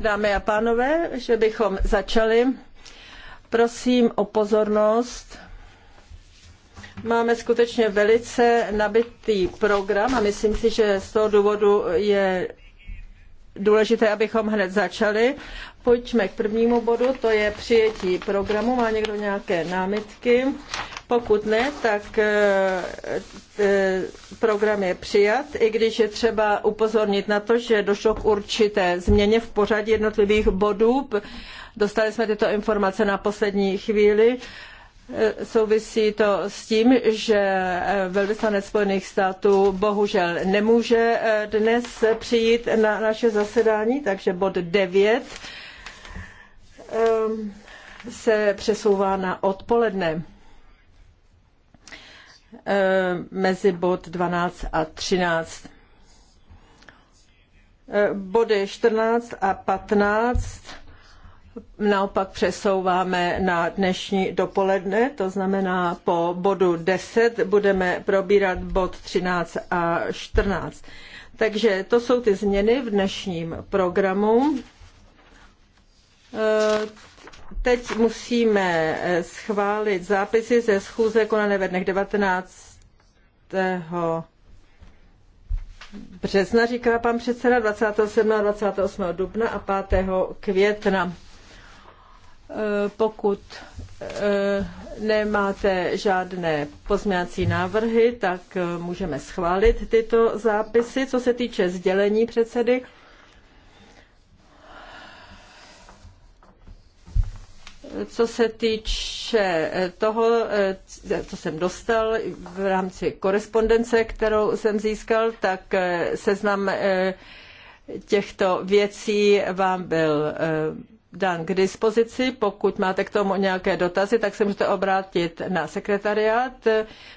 Dámy a pánové, že bychom začali. Prosím o pozornost. Máme skutečně velice nabitý program a myslím si, že z toho důvodu je důležité, abychom hned začali. Pojďme k prvnímu bodu, to je přijetí programu. Má někdo nějaké námitky? Pokud ne, tak eh, eh, program je přijat, i když je třeba upozornit na to, že došlo k určité změně v pořadí jednotlivých bodů. Dostali jsme tyto informace na poslední chvíli. Eh, souvisí to s tím, že velvyslanec Spojených států bohužel nemůže dnes přijít na naše zasedání, takže bod 9 se přesouvá na odpoledne. Eh, mezi bod 12 a 13. Eh, body 14 a 15 naopak přesouváme na dnešní dopoledne, to znamená po bodu 10 budeme probírat bod 13 a 14. Takže to jsou ty změny v dnešním programu. Eh, Teď musíme eh, schválit zápisy ze schůze konané ve dnech 19. března, říká pan předseda, 27. a 28. dubna a 5. května. Eh, pokud eh, nemáte žádné pozměňovací návrhy, tak můžeme schválit tyto zápisy. Co se týče sdělení předsedy, co se týče eh, toho, eh, co jsem dostal v rámci korespondence, kterou jsem získal, tak eh, seznam těchto věcí vám byl dán k dispozici. Pokud máte k tomu nějaké dotazy, tak se můžete obrátit na sekretariát.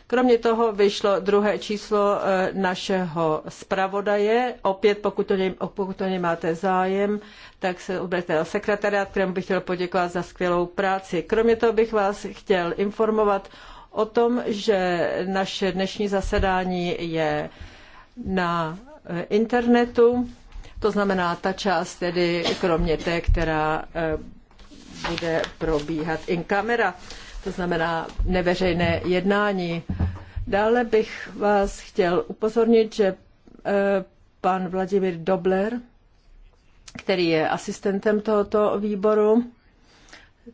Kromě toho vyšlo druhé číslo eh, našeho zpravodaje. Opět, pokud o něj, pokud o něj máte zájem, tak se obraťte na sekretariát, kterému bych chtěl poděkovat za skvělou práci. Kromě toho bych vás chtěl informovat o tom, že naše dnešní zasedání je na eh, internetu. To znamená ta část tedy, kromě té, která eh, bude probíhat in camera, to znamená neveřejné jednání. Dále bych vás chtěl upozornit, že eh, pan Vladimír Dobler, který je asistentem tohoto výboru,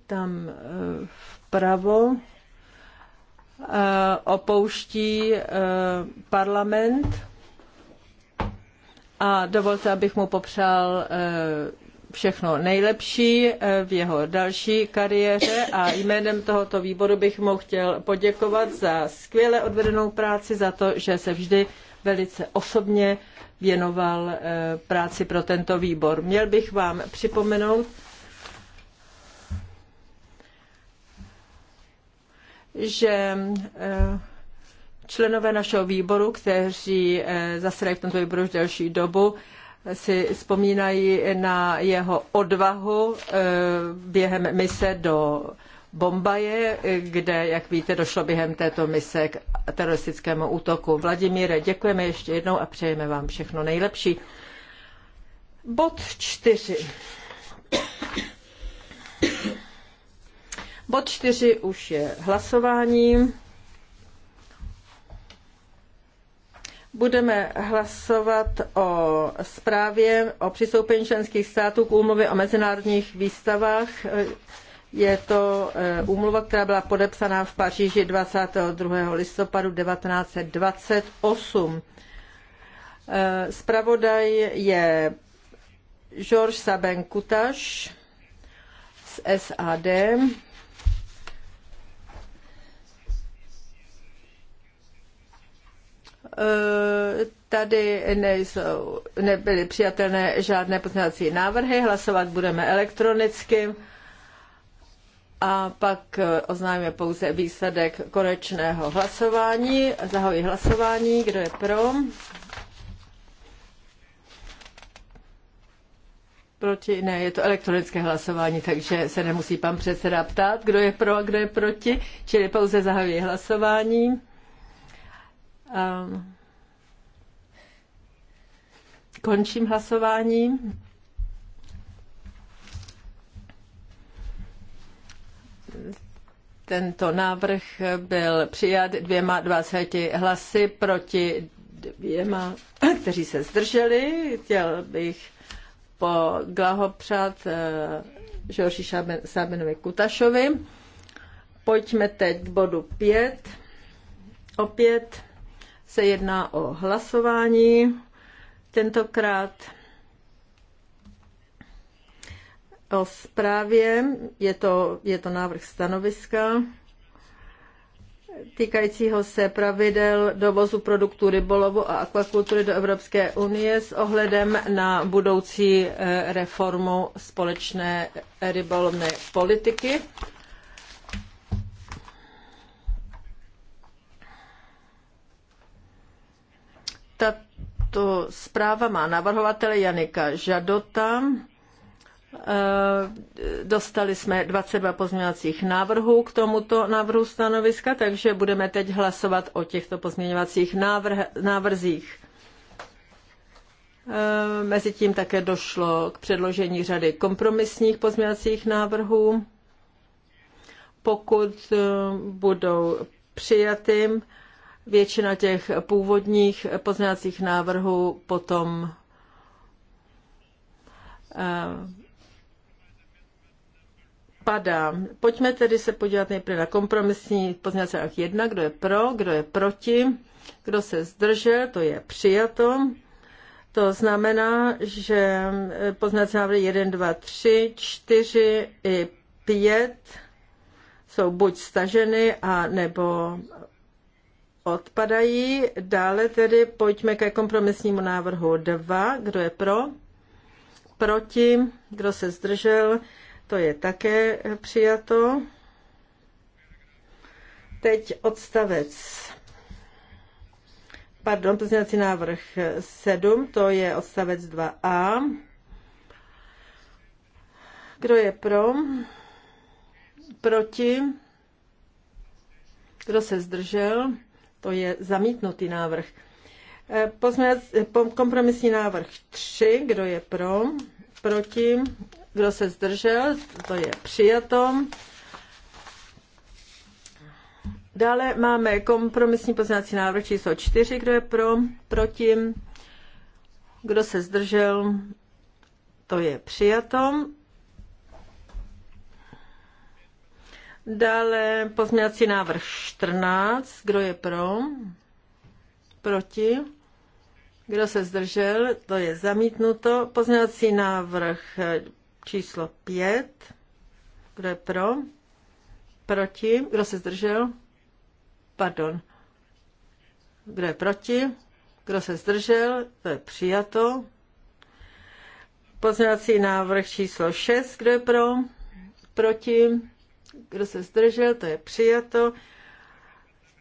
tam eh, vpravo opouští parlament a dovolte, abych mu popřál eh, všechno nejlepší eh, v jeho další kariéře a jménem tohoto výboru bych mu chtěl poděkovat za skvěle odvedenou práci, za to, že se vždy velice osobně věnoval eh, práci pro tento výbor. Měl bych vám připomenout, že Členové našeho výboru, kteří eh, zasedají v tomto výboru už delší dobu, si vzpomínají na jeho odvahu eh, během mise do Bombaje, kde, jak víte, došlo během této mise k teroristickému útoku. Vladimíre, děkujeme ještě jednou a přejeme vám všechno nejlepší. Bod čtyři. Bod čtyři už je hlasování. Budeme hlasovat o zprávě o přistoupení členských států k úmluvě o mezinárodních výstavách. Je to eh, úmluva, která byla podepsaná v Paříži 22. listopadu 1928. Spravodaj eh, je Georges Saben Kutaš z SAD. Eh, tady nejsou, nebyly přijatelné žádné pozměňovací návrhy, hlasovat budeme elektronicky a pak eh, oznámíme pouze výsledek konečného hlasování. Zahoji hlasování, kdo je pro? Proti? Ne, je to elektronické hlasování, takže se nemusí pan předseda ptát, kdo je pro a kdo je proti, čili pouze zahajuji hlasování. A ehm, končím hlasování. Tento návrh byl přijat dvěma 20 hlasy proti dvěma, kteří se zdrželi. Chtěl bych po přát eh, Žorži Sábenovi Kutašovi. Pojďme teď k bodu 5. Opět se jedná o hlasování. Tentokrát o zprávě, je to, je to návrh stanoviska týkajícího se pravidel dovozu produktů rybolovu a akvakultury do Evropské unie s ohledem na budoucí eh, reformu společné rybolovné politiky. Tato zpráva má navrhovatele Janika Žadota. Eh, dostali jsme 22 pozměňovacích návrhů k tomuto návrhu stanoviska, takže budeme teď hlasovat o těchto pozměňovacích návrh, návrzích. Eh, mezitím také došlo k předložení řady kompromisních pozměňovacích návrhů. Pokud eh, budou přijatým, Většina těch původních pozměňovacích návrhů potom eh, padá. Pojďme tedy se podívat nejprve na kompromisní pozměňovací návrh 1, kdo je pro, kdo je proti, kdo se zdržel, to je přijato. To znamená, že eh, pozměňovací návrhy 1, 2, 3, 4 i 5 jsou buď staženy a nebo odpadají. Dále tedy pojďme ke kompromisnímu návrhu 2. Kdo je pro? Proti? Kdo se zdržel? To je také přijato. Teď odstavec. Pardon, pozměňovací návrh 7, to je odstavec 2a. Kdo je pro? Proti? Kdo se zdržel? To je zamítnutý návrh. Eh, eh, kompromisní návrh 3, kdo je pro, proti, kdo se zdržel, to je přijato. Dále máme kompromisní pozměňovací návrh číslo 4, kdo je pro, proti, kdo se zdržel, to je přijato. Dále pozměňovací návrh 14. Kdo je pro? Proti? Kdo se zdržel? To je zamítnuto. Pozměňovací návrh číslo 5. Kdo je pro? Proti? Kdo se zdržel? Pardon. Kdo je proti? Kdo se zdržel? To je přijato. Pozměňovací návrh číslo 6. Kdo je pro? Proti? kdo se zdržel, to je přijato.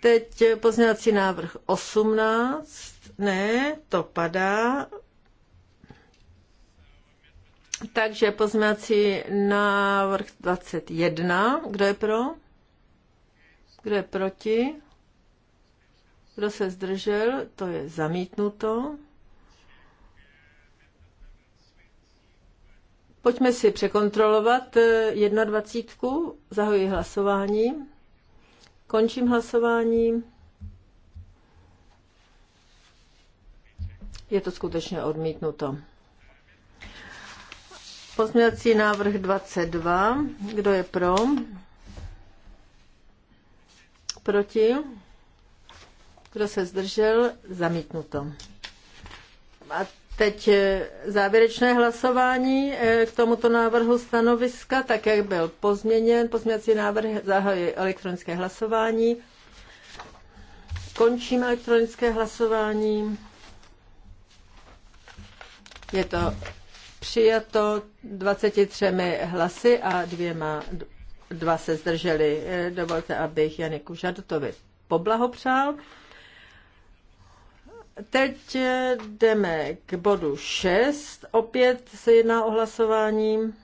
Teď pozměňovací návrh 18. Ne, to padá. Takže pozměňovací návrh 21. Kdo je pro? Kdo je proti? Kdo se zdržel? To je zamítnuto. Pojďme si překontrolovat 21. Eh, Zahoji hlasování. Končím hlasování. Je to skutečně odmítnuto. Pozměňovací návrh 22. Kdo je pro? Proti? Kdo se zdržel? Zamítnuto. A Teď eh, závěrečné hlasování eh, k tomuto návrhu stanoviska, tak jak byl pozměněn. Pozměňovací návrh zahajuje elektronické hlasování. Končím elektronické hlasování. Je to přijato 23 hlasy a dvěma, dva se zdrželi. Eh, dovolte, abych Janiku Žadotovi poblahopřál. Teď eh, jdeme k bodu 6. Opět se jedná o hlasování.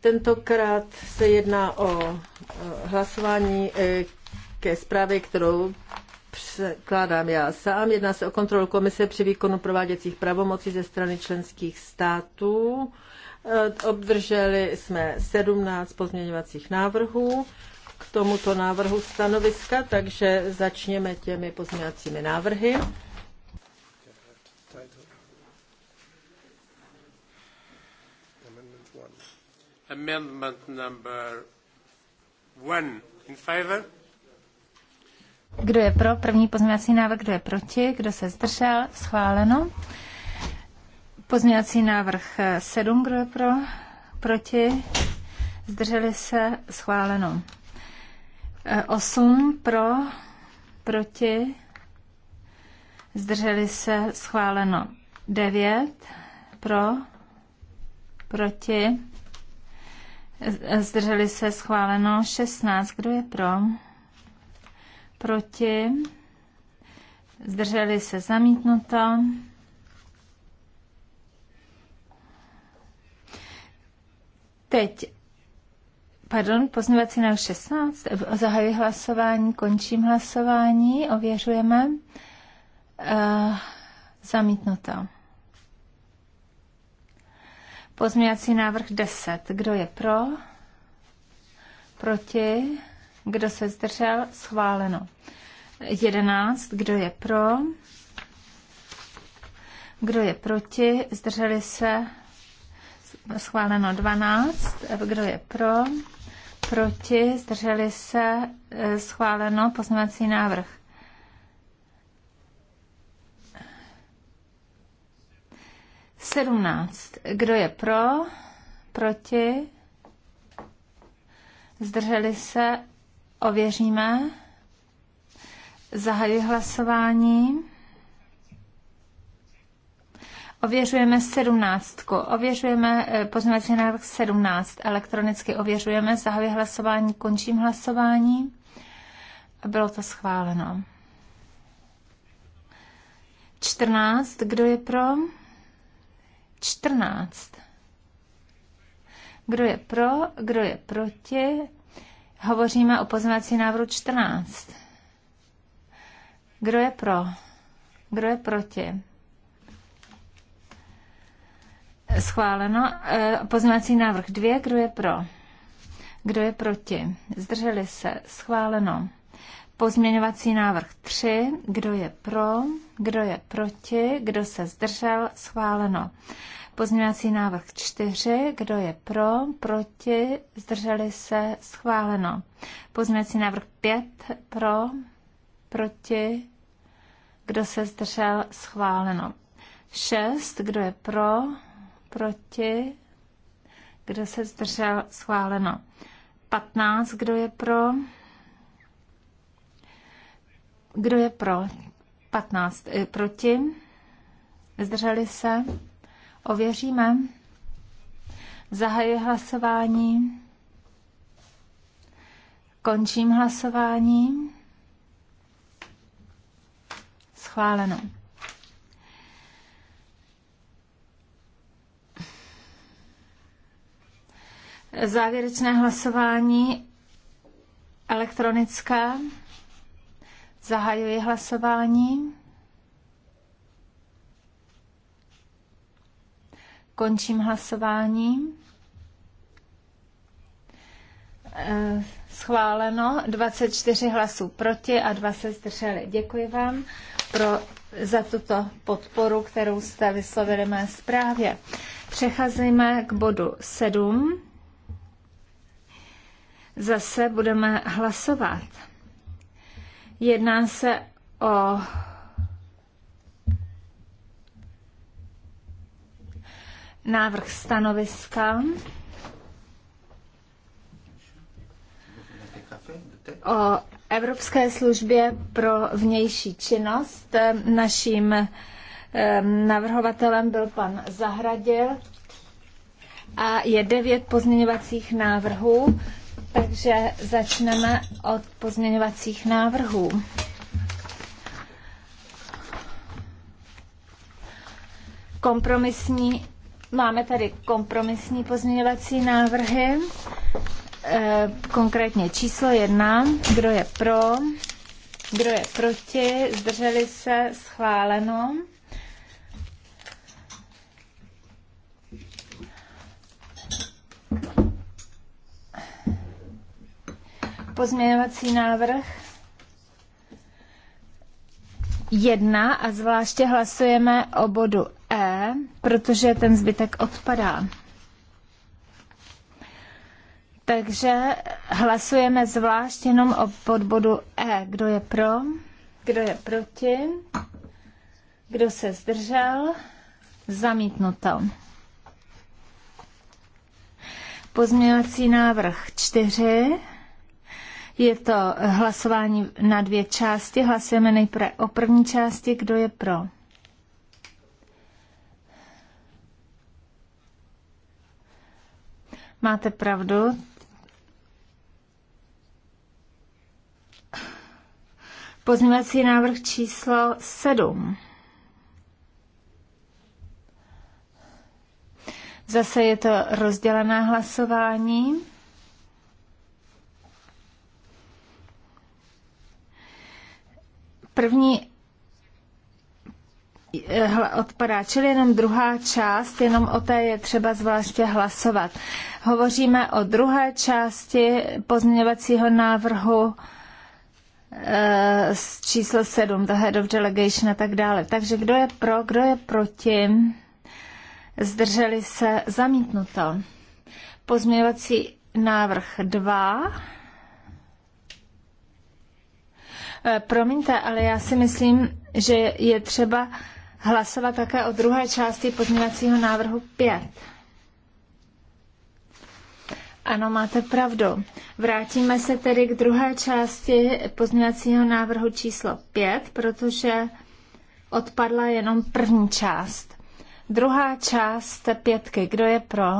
Tentokrát se jedná o eh, hlasování eh, ke zprávě, kterou překládám já sám. Jedná se o kontrolu komise při výkonu prováděcích pravomocí ze strany členských států. Obdrželi jsme 17 pozměňovacích návrhů k tomuto návrhu stanoviska, takže začněme těmi pozměňovacími návrhy. Amendment number one in favor. Kdo je pro první pozměňovací návrh, kdo je proti, kdo se zdržel, schváleno. Pozměňovací návrh 7, eh, kdo je pro, proti, zdrželi se, schváleno. 8 eh, pro, proti, zdrželi se, schváleno. 9 pro, proti, Zdrželi se schváleno 16. Kdo je pro? Proti? Zdrželi se zamítnuto. Teď, pardon, pozměvací na 16. Zahajuji hlasování, končím hlasování, ověřujeme. Uh, zamítnuto. Pozměňovací návrh 10. Kdo je pro? Proti? Kdo se zdržel? Schváleno. 11. Kdo je pro? Kdo je proti? Zdrželi se? Schváleno 12. Kdo je pro? Proti? Zdrželi se? Schváleno. Pozměňovací návrh 17. Kdo je pro? Proti? Zdrželi se? Ověříme. Zahajuji hlasování. Ověřujeme 17. Ověřujeme eh, pozměňovací návrh 17. Elektronicky ověřujeme. Zahajuji hlasování. Končím hlasování. A bylo to schváleno. 14. Kdo je pro? 14. Kdo je pro, kdo je proti? Hovoříme o pozvací návrhu 14. Kdo je pro? Kdo je proti? Schváleno. E, pozvací návrh 2. Kdo je pro? Kdo je proti? Zdrželi se. Schváleno. Pozměňovací návrh 3. Kdo je pro? Kdo je proti? Kdo se zdržel? Schváleno. Pozměňovací návrh 4. Kdo je pro? Proti? Zdrželi se? Schváleno. Pozměňovací návrh 5. Pro? Proti? Kdo se zdržel? Schváleno. 6. Kdo je pro? Proti? Kdo se zdržel? Schváleno. 15. Kdo je pro? Kdo je pro? 15. Eh, proti? Zdrželi se? Ověříme. Zahajuji hlasování. Končím hlasování. Schváleno. Závěrečné hlasování elektronické. Zahajuji hlasování. Končím hlasování. Eh, schváleno 24 hlasů proti a dva se zdrželi. Děkuji vám pro, za tuto podporu, kterou jste vyslovili mé zprávě. Přecházíme k bodu 7. Zase budeme hlasovat. Jedná se o návrh stanoviska o Evropské službě pro vnější činnost. Naším navrhovatelem byl pan Zahradil a je devět pozměňovacích návrhů, takže začneme od pozměňovacích návrhů. Kompromisní, máme tady kompromisní pozměňovací návrhy, eh, konkrétně číslo jedna, kdo je pro, kdo je proti, zdrželi se, schváleno. pozměňovací návrh jedna a zvláště hlasujeme o bodu E, protože ten zbytek odpadá. Takže hlasujeme zvlášť jenom o podbodu E. Kdo je pro? Kdo je proti? Kdo se zdržel? Zamítnuto. Pozměňovací návrh 4. Je to hlasování na dvě části. Hlasujeme nejprve o první části. Kdo je pro? Máte pravdu. Pozměňovací návrh číslo 7. Zase je to rozdělené hlasování. První eh, odpadá, čili jenom druhá část, jenom o té je třeba zvláště hlasovat. Hovoříme o druhé části pozměňovacího návrhu z eh, číslo 7, the head of delegation a tak dále. Takže kdo je pro, kdo je proti, zdrželi se zamítnuto. Pozměňovací návrh 2 Eh, promiňte, ale já si myslím, že je třeba hlasovat také o druhé části pozměňovacího návrhu 5. Ano, máte pravdu. Vrátíme se tedy k druhé části pozměňovacího návrhu číslo 5, protože odpadla jenom první část. Druhá část pětky. Kdo je pro?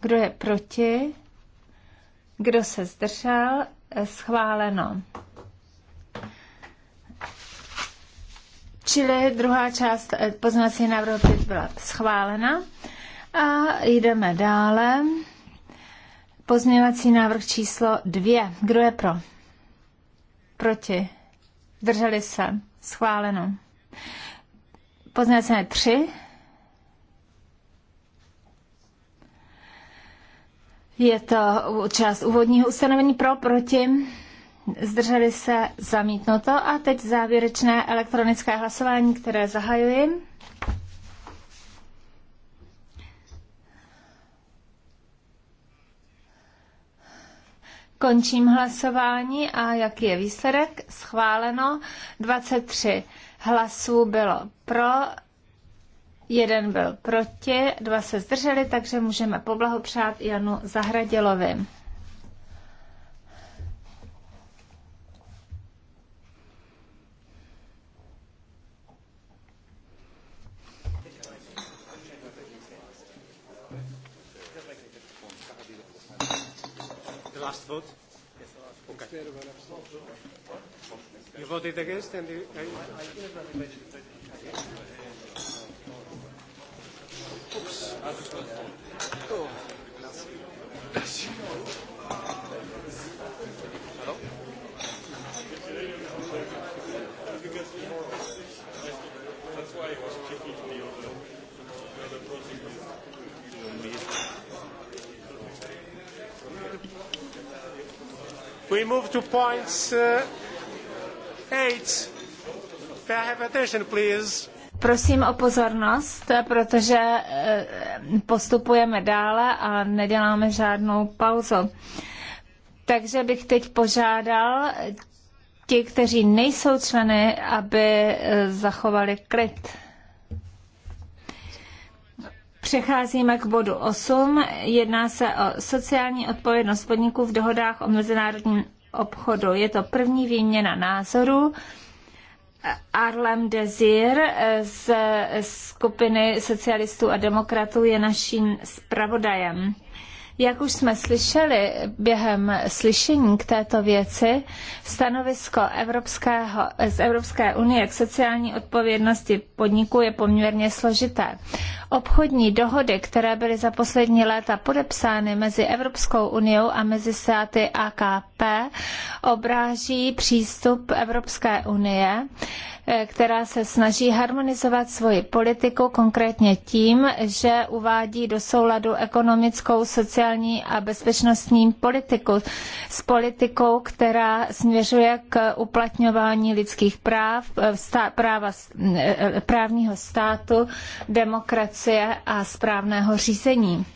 Kdo je proti? Kdo se zdržel? Eh, schváleno. Čili druhá část eh, poznací návrhu opět byla schválena. A jdeme dále. Pozměňovací návrh číslo dvě. Kdo je pro? Proti? Drželi se? Schváleno. Pozměňovací návrh tři. Je to část úvodního ustanovení pro, proti? zdrželi se zamítnuto. A teď závěrečné elektronické hlasování, které zahajuji. Končím hlasování a jaký je výsledek? Schváleno 23 hlasů bylo pro, jeden byl proti, dva se zdrželi, takže můžeme poblahopřát Janu Zahradilovi. You voted against and you, I, Oops. That's why it was tricky to be the other project. We move to points uh, eight. May I have attention, please? Prosím o pozornost, protože eh, postupujeme dále a neděláme žádnou pauzu. Takže bych teď požádal ti, kteří nejsou členy, aby eh, zachovali klid. Přecházíme k bodu 8. Jedná se o sociální odpovědnost podniků v dohodách o mezinárodním obchodu. Je to první výměna názoru. Arlem Desir z skupiny socialistů a demokratů je naším zpravodajem. Jak už jsme slyšeli během slyšení k této věci, stanovisko Evropského, z Evropské unie k sociální odpovědnosti podniku je poměrně složité. Obchodní dohody, které byly za poslední léta podepsány mezi Evropskou uniou a mezi státy AKP, obráží přístup Evropské unie eh, která se snaží harmonizovat svoji politiku konkrétně tím, že uvádí do souladu ekonomickou, sociální a bezpečnostní politiku s politikou, která směřuje k uplatňování lidských práv, eh, stá, práva, eh, právního státu, demokracie demokracie a správného řízení.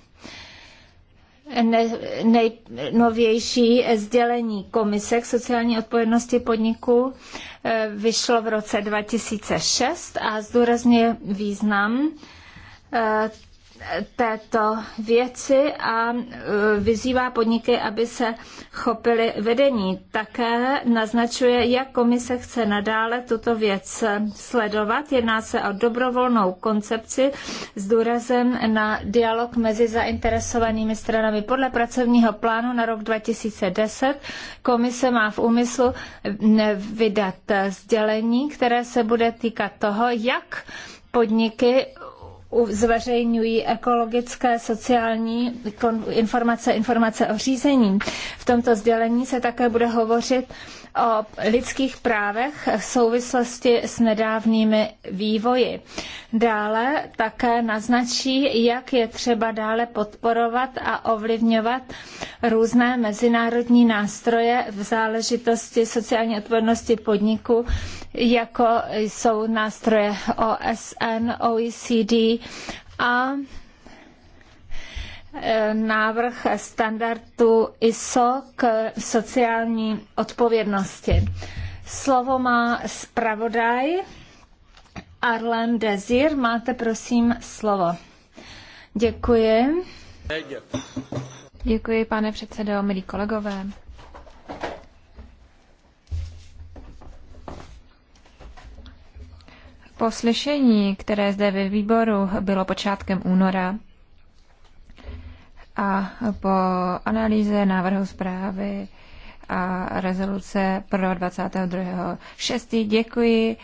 Ne, nejnovější sdělení komise k sociální odpovědnosti podniků eh, vyšlo v roce 2006 a zdůrazňuje význam eh, této věci a e, vyzývá podniky, aby se chopili vedení. Také naznačuje, jak komise chce nadále tuto věc sledovat. Jedná se o dobrovolnou koncepci s důrazem na dialog mezi zainteresovanými stranami. Podle pracovního plánu na rok 2010 komise má v úmyslu vydat sdělení, které se bude týkat toho, jak podniky zveřejňují ekologické, sociální informace, informace o řízení. V tomto sdělení se také bude hovořit o lidských právech v souvislosti s nedávnými vývoji. Dále také naznačí, jak je třeba dále podporovat a ovlivňovat různé mezinárodní nástroje v záležitosti sociální odpovědnosti podniku, jako jsou nástroje OSN, OECD a návrh standardu ISO k sociální odpovědnosti. Slovo má zpravodaj Arlen Dezir. Máte prosím slovo. Děkuji. Děkuji, pane předsedo, milí kolegové. Po slyšení, které zde ve výboru bylo počátkem února, a po analýze návrhu zprávy a rezoluce pro 22.6. děkuji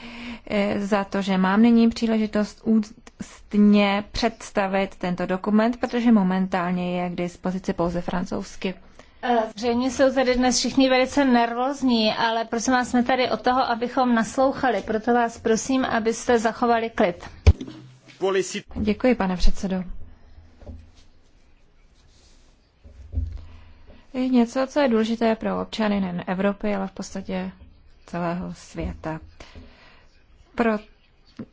eh, za to, že mám nyní příležitost ústně představit tento dokument, protože momentálně je k dispozici pouze francouzsky. Eh, zřejmě jsou tady dnes všichni velice nervózní, ale prosím vás, jsme tady o toho, abychom naslouchali, proto vás prosím, abyste zachovali klid. Děkuji, pane předsedo. je něco, co je důležité pro občany nejen Evropy, ale v podstatě celého světa. Pro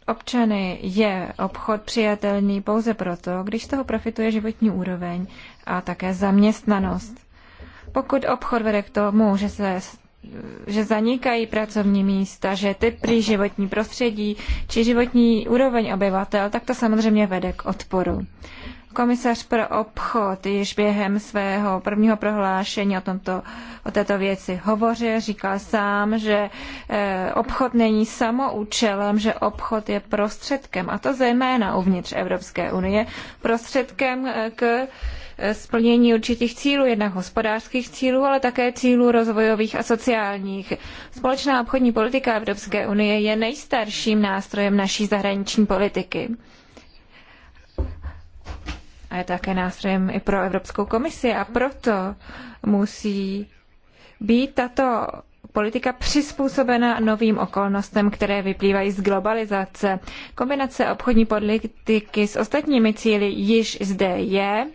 občany je obchod přijatelný pouze proto, když z toho profituje životní úroveň a také zaměstnanost. Pokud obchod vede k tomu, že se že zanikají pracovní místa, že typy životní prostředí či životní úroveň obyvatel, tak to samozřejmě vede k odporu. Komisař pro obchod již během svého prvního prohlášení o, tomto, o této věci hovořil, říkal sám, že eh, obchod není samoučelem, že obchod je prostředkem, a to zejména uvnitř Evropské unie, prostředkem eh, k eh, splnění určitých cílů, jednak hospodářských cílů, ale také cílů rozvojových a sociálních. Společná obchodní politika Evropské unie je nejstarším nástrojem naší zahraniční politiky a je také nástrojem i pro Evropskou komisi a proto musí být tato politika přizpůsobena novým okolnostem, které vyplývají z globalizace. Kombinace obchodní politiky s ostatními cíly již zde je.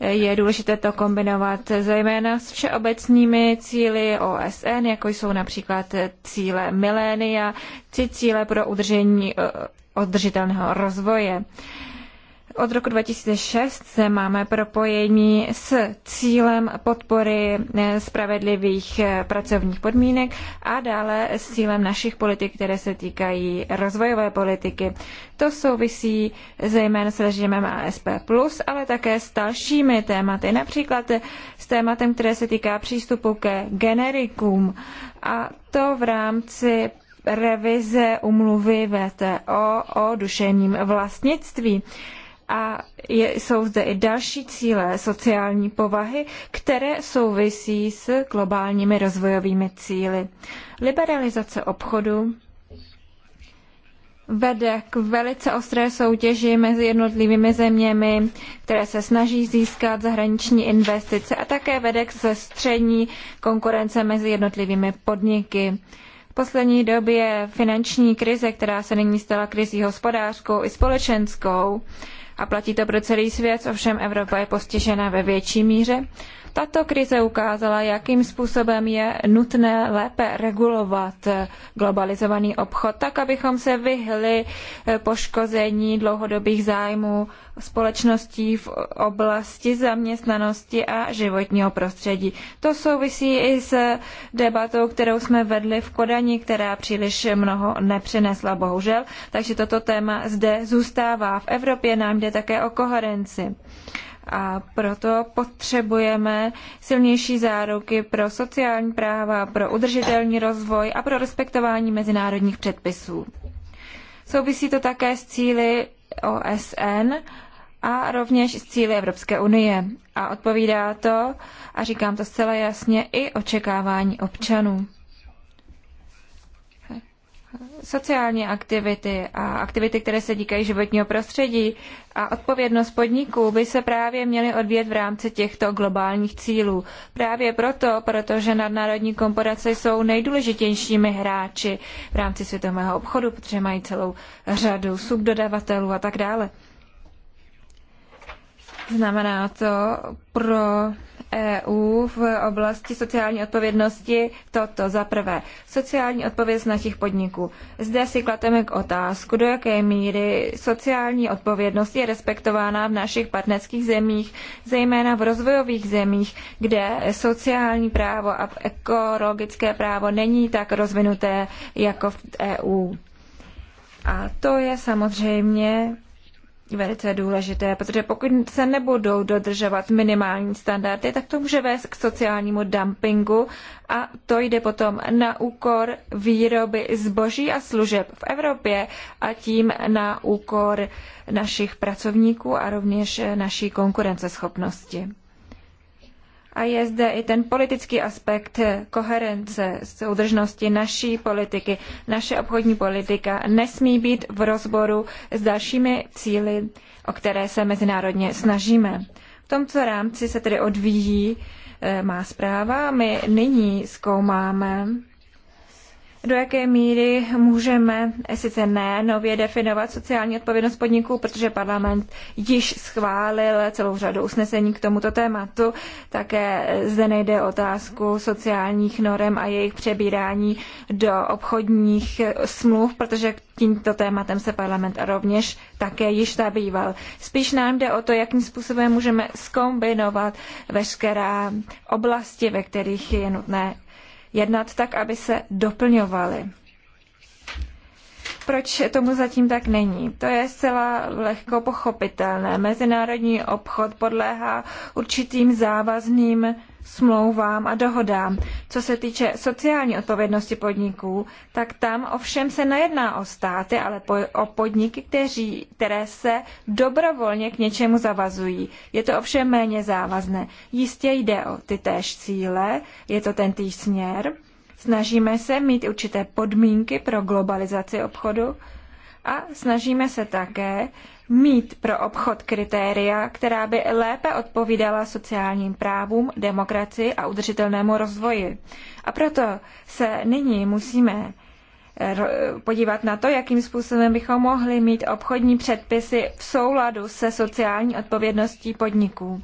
Je důležité to kombinovat zejména s všeobecnými cíly OSN, jako jsou například cíle milénia, či cíle pro udržení održitelného eh, rozvoje. Od roku 2006 se máme propojení s cílem podpory eh, spravedlivých eh, pracovních podmínek a dále s cílem našich politik, které se týkají rozvojové politiky. To souvisí zejména s režimem ASP+, ale také s dalšími tématy, například s tématem, které se týká přístupu ke generikům a to v rámci revize umluvy VTO o duševním vlastnictví a je, jsou zde i další cíle sociální povahy, které souvisí s globálními rozvojovými cíly. Liberalizace obchodu vede k velice ostré soutěži mezi jednotlivými zeměmi, které se snaží získat zahraniční investice a také vede k zestření konkurence mezi jednotlivými podniky. V poslední době finanční krize, která se nyní stala krizí hospodářskou i společenskou, a platí to pro celý svět, ovšem Evropa je postižena ve větší míře. Tato krize ukázala, jakým způsobem je nutné lépe regulovat globalizovaný obchod, tak abychom se vyhli eh, poškození dlouhodobých zájmů společností v oblasti zaměstnanosti a životního prostředí. To souvisí i s debatou, kterou jsme vedli v Kodani, která příliš mnoho nepřinesla, bohužel. Takže toto téma zde zůstává. V Evropě nám jde také o koherenci a proto potřebujeme silnější záruky pro sociální práva, pro udržitelný rozvoj a pro respektování mezinárodních předpisů. Souvisí to také s cíly OSN a rovněž s cíly Evropské unie. A odpovídá to, a říkám to zcela jasně, i očekávání občanů sociální aktivity a aktivity, které se týkají životního prostředí a odpovědnost podniků by se právě měly odvíjet v rámci těchto globálních cílů. Právě proto, protože nadnárodní korporace jsou nejdůležitějšími hráči v rámci světového obchodu, protože mají celou řadu subdodavatelů a tak dále. Znamená to pro EU v oblasti sociální odpovědnosti toto. Za prvé, sociální odpovědnost našich podniků. Zde si klademe k otázku, do jaké míry sociální odpovědnost je respektována v našich partnerských zemích, zejména v rozvojových zemích, kde sociální právo a ekologické právo není tak rozvinuté jako v EU. A to je samozřejmě velice důležité, protože pokud se nebudou dodržovat minimální standardy, tak to může vést k sociálnímu dumpingu a to jde potom na úkor výroby zboží a služeb v Evropě a tím na úkor našich pracovníků a rovněž naší konkurenceschopnosti. A je zde i ten politický aspekt koherence, soudržnosti naší politiky. Naše obchodní politika nesmí být v rozboru s dalšími cíly, o které se mezinárodně snažíme. V tomto rámci se tedy odvíjí eh, má zpráva. My nyní zkoumáme do jaké míry můžeme, sice ne, nově definovat sociální odpovědnost podniků, protože parlament již schválil celou řadu usnesení k tomuto tématu. Také zde nejde otázku sociálních norem a jejich přebírání do obchodních smluv, protože tímto tématem se parlament rovněž také již zabýval. Spíš nám jde o to, jakým způsobem můžeme skombinovat veškerá oblasti, ve kterých je nutné jednat tak, aby se doplňovaly. Proč tomu zatím tak není? To je zcela lehko pochopitelné. Mezinárodní obchod podléhá určitým závazným smlouvám a dohodám. Co se týče sociální odpovědnosti podniků, tak tam ovšem se nejedná o státy, ale po, o podniky, kteří, které se dobrovolně k něčemu zavazují. Je to ovšem méně závazné. Jistě jde o ty též cíle, je to ten týž směr. Snažíme se mít určité podmínky pro globalizaci obchodu a snažíme se také mít pro obchod kritéria, která by lépe odpovídala sociálním právům, demokracii a udržitelnému rozvoji. A proto se nyní musíme eh, podívat na to, jakým způsobem bychom mohli mít obchodní předpisy v souladu se sociální odpovědností podniků.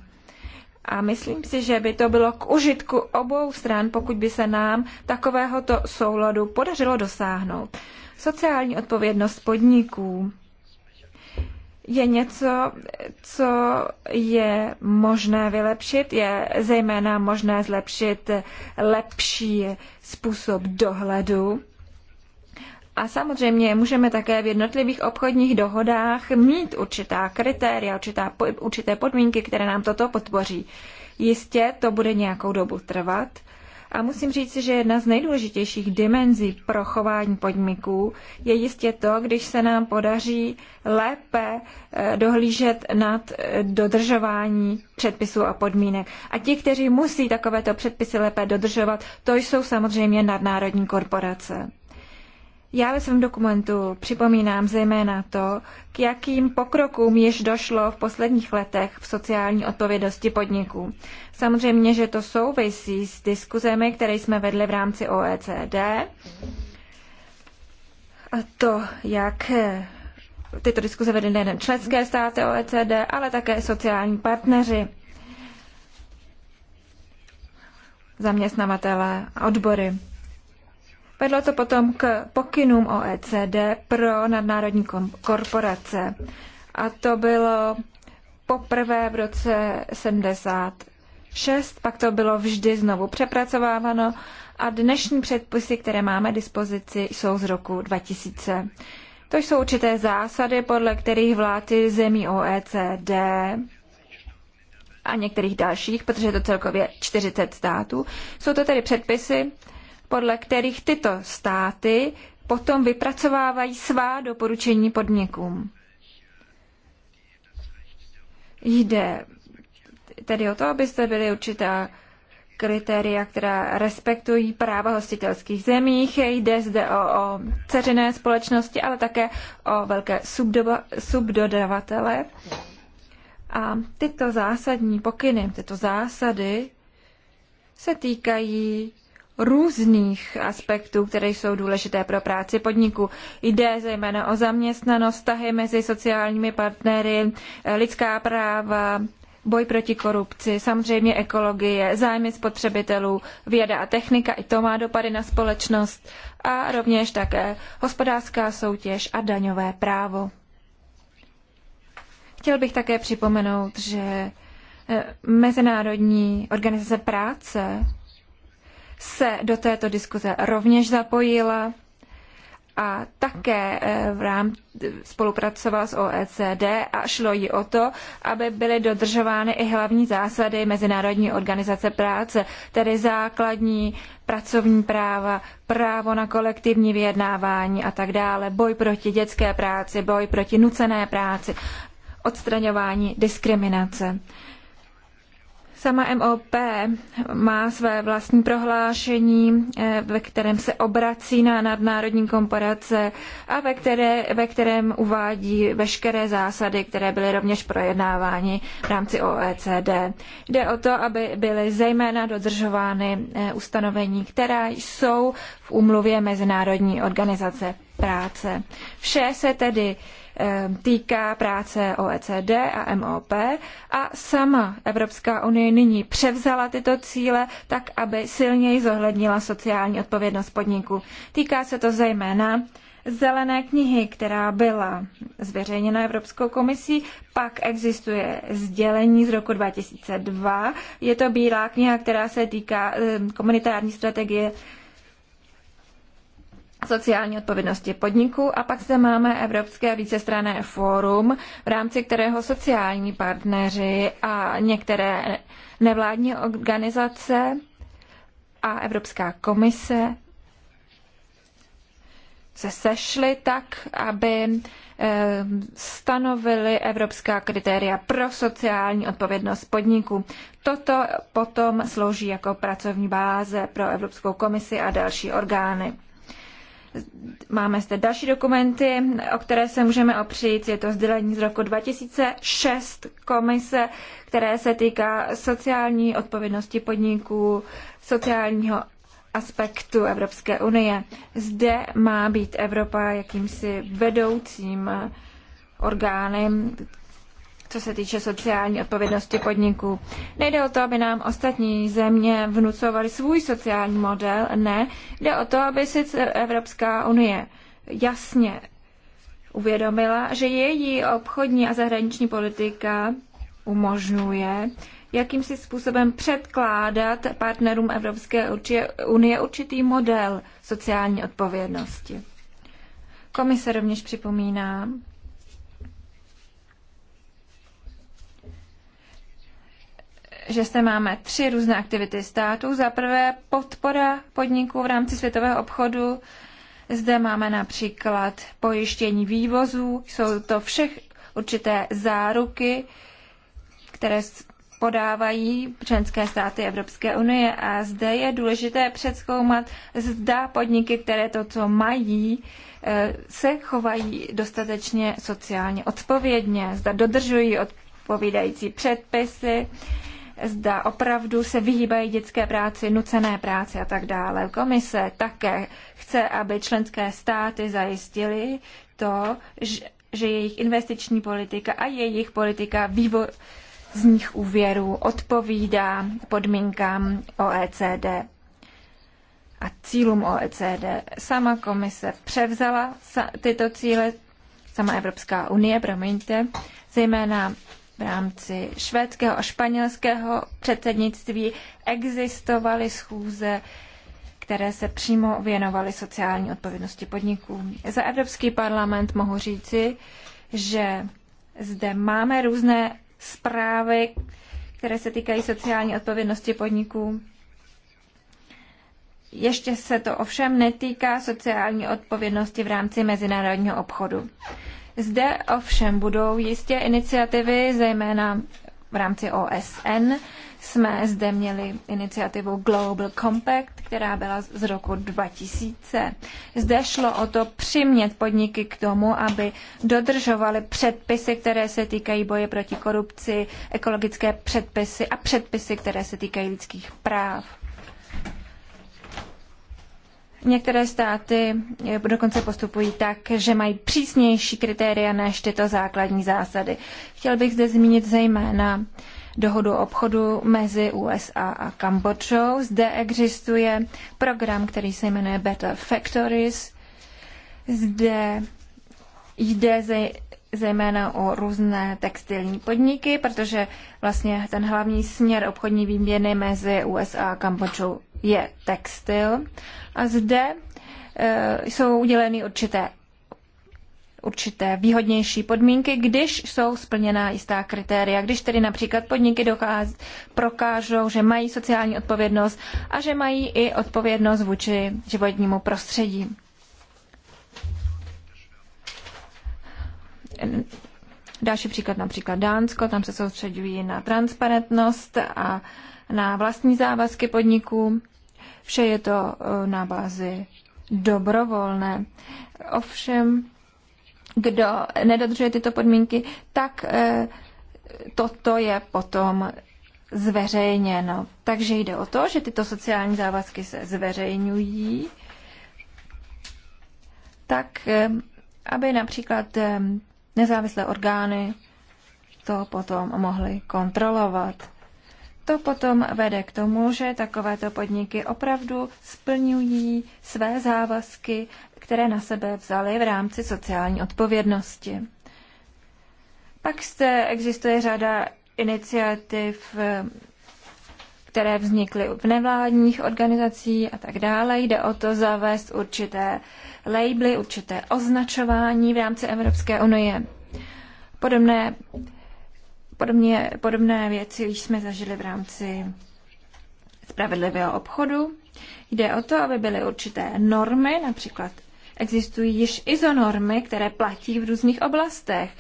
A myslím si, že by to bylo k užitku obou stran, pokud by se nám takovéhoto souladu podařilo dosáhnout. Sociální odpovědnost podniků je něco, co je možné vylepšit, je zejména možné zlepšit lepší způsob dohledu. A samozřejmě můžeme také v jednotlivých obchodních dohodách mít určitá kritéria, určitá, určité podmínky, které nám toto podpoří. Jistě to bude nějakou dobu trvat, a musím říct, že jedna z nejdůležitějších dimenzí pro chování podniků je jistě to, když se nám podaří lépe eh, dohlížet nad eh, dodržování předpisů a podmínek. A ti, kteří musí takovéto předpisy lépe dodržovat, to jsou samozřejmě nadnárodní korporace. Já ve svém dokumentu připomínám zejména to, k jakým pokrokům již došlo v posledních letech v sociální odpovědnosti podniků. Samozřejmě, že to souvisí s diskuzemi, které jsme vedli v rámci OECD. A to, jak eh, tyto diskuze vedly nejen členské státy OECD, ale také sociální partneři, zaměstnavatele a odbory. Vedlo to potom k pokynům OECD pro nadnárodní korporace. A to bylo poprvé v roce 76, pak to bylo vždy znovu přepracováváno a dnešní předpisy, které máme dispozici, jsou z roku 2000. To jsou určité zásady, podle kterých vlády zemí OECD a některých dalších, protože je to celkově 40 států. Jsou to tedy předpisy, podle kterých tyto státy potom vypracovávají svá doporučení podnikům. Jde tedy o to, aby zde byly určitá kritéria, která respektují práva hostitelských zemích. Jde zde o, o ceřené společnosti, ale také o velké subdoba, subdodavatele. A tyto zásadní pokyny, tyto zásady se týkají různých aspektů, které jsou důležité pro práci podniku. Jde zejména o zaměstnanost, vztahy mezi sociálními partnery, lidská práva, boj proti korupci, samozřejmě ekologie, zájmy spotřebitelů, věda a technika, i to má dopady na společnost a rovněž také hospodářská soutěž a daňové právo. Chtěl bych také připomenout, že eh, Mezinárodní organizace práce se do této diskuze rovněž zapojila a také eh, v rám, spolupracovala s OECD a šlo jí o to, aby byly dodržovány i hlavní zásady Mezinárodní organizace práce, tedy základní pracovní práva, právo na kolektivní vyjednávání a tak dále, boj proti dětské práci, boj proti nucené práci, odstraňování diskriminace. Sama MOP má své vlastní prohlášení, eh, ve kterém se obrací na nadnárodní komporace a ve, které, ve kterém uvádí veškeré zásady, které byly rovněž projednávány v rámci OECD. Jde o to, aby byly zejména dodržovány eh, ustanovení, která jsou v úmluvě Mezinárodní organizace práce. Vše se tedy Eh, týká práce OECD a MOP a sama Evropská unie nyní převzala tyto cíle tak, aby silněji zohlednila sociální odpovědnost podniků. Týká se to zejména zelené knihy, která byla zveřejněna Evropskou komisí, pak existuje sdělení z roku 2002. Je to bílá kniha, která se týká eh, komunitární strategie sociální odpovědnosti podniků a pak zde máme Evropské vícestranné fórum, v rámci kterého sociální partneři a některé nevládní organizace a Evropská komise se sešly tak, aby eh, stanovili evropská kritéria pro sociální odpovědnost podniků. Toto potom slouží jako pracovní báze pro Evropskou komisi a další orgány. Máme zde další dokumenty, o které se můžeme opřít. Je to sdělení z roku 2006 komise, které se týká sociální odpovědnosti podniků, sociálního aspektu Evropské unie. Zde má být Evropa jakýmsi vedoucím orgánem, co se týče sociální odpovědnosti podniků. Nejde o to, aby nám ostatní země vnucovaly svůj sociální model, ne. Jde o to, aby si Evropská unie jasně uvědomila, že její obchodní a zahraniční politika umožňuje jakýmsi způsobem předkládat partnerům Evropské unie určitý model sociální odpovědnosti. Komise rovněž připomíná, že zde máme tři různé aktivity států. Za prvé podpora podniků v rámci světového obchodu. Zde máme například pojištění vývozů. Jsou to všech určité záruky, které podávají členské státy Evropské unie a zde je důležité předzkoumat, zda podniky, které to, co mají, eh, se chovají dostatečně sociálně odpovědně, zda dodržují odpovídající předpisy, zda opravdu se vyhýbají dětské práci, nucené práci a tak dále. Komise také chce, aby členské státy zajistily to, že jejich investiční politika a jejich politika vývozních z nich úvěrů odpovídá podmínkám OECD a cílům OECD. Sama komise převzala tyto cíle, sama Evropská unie, promiňte, zejména v rámci švédského a španělského předsednictví existovaly schůze, které se přímo věnovaly sociální odpovědnosti podniků. Za Evropský parlament mohu říci, že zde máme různé zprávy, které se týkají sociální odpovědnosti podniků. Ještě se to ovšem netýká sociální odpovědnosti v rámci mezinárodního obchodu. Zde ovšem budou jistě iniciativy, zejména v rámci OSN. Jsme zde měli iniciativu Global Compact, která byla z roku 2000. Zde šlo o to přimět podniky k tomu, aby dodržovaly předpisy, které se týkají boje proti korupci, ekologické předpisy a předpisy, které se týkají lidských práv. Některé státy dokonce postupují tak, že mají přísnější kritéria než tyto základní zásady. Chtěl bych zde zmínit zejména dohodu o obchodu mezi USA a Kambodžou. Zde existuje program, který se jmenuje Better Factories. Zde jde ze, zejména o různé textilní podniky, protože vlastně ten hlavní směr obchodní výměny mezi USA a Kambodžou je textil a zde e, jsou uděleny určité určité výhodnější podmínky, když jsou splněna jistá kritéria. Když tedy například podniky dokáz, prokážou, že mají sociální odpovědnost a že mají i odpovědnost vůči životnímu prostředí. Další příklad, například Dánsko, tam se soustředují na transparentnost a uh, na vlastní závazky podniků. Vše je to eh, na bázi dobrovolné. Ovšem, kdo nedodržuje tyto podmínky, tak eh, toto je potom zveřejněno. Takže jde o to, že tyto sociální závazky se zveřejňují, tak eh, aby například nezávislé orgány to potom mohly kontrolovat. To potom vede k tomu, že takovéto podniky opravdu splňují své závazky, které na sebe vzaly v rámci sociální odpovědnosti. Pak zde existuje řada iniciativ, které vznikly v nevládních organizací a tak dále. Jde o to zavést určité labely, určité označování v rámci Evropské unie. Podobné Podobně, podobné věci už jsme zažili v rámci spravedlivého obchodu. Jde o to, aby byly určité normy, například existují již izonormy, které platí v různých oblastech.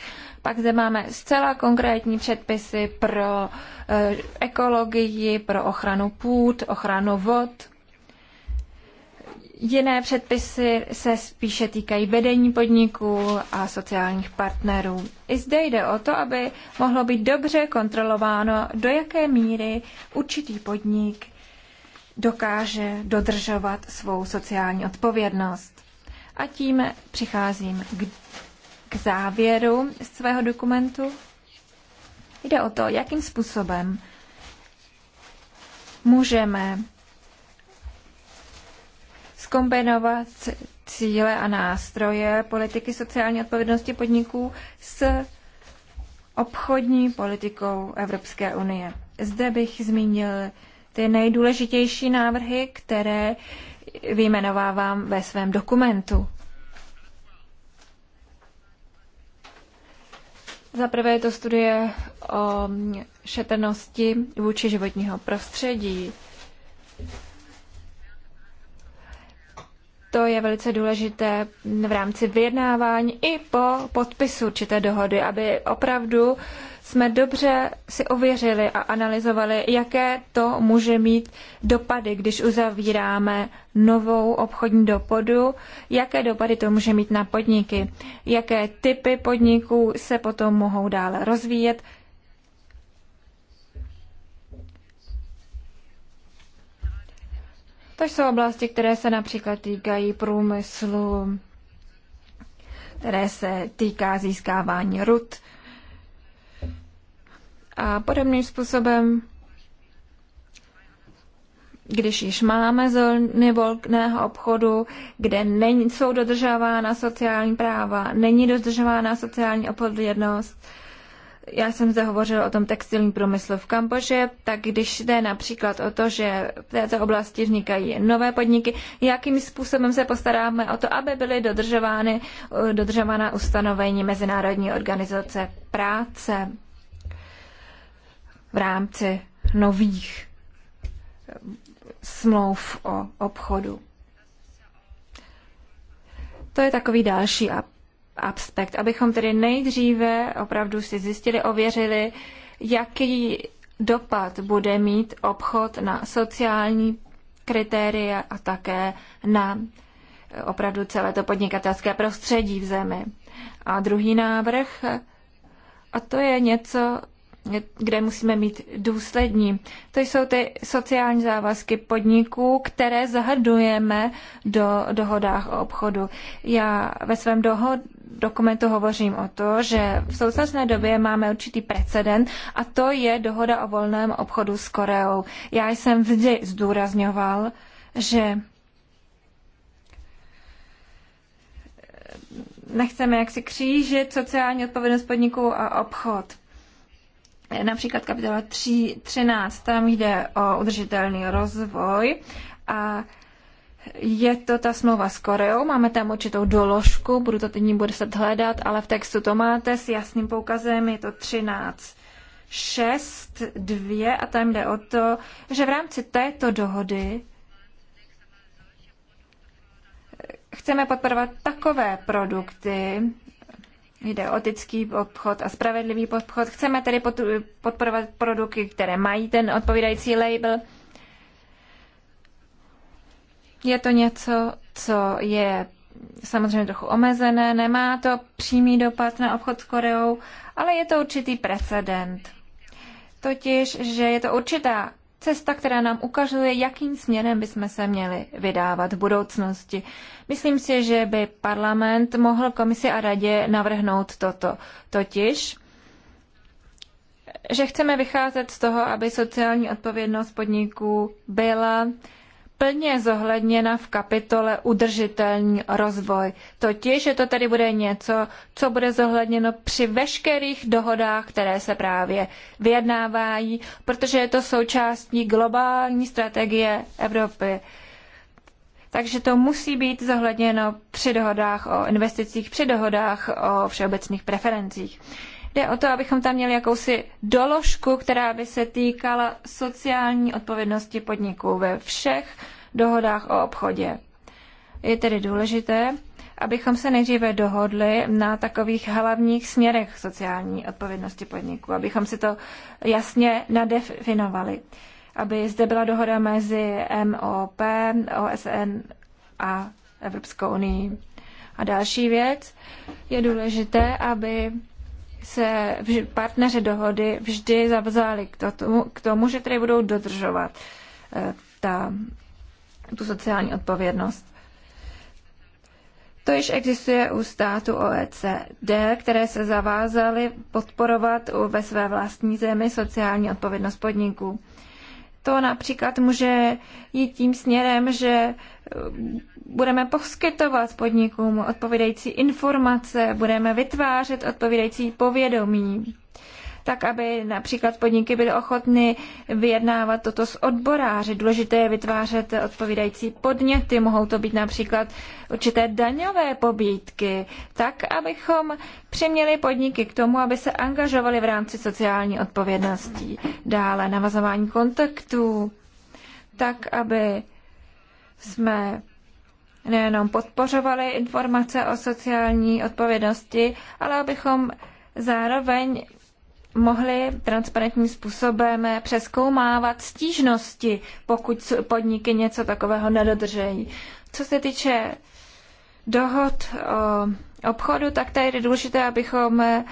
Pak zde máme zcela konkrétní předpisy pro eh, ekologii, pro ochranu půd, ochranu vod, Jiné předpisy se spíše týkají vedení podniků a sociálních partnerů. I zde jde o to, aby mohlo být dobře kontrolováno, do jaké míry určitý podnik dokáže dodržovat svou sociální odpovědnost. A tím přicházím k, k závěru svého dokumentu. Jde o to, jakým způsobem můžeme skombinovat cíle a nástroje politiky sociální odpovědnosti podniků s obchodní politikou Evropské unie. Zde bych zmínil ty nejdůležitější návrhy, které vyjmenovávám ve svém dokumentu. Za prvé je to studie o šetrnosti vůči životního prostředí to je velice důležité v rámci vyjednávání i po podpisu určité dohody, aby opravdu jsme dobře si ověřili a analyzovali, jaké to může mít dopady, když uzavíráme novou obchodní dopodu, jaké dopady to může mít na podniky, jaké typy podniků se potom mohou dále rozvíjet, To jsou oblasti, které se například týkají průmyslu, které se týká získávání rud. A podobným způsobem, když již máme zóny volného obchodu, kde není, jsou dodržována sociální práva, není dodržována sociální odpovědnost, já jsem zde hovořil o tom textilním průmyslu v Kambodži, tak když jde například o to, že v této oblasti vznikají nové podniky, jakým způsobem se postaráme o to, aby byly dodržovány, dodržována ustanovení Mezinárodní organizace práce v rámci nových smlouv o obchodu. To je takový další aspekt, abychom tedy nejdříve opravdu si zjistili, ověřili, jaký dopad bude mít obchod na sociální kritéria a také na eh, opravdu celé to podnikatelské prostředí v zemi. A druhý návrh, a to je něco, kde musíme mít důslední. To jsou ty sociální závazky podniků, které zahrdujeme do dohodách o obchodu. Já ve svém dohod, dokumentu hovořím o to, že v současné době máme určitý precedent a to je dohoda o volném obchodu s Koreou. Já jsem vždy zdůrazňoval, že nechceme jaksi křížit sociální odpovědnost podniků a obchod například kapitola 3, 13, tam jde o udržitelný rozvoj a je to ta smlouva s Koreou, máme tam určitou doložku, budu to teď bude se hledat, ale v textu to máte s jasným poukazem, je to 13. 6, 2 a tam jde o to, že v rámci této dohody chceme podporovat takové produkty, Jde o etický obchod a spravedlivý obchod. Chceme tedy podporovat produkty, které mají ten odpovídající label. Je to něco, co je samozřejmě trochu omezené, nemá to přímý dopad na obchod s Koreou, ale je to určitý precedent. Totiž, že je to určitá cesta, která nám ukazuje, jakým směrem bychom se měli vydávat v budoucnosti. Myslím si, že by parlament mohl komisi a radě navrhnout toto. Totiž, že chceme vycházet z toho, aby sociální odpovědnost podniků byla plně zohledněna v kapitole udržitelný rozvoj. Totiž, že to tady bude něco, co bude zohledněno při veškerých dohodách, které se právě vyjednávají, protože je to součástí globální strategie Evropy. Takže to musí být zohledněno při dohodách o investicích, při dohodách o všeobecných preferencích. Jde o to, abychom tam měli jakousi doložku, která by se týkala sociální odpovědnosti podniků ve všech dohodách o obchodě. Je tedy důležité, abychom se nejdříve dohodli na takových hlavních směrech sociální odpovědnosti podniků, abychom si to jasně nadefinovali, aby zde byla dohoda mezi MOP, OSN a Evropskou unii. A další věc je důležité, aby se partneři dohody vždy zavzali k tomu, k tomu že tady budou dodržovat eh, ta, tu sociální odpovědnost. To již existuje u státu OECD, které se zavázaly podporovat ve své vlastní zemi sociální odpovědnost podniků. To například může jít tím směrem, že budeme poskytovat podnikům odpovídající informace, budeme vytvářet odpovídající povědomí, tak aby například podniky byly ochotny vyjednávat toto s odboráři. Důležité je vytvářet odpovídající podněty, mohou to být například určité daňové pobídky, tak abychom přiměli podniky k tomu, aby se angažovali v rámci sociální odpovědnosti. Dále navazování kontaktů, tak aby jsme nejenom podpořovali informace o sociální odpovědnosti, ale abychom zároveň mohli transparentním způsobem přeskoumávat stížnosti, pokud podniky něco takového nedodržejí. Co se týče dohod o obchodu, tak tady je důležité, abychom eh,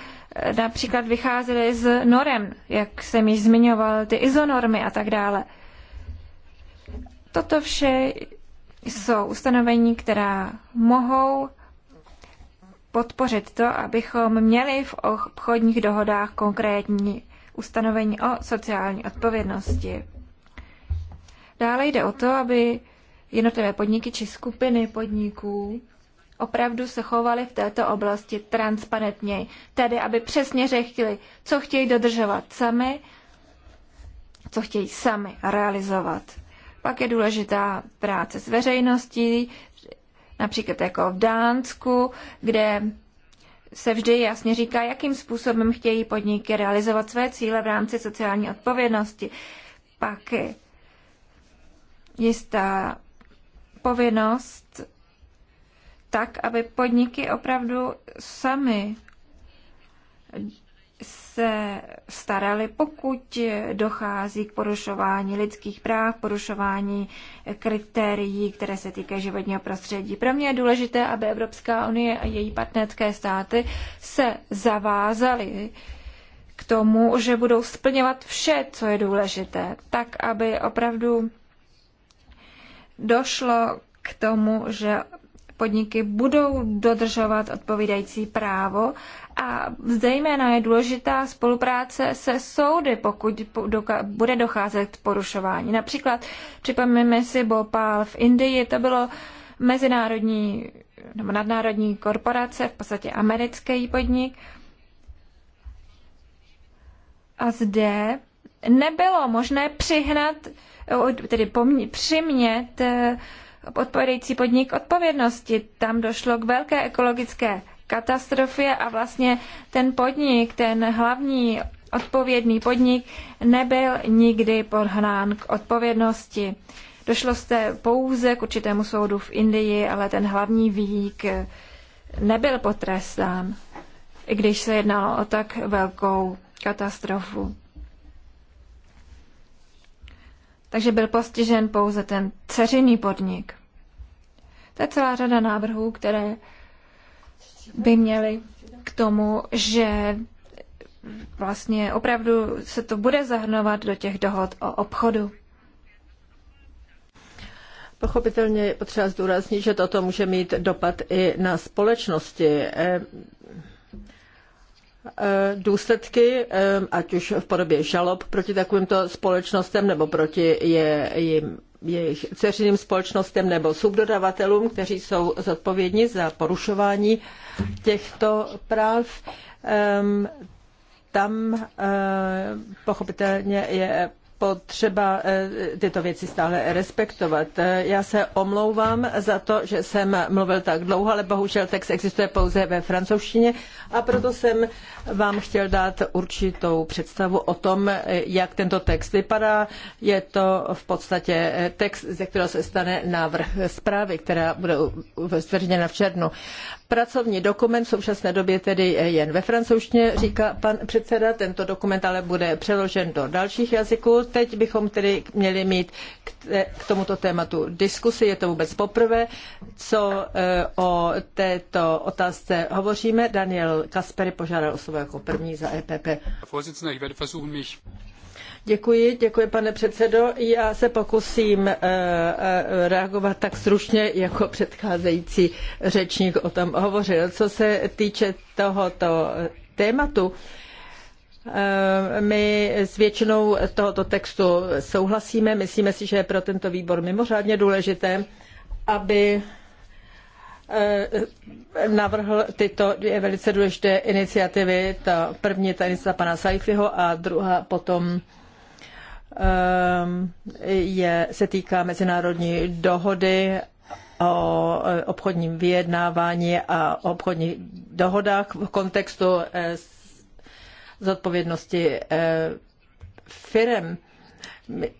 například vycházeli z norem, jak jsem již zmiňoval, ty izonormy a tak dále. Toto vše jsou ustanovení, která mohou podpořit to, abychom měli v obchodních dohodách konkrétní ustanovení o sociální odpovědnosti. Dále jde o to, aby jednotlivé podniky či skupiny podniků opravdu se chovali v této oblasti transparentněji. Tedy, aby přesně řekli, co chtějí dodržovat sami, co chtějí sami realizovat. Pak je důležitá práce s veřejností, například jako v Dánsku, kde se vždy jasně říká, jakým způsobem chtějí podniky realizovat své cíle v rámci sociální odpovědnosti. Pak je jistá povinnost tak, aby podniky opravdu sami se starali, pokud dochází k porušování lidských práv, porušování kritérií, které se týkají životního prostředí. Pro mě je důležité, aby Evropská unie a její partnerské státy se zavázaly k tomu, že budou splňovat vše, co je důležité, tak, aby opravdu došlo k tomu, že podniky budou dodržovat odpovídající právo a zejména je důležitá spolupráce se soudy, pokud bude docházet k porušování. Například připomeňme si Bhopal v Indii, to bylo mezinárodní nebo nadnárodní korporace, v podstatě americký podnik. A zde nebylo možné přihnat, eh, tedy pomě, přimět eh, odpovědající podnik odpovědnosti. Tam došlo k velké ekologické katastrofě a vlastně ten podnik, ten hlavní odpovědný podnik nebyl nikdy podhnán k odpovědnosti. Došlo jste pouze k určitému soudu v Indii, ale ten hlavní výk nebyl potrestán, i když se jednalo o tak velkou katastrofu. takže byl postižen pouze ten ceřinný podnik. To je celá řada návrhů, které by měly k tomu, že vlastně opravdu se to bude zahrnovat do těch dohod o obchodu. Pochopitelně je potřeba zdůraznit, že toto může mít dopad i na společnosti. Eh, důsledky, eh, ať už v podobě žalob proti takovýmto společnostem nebo proti je, jim, jejich dceřiným společnostem nebo subdodavatelům, kteří jsou zodpovědní za porušování těchto práv. Tam eh, pochopitelně je potřeba eh, tyto věci stále respektovat. Eh, já se omlouvám za to, že jsem mluvil tak dlouho, ale bohužel text existuje pouze ve francouzštině a proto jsem vám chtěl dát určitou představu o tom, eh, jak tento text vypadá. Je to v podstatě text, ze kterého se stane návrh zprávy, která bude zveřejněna v červnu. Pracovní dokument v současné době tedy jen ve francouzštině, říká pan předseda. Tento dokument ale bude přeložen do dalších jazyků Teď bychom tedy měli mít k tomuto tématu diskusi. Je to vůbec poprvé, co eh, o této otázce hovoříme. Daniel Kaspery požádal o slovo jako první za EPP. Děkuji, děkuji pane předsedo. Já se pokusím eh, eh, reagovat tak stručně, jako předcházející řečník o tom hovořil. Co se týče tohoto tématu, Eh, my s většinou tohoto textu souhlasíme. Myslíme si, že je pro tento výbor mimořádně důležité, aby eh, navrhl tyto dvě velice důležité iniciativy. Ta první ta iniciativa pana Saifiho a druhá potom eh, je, se týká mezinárodní dohody o obchodním vyjednávání a obchodních dohodách v kontextu zodpovědnosti eh, firem.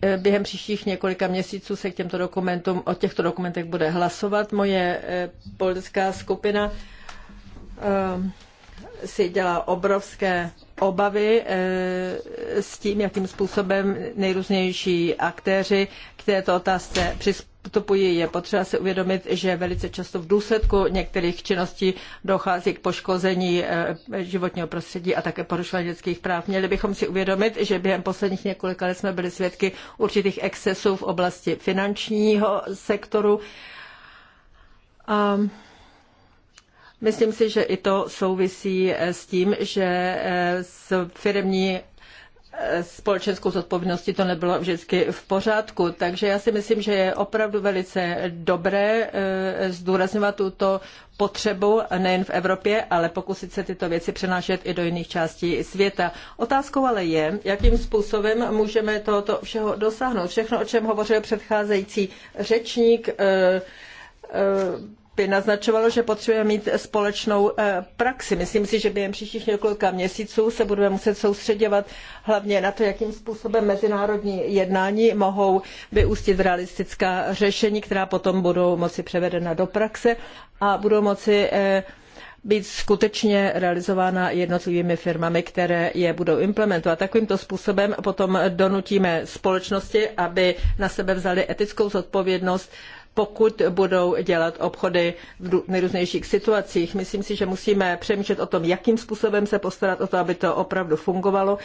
Eh, během příštích několika měsíců se k těmto dokumentům, o těchto dokumentech bude hlasovat. Moje eh, politická skupina si dělá obrovské obavy s tím, jakým způsobem nejrůznější aktéři k této otázce přispívají postupují, je potřeba si uvědomit, že velice často v důsledku některých činností dochází k poškození eh, životního prostředí a také porušování lidských práv. Měli bychom si uvědomit, že během posledních několika let jsme byli svědky určitých excesů v oblasti finančního sektoru. A myslím si, že i to souvisí eh, s tím, že eh, s firmní společenskou zodpovědností to nebylo vždycky v pořádku. Takže já si myslím, že je opravdu velice dobré e, zdůrazňovat tuto potřebu nejen v Evropě, ale pokusit se tyto věci přenášet i do jiných částí světa. Otázkou ale je, jakým způsobem můžeme tohoto všeho dosáhnout. Všechno, o čem hovořil předcházející řečník, e, e, by naznačovalo, že potřebujeme mít společnou eh, praxi. Myslím si, že během příštích několika měsíců se budeme muset soustředěvat hlavně na to, jakým způsobem mezinárodní jednání mohou vyústit realistická řešení, která potom budou moci převedena do praxe a budou moci eh, být skutečně realizována jednotlivými firmami, které je budou implementovat. Takovýmto způsobem potom donutíme společnosti, aby na sebe vzali etickou zodpovědnost pokud budou dělat obchody v nejrůznějších situacích. Myslím si, že musíme přemýšlet o tom, jakým způsobem se postarat o to, aby to opravdu fungovalo.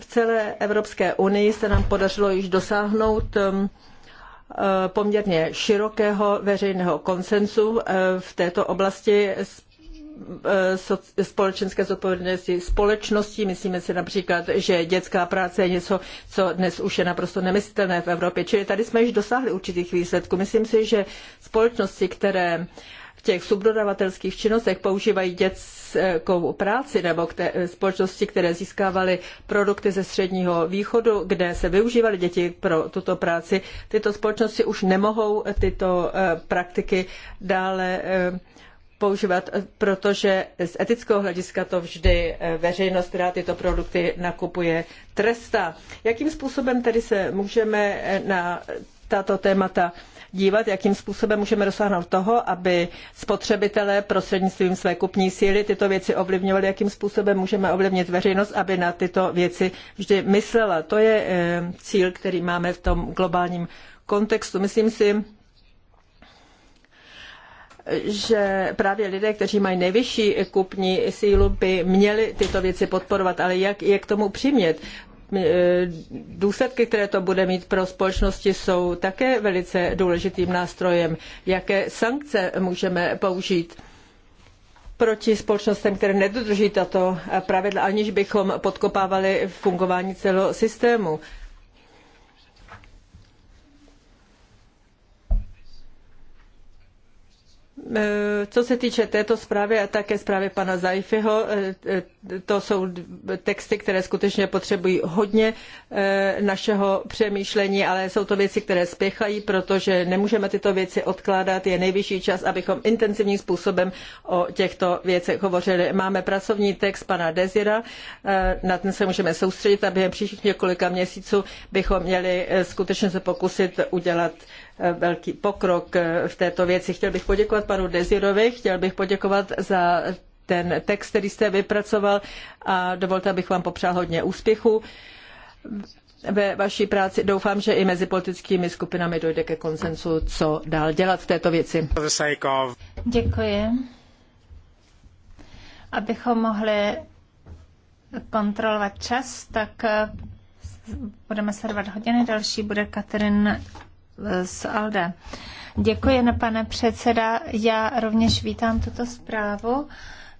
V celé Evropské unii se nám podařilo již dosáhnout um, uh, poměrně širokého veřejného konsensu uh, v této oblasti. Eh, společenské zodpovědnosti společností. Myslíme si například, že dětská práce je něco, co dnes už je naprosto nemyslitelné v Evropě. Čili tady jsme již dosáhli určitých výsledků. Myslím si, že společnosti, které v těch subdodavatelských činnostech používají dětskou práci nebo té společnosti, které získávaly produkty ze středního východu, kde se využívaly děti pro tuto práci, tyto společnosti už nemohou tyto eh, praktiky dále eh, používat, eh, protože z etického hlediska to vždy eh, veřejnost, která tyto produkty nakupuje, trestá. Jakým způsobem tedy se můžeme eh, na tato témata dívat, jakým způsobem můžeme dosáhnout toho, aby spotřebitelé prostřednictvím své kupní síly tyto věci ovlivňovali, jakým způsobem můžeme ovlivnit veřejnost, aby na tyto věci vždy myslela. To je cíl, který máme v tom globálním kontextu. Myslím si, že právě lidé, kteří mají nejvyšší kupní sílu, by měli tyto věci podporovat, ale jak je k tomu přimět? E, důsledky, které to bude mít pro společnosti, jsou také velice důležitým nástrojem. Jaké sankce můžeme použít proti společnostem, které nedodrží tato pravidla, aniž bychom podkopávali fungování celého systému? E, co se týče této zprávy a také zprávy pana Zajfiho, e, e, to jsou texty, které skutečně potřebují hodně našeho přemýšlení, ale jsou to věci, které spěchají, protože nemůžeme tyto věci odkládat. Je nejvyšší čas, abychom intenzivním způsobem o těchto věcech hovořili. Máme pracovní text pana Dezira, na ten se můžeme soustředit a během příštích několika měsíců bychom měli skutečně se pokusit udělat velký pokrok v této věci. Chtěl bych poděkovat panu Dezirovi, chtěl bych poděkovat za ten text, který jste vypracoval a dovolte, abych vám popřál hodně úspěchu ve vaší práci. Doufám, že i mezi politickými skupinami dojde ke konsensu, co dál dělat v této věci. Děkuji. Abychom mohli kontrolovat čas, tak budeme sledovat hodiny. Další bude Katerin z ALDE. Děkuji, no, pane předseda. Já rovněž vítám tuto zprávu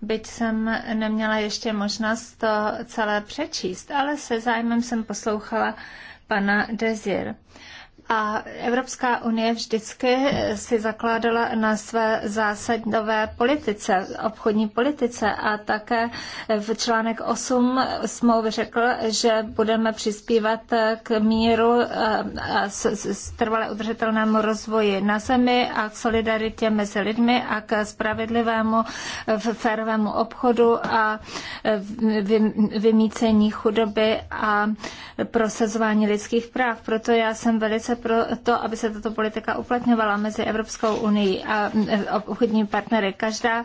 byť jsem neměla ještě možnost to celé přečíst, ale se zájmem jsem poslouchala pana Dezir. A Evropská unie vždycky si zakládala na své zásadové politice, obchodní politice a také v článek 8 smlouvy řekl, že budeme přispívat k míru a trvale udržitelnému rozvoji na zemi a k solidaritě mezi lidmi a k spravedlivému férovému obchodu a vymícení chudoby a prosazování lidských práv. Proto já jsem velice pro to, aby se tato politika uplatňovala mezi Evropskou unii a e, obchodními partnery. Každá e,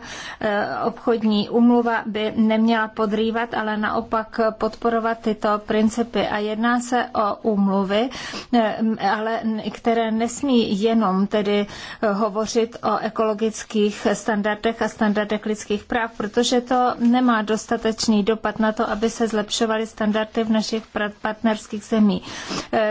obchodní umluva by neměla podrývat, ale naopak podporovat tyto principy. A jedná se o umluvy, e, ale které nesmí jenom tedy hovořit o ekologických standardech a standardech lidských práv, protože to nemá dostatečný dopad na to, aby se zlepšovaly standardy v našich partnerských zemí.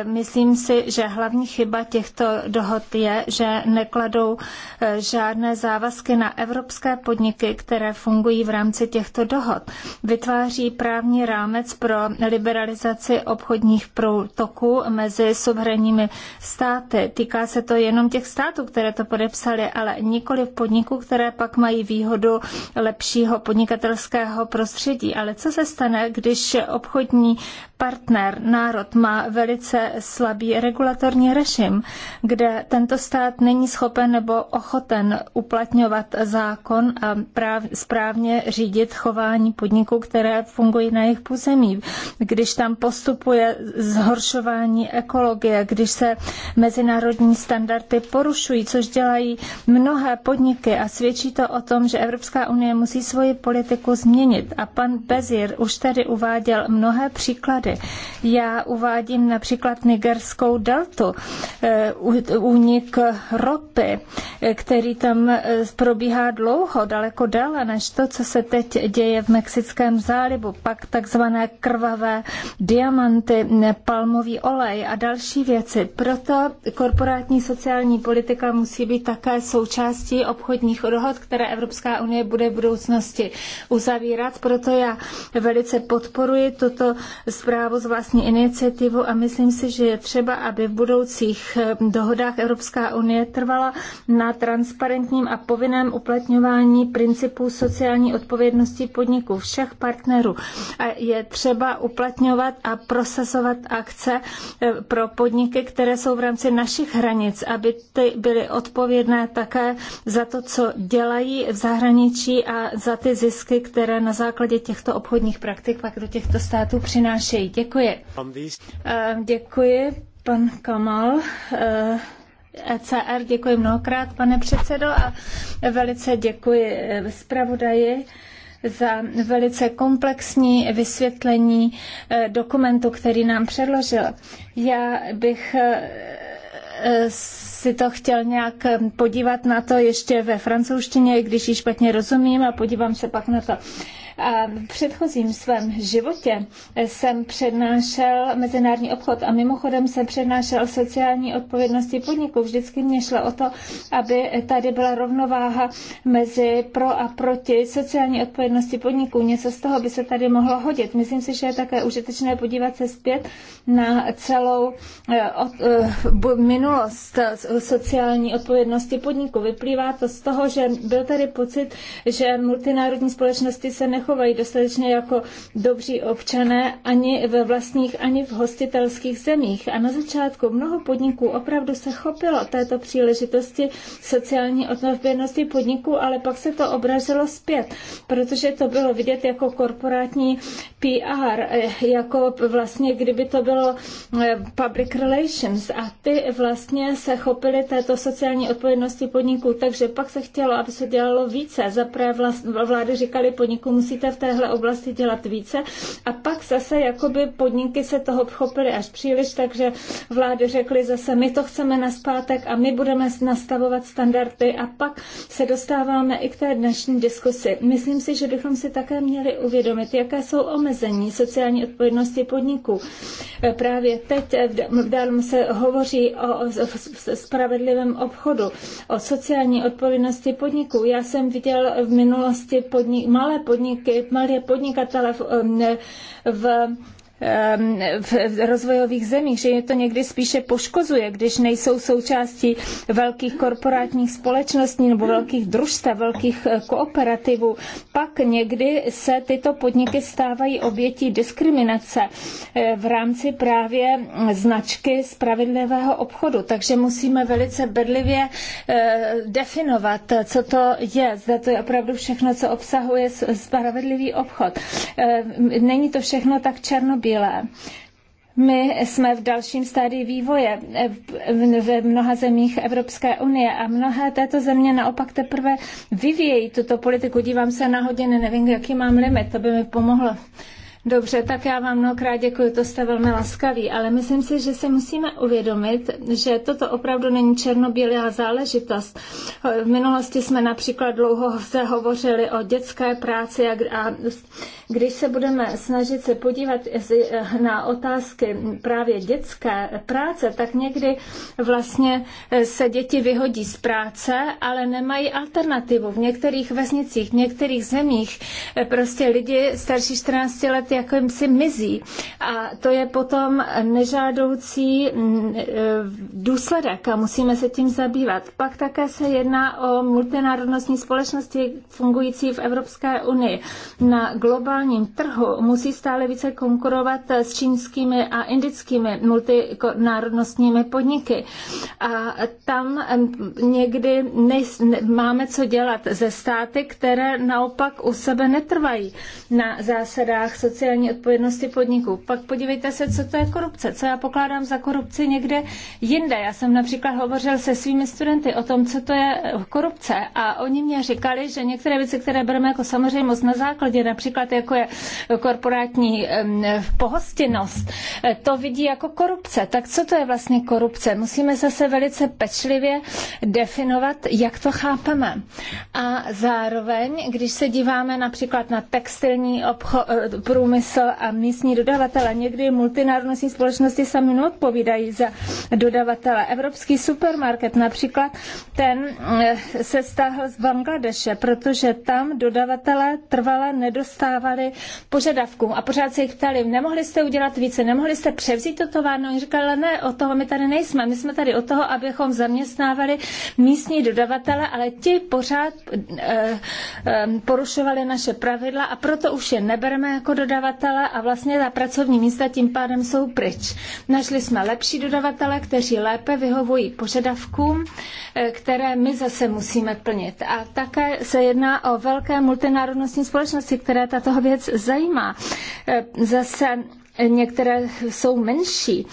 Myslím si, že hlavně hlavní chyba těchto dohod je, že nekladou eh, žádné závazky na evropské podniky, které fungují v rámci těchto dohod. Vytváří právní rámec pro liberalizaci obchodních protoků mezi suverénními státy. Týká se to jenom těch států, které to podepsaly, ale nikoli podniků, které pak mají výhodu lepšího podnikatelského prostředí. Ale co se stane, když obchodní partner, národ má velice slabý regulatorní totalitní režim, kde tento stát není schopen nebo ochoten uplatňovat zákon a práv, správně řídit chování podniků, které fungují na jejich půzemí. Když tam postupuje zhoršování ekologie, když se mezinárodní standardy porušují, což dělají mnohé podniky a svědčí to o tom, že Evropská unie musí svoji politiku změnit. A pan Bezir už tady uváděl mnohé příklady. Já uvádím například nigerskou deltu, Eh, únik ropy, eh, který tam eh, probíhá dlouho, daleko déle než to, co se teď děje v Mexickém zálivu, pak takzvané krvavé diamanty, palmový olej a další věci. Proto korporátní sociální politika musí být také součástí obchodních dohod, které Evropská unie bude v budoucnosti uzavírat. Proto já velice podporuji tuto zprávu z vlastní iniciativu a myslím si, že je třeba, aby v budoucnosti budoucích eh, dohodách Evropská unie trvala na transparentním a povinném uplatňování principů sociální odpovědnosti podniků všech partnerů. A je třeba uplatňovat a prosazovat akce eh, pro podniky, které jsou v rámci našich hranic, aby ty byly odpovědné také za to, co dělají v zahraničí a za ty zisky, které na základě těchto obchodních praktik pak do těchto států přinášejí. Děkuji. Eh, děkuji. Pan Kamal, ECR, eh, e děkuji mnohokrát, pane předsedo, a velice děkuji eh, zpravodaji za velice komplexní vysvětlení eh, dokumentu, který nám předložil. Já bych si to chtěl nějak podívat na to ještě ve francouzštině, když ji špatně rozumím a podívám se pak na to a v předchozím svém životě jsem přednášel mezinárodní obchod a mimochodem jsem přednášel sociální odpovědnosti podniků. Vždycky mě šlo o to, aby tady byla rovnováha mezi pro a proti sociální odpovědnosti podniků. Něco z toho by se tady mohlo hodit. Myslím si, že je také užitečné podívat se zpět na celou eh, eh, minulost sociální odpovědnosti podniků. Vyplývá to z toho, že byl tady pocit, že multinárodní společnosti se ne nechovají dostatečně jako dobří občané ani ve vlastních, ani v hostitelských zemích. A na začátku mnoho podniků opravdu se chopilo této příležitosti sociální odpovědnosti podniků, ale pak se to obrazilo zpět, protože to bylo vidět jako korporátní PR, eh, jako vlastně kdyby to bylo eh, public relations a ty vlastně se chopily této sociální odpovědnosti podniků, takže pak se chtělo, aby se dělalo více. Zaprvé vlády říkali podniku musí musíte v téhle oblasti dělat více. A pak zase jakoby podniky se toho chopily až příliš, takže vlády řekly zase, my to chceme naspátek a my budeme nastavovat standardy a pak se dostáváme i k té dnešní diskusi. Myslím si, že bychom si také měli uvědomit, jaké jsou omezení sociální odpovědnosti podniků. E, právě teď e, v Dalmu se hovoří o spravedlivém obchodu, o sociální odpovědnosti podniků. Já jsem viděl v minulosti podnik, malé podnik, podniky, malé podnikatele v, eh, v Um, v rozvojových zemích, že je to někdy spíše poškozuje, když nejsou součástí velkých korporátních společností nebo velkých družstev, velkých eh, kooperativů. Pak někdy se tyto podniky stávají obětí diskriminace eh, v rámci právě značky spravedlivého obchodu. Takže musíme velice bedlivě eh, definovat, co to je. Zda to je opravdu všechno, co obsahuje spravedlivý obchod. Není to všechno tak černobílé cíle. My jsme v dalším stádii vývoje ve mnoha zemích Evropské unie a mnohé této země naopak teprve vyvíjejí tuto politiku. Dívám se na hodiny, nevím, jaký mám limit, to by mi pomohlo. Dobře, tak já vám mnohokrát děkuji, to jste velmi laskavý, ale myslím si, že si musíme uvědomit, že toto opravdu není černobílá záležitost. V minulosti jsme například dlouho se hovořili o dětské práci a, a když se budeme snažit se podívat na otázky právě dětské práce, tak někdy vlastně e, se děti vyhodí z práce, ale nemají alternativu. V některých vesnicích, v některých zemích e, prostě lidi starší 14 let jako jim si mizí. A to je potom nežádoucí e, důsledek a musíme se tím zabývat. Pak také se jedná o multinárodnostní společnosti fungující v Evropské unii na globální globálním trhu musí stále více konkurovat s čínskými a indickými multinárodnostními podniky. A tam někdy máme co dělat ze státy, které naopak u sebe netrvají na zásadách sociální odpovědnosti podniků. Pak podívejte se, co to je korupce, co já pokládám za korupci někde jinde. Já jsem například hovořil se svými studenty o tom, co to je korupce a oni mě říkali, že některé věci, které bereme jako samozřejmost na základě například jako jako je korporátní pohostinnost, eh, to vidí jako korupce. Tak co to je vlastně korupce? Musíme zase velice pečlivě definovat, jak to chápeme. A zároveň, když se díváme například na textilní obcho- eh, průmysl a místní dodavatele, někdy multinárodní společnosti sami neodpovídají za dodavatele. Evropský supermarket například, ten eh, se stáhl z Bangladeše, protože tam dodavatele trvale nedostávají dostávali požadavkům a pořád se jich ptali, nemohli jste udělat více, nemohli jste převzít to továrnu. Oni říkali, ne, o toho my tady nejsme, my jsme tady o toho, abychom zaměstnávali místní dodavatele, ale ti pořád eh, eh, porušovali naše pravidla a proto už je nebereme jako dodavatele a vlastně ta pracovní místa tím pádem jsou pryč. Našli jsme lepší dodavatele, kteří lépe vyhovují požadavkům, eh, které my zase musíme plnit. A také se jedná o velké multinárodnostní společnosti, které tato věc zajímá. Eh, zase některé jsou menší,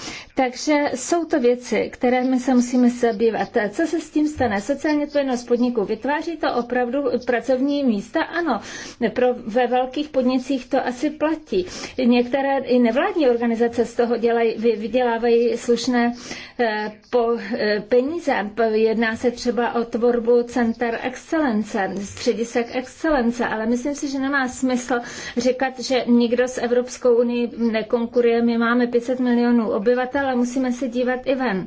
takže jsou to věci, které my se musíme zabývat. Co se s tím stane? sociálně odpovědnost podniků vytváří to opravdu pracovní místa? Ano, pro, ve velkých podnicích to asi platí. Některé i nevládní organizace z toho dělají, vydělávají slušné eh, po, eh, peníze. Jedná se třeba o tvorbu center excelence, středisek excelence, ale myslím si, že nemá smysl říkat, že nikdo z Evropskou unii nekonkuruje. My máme 500 milionů obyvatel ale musíme se dívat i ven.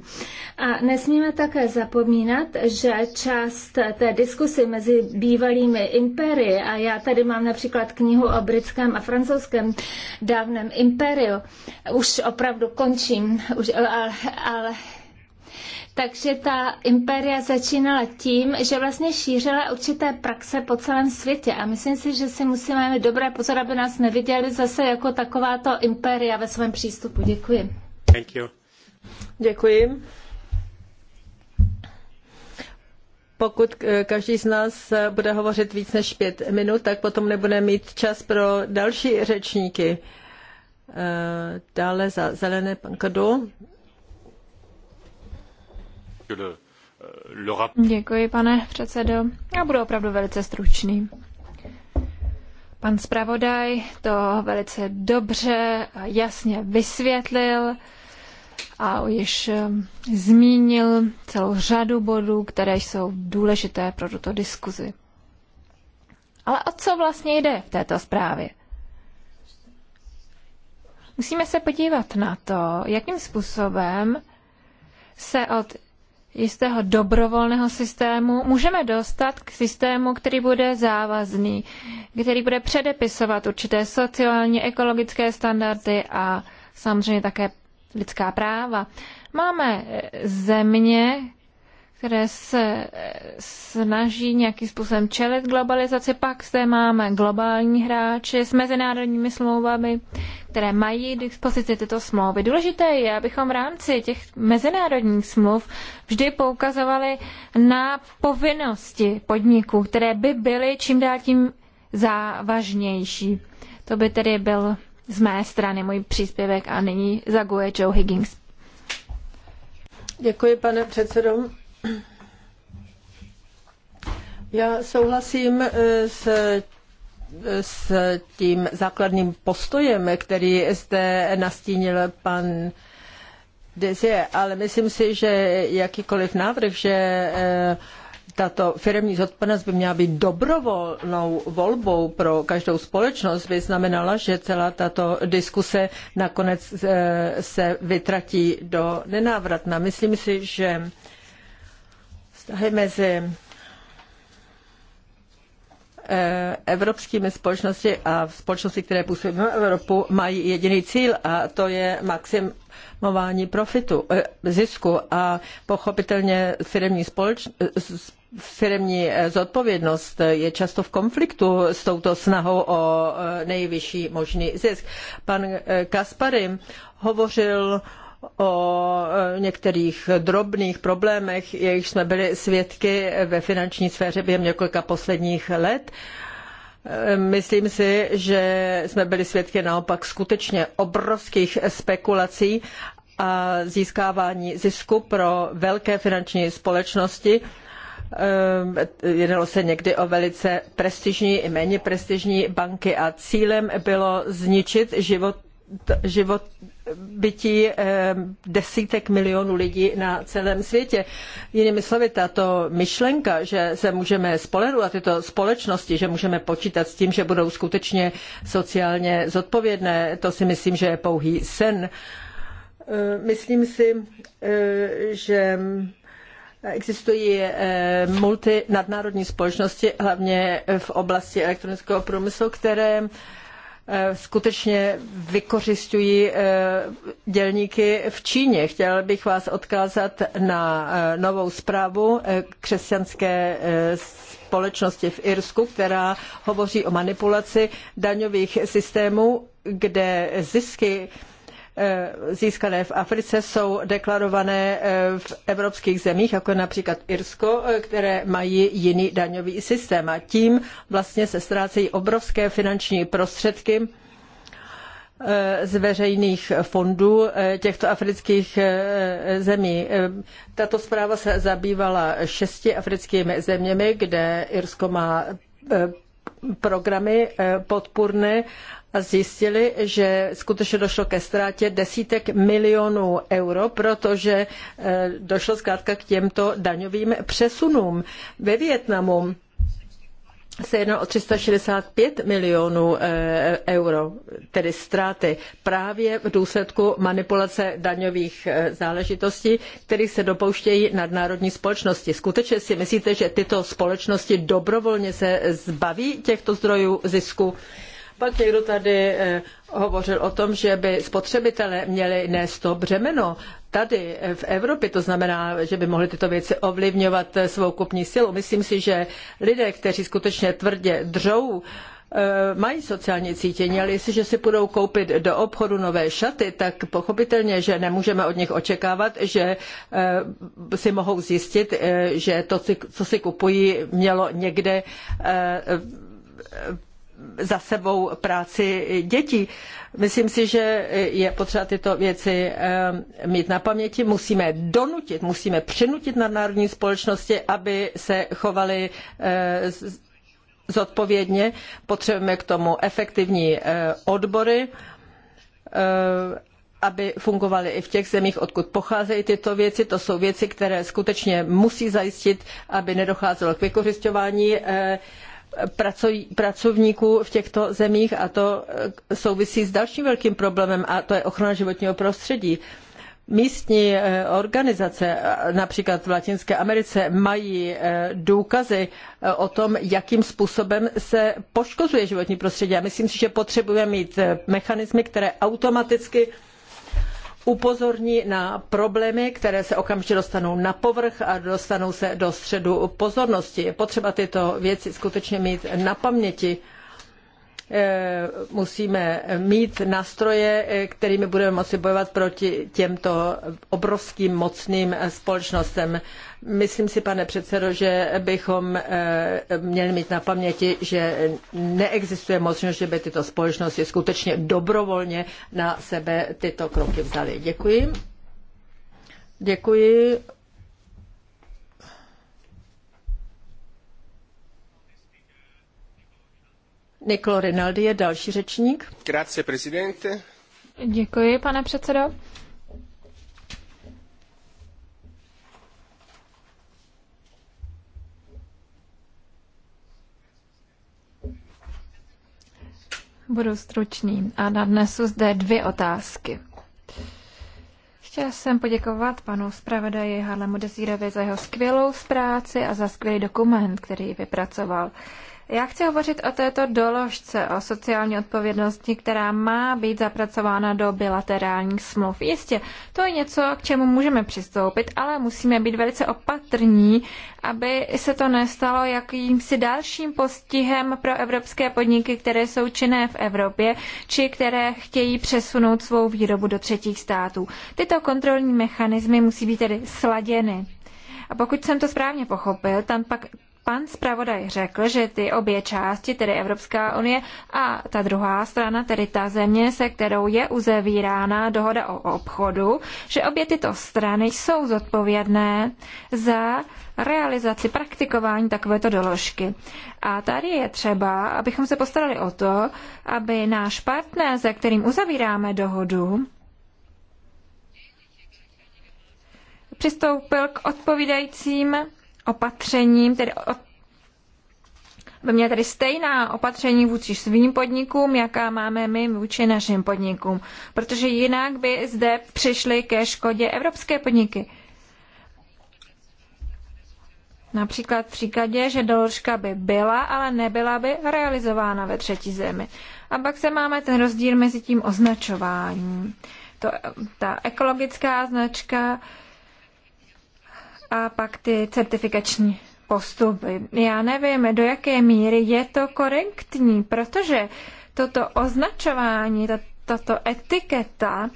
A nesmíme také zapomínat, že část té diskusy mezi bývalými impérii, a já tady mám například knihu o britském a francouzském dávném impériu, už opravdu končím, už, ale, ale takže ta impéria začínala tím, že vlastně šířila určité praxe po celém světě. A myslím si, že si musíme mít dobré pozor, aby nás neviděli zase jako takováto impéria ve svém přístupu. Děkuji. Děkuji. Pokud eh, každý z nás eh, bude hovořit víc než pět minut, tak potom nebude mít čas pro další řečníky. Eh, dále za zelené pan Kado. Děkuji, pane předsedo. Já budu opravdu velice stručný. Pan zpravodaj to velice dobře a jasně vysvětlil a již ehm, zmínil celou řadu bodů, které jsou důležité pro tuto diskuzi. Ale o co vlastně jde v této zprávě? Musíme se podívat na to, jakým způsobem se od jistého dobrovolného systému můžeme dostat k systému, který bude závazný, který bude předepisovat určité sociální, ekologické standardy a samozřejmě také lidská práva. Máme eh, země, které se eh, snaží nějakým způsobem čelit globalizaci. Pak zde máme globální hráče s mezinárodními smlouvami, které mají k dispozici tyto smlouvy. Důležité je, abychom v rámci těch mezinárodních smluv vždy poukazovali na povinnosti podniků, které by byly čím dál tím závažnější. To by tedy byl z mé strany můj příspěvek a nyní zaguje Joe Higgins. Děkuji, pane předsedo. Já souhlasím eh, s eh, s tím základním postojem, který zde nastínil pan Dezie, ale myslím si, že jakýkoliv návrh, že eh, tato firmní zodpovědnost by měla být dobrovolnou volbou pro každou společnost, by znamenala, že celá tato diskuse nakonec eh, se vytratí do nenávratna. Myslím si, že vztahy mezi eh, evropskými společnosti a společnosti, které působí mimo Evropu, mají jediný cíl a to je maxim, maximování profitu, eh, zisku a pochopitelně firmní společnost eh, firmní eh, zodpovědnost je často v konfliktu s touto snahou o nejvyšší možný zisk. Pan Kaspary hovořil o některých drobných problémech, jejichž jsme byli svědky ve finanční sféře během několika posledních let. Myslím si, že jsme byli svědky naopak skutečně obrovských spekulací a získávání zisku pro velké finanční společnosti. Ehm, jednalo se někdy o velice prestižní i méně prestižní banky a cílem bylo zničit život, život bytí ehm, desítek milionů lidí na celém světě. Jinými slovy, tato myšlenka, že se můžeme spolehnout na tyto společnosti, že můžeme počítat s tím, že budou skutečně sociálně zodpovědné, to si myslím, že je pouhý sen. Uh, Eh, myslím si, eh, že Existují eh, multinadnárodní společnosti, hlavně v oblasti elektronického průmyslu, které skutečně vykořišťují dělníky v Číně. Chtěl bych vás odkázat na novou zprávu křesťanské společnosti v Irsku, která hovoří o manipulaci daňových systémů, kde zisky Eh, získané v Africe jsou deklarované eh, v evropských zemích, jako například Irsko, eh, které mají jiný daňový systém. A tím vlastně se ztrácejí obrovské finanční prostředky z veřejných fondů těchto afrických zemí. Tato zpráva se zabývala šesti africkými zeměmi, kde Irsko má programy eh, podpůrné a zjistili, že skutečně došlo ke ztrátě desítek milionů euro, protože eh, došlo zkrátka k těmto daňovým přesunům. Ve Vietnamu se jedná o 365 milionů eh, euro, tedy ztráty právě v důsledku manipulace daňových eh, záležitostí, kterých se dopouštějí nadnárodní společnosti. Skutečně si myslíte, že tyto společnosti dobrovolně se zbaví těchto zdrojů zisku? Pak někdo tady eh, hovořil o tom, že by spotřebitelé měli nést to břemeno tady eh, v Evropě, to znamená, že by mohli tyto věci ovlivňovat eh, svou kupní silu. Myslím si, že lidé, kteří skutečně tvrdě dřou, eh, mají sociální cítění, ale jestliže si půjdou koupit do obchodu nové šaty, tak pochopitelně, že nemůžeme od nich očekávat, že si mohou zjistit, že to, co si kupují, mělo někde za sebou práci dětí. Myslím si, že je potřeba tyto věci eh, mít na paměti. Musíme donutit, musíme přinutit nadnárodní společnosti, aby se chovaly eh, zodpovědně. Potřebujeme k tomu efektivní eh, odbory, aby fungovaly i v těch zemích, odkud pocházejí tyto věci. To jsou věci, které skutečně musí zajistit, aby nedocházelo k vykořišťování pracovníků v těchto zemích a to eh, souvisí s dalším velkým problémem a to je ochrana životního prostředí. Místní eh, organizace, eh, například v Latinské Americe, mají důkazy o tom, jakým způsobem se poškozuje životní prostředí. A myslím si, že potřebujeme mít mechanismy, které automaticky upozorní na problémy, které se okamžitě dostanou na povrch a dostanou se do středu pozornosti. Je potřeba tyto věci skutečně mít na paměti. Eh, musíme mít nástroje, eh, kterými budeme moci bojovat proti těmto obrovským mocným eh, společnostem. Myslím si, pane předsedo, že bychom měli mít na paměti, že neexistuje možnost, že by tyto společnosti skutečně dobrovolně na sebe tyto kroky vzaly. Děkuji. Děkuji. Niklo Rinaldi je další řečník. Grazie, presidente. Děkuji, pane předsedo. Budu stručný a nadnesu zde dvě otázky. Chtěla jsem poděkovat panu zpravodaji Harlemu Desírovi za jeho skvělou práci a za skvělý dokument, který vypracoval. Já chci hovořit o této doložce o sociální odpovědnosti, která má být zapracována do bilaterálních smluv. Jistě, to je něco, k čemu můžeme přistoupit, ale musíme být velice opatrní, aby se to nestalo jakýmsi dalším postihem pro evropské podniky, které jsou činné v Evropě, či které chtějí přesunout svou výrobu do třetích států. Tyto kontrolní mechanismy musí být tedy sladěny. A pokud jsem to správně pochopil, tam pak Pan zpravodaj řekl, že ty obě části, tedy Evropská unie a ta druhá strana, tedy ta země, se kterou je uzavírána dohoda o obchodu, že obě tyto strany jsou zodpovědné za realizaci, praktikování takovéto doložky. A tady je třeba, abychom se postarali o to, aby náš partner, se kterým uzavíráme dohodu, přistoupil k odpovídajícím opatřením, tedy by měla tedy stejná opatření vůči svým podnikům, jaká máme my vůči našim podnikům, protože jinak by zde přišly ke škodě evropské podniky. Například v příkladě, že doložka by byla, ale nebyla by realizována ve třetí zemi. A pak se máme ten rozdíl mezi tím označováním. To, ta ekologická značka a pak ty certifikační postupy. Já nevím, do jaké míry je to korektní, protože toto označování, tato etiketa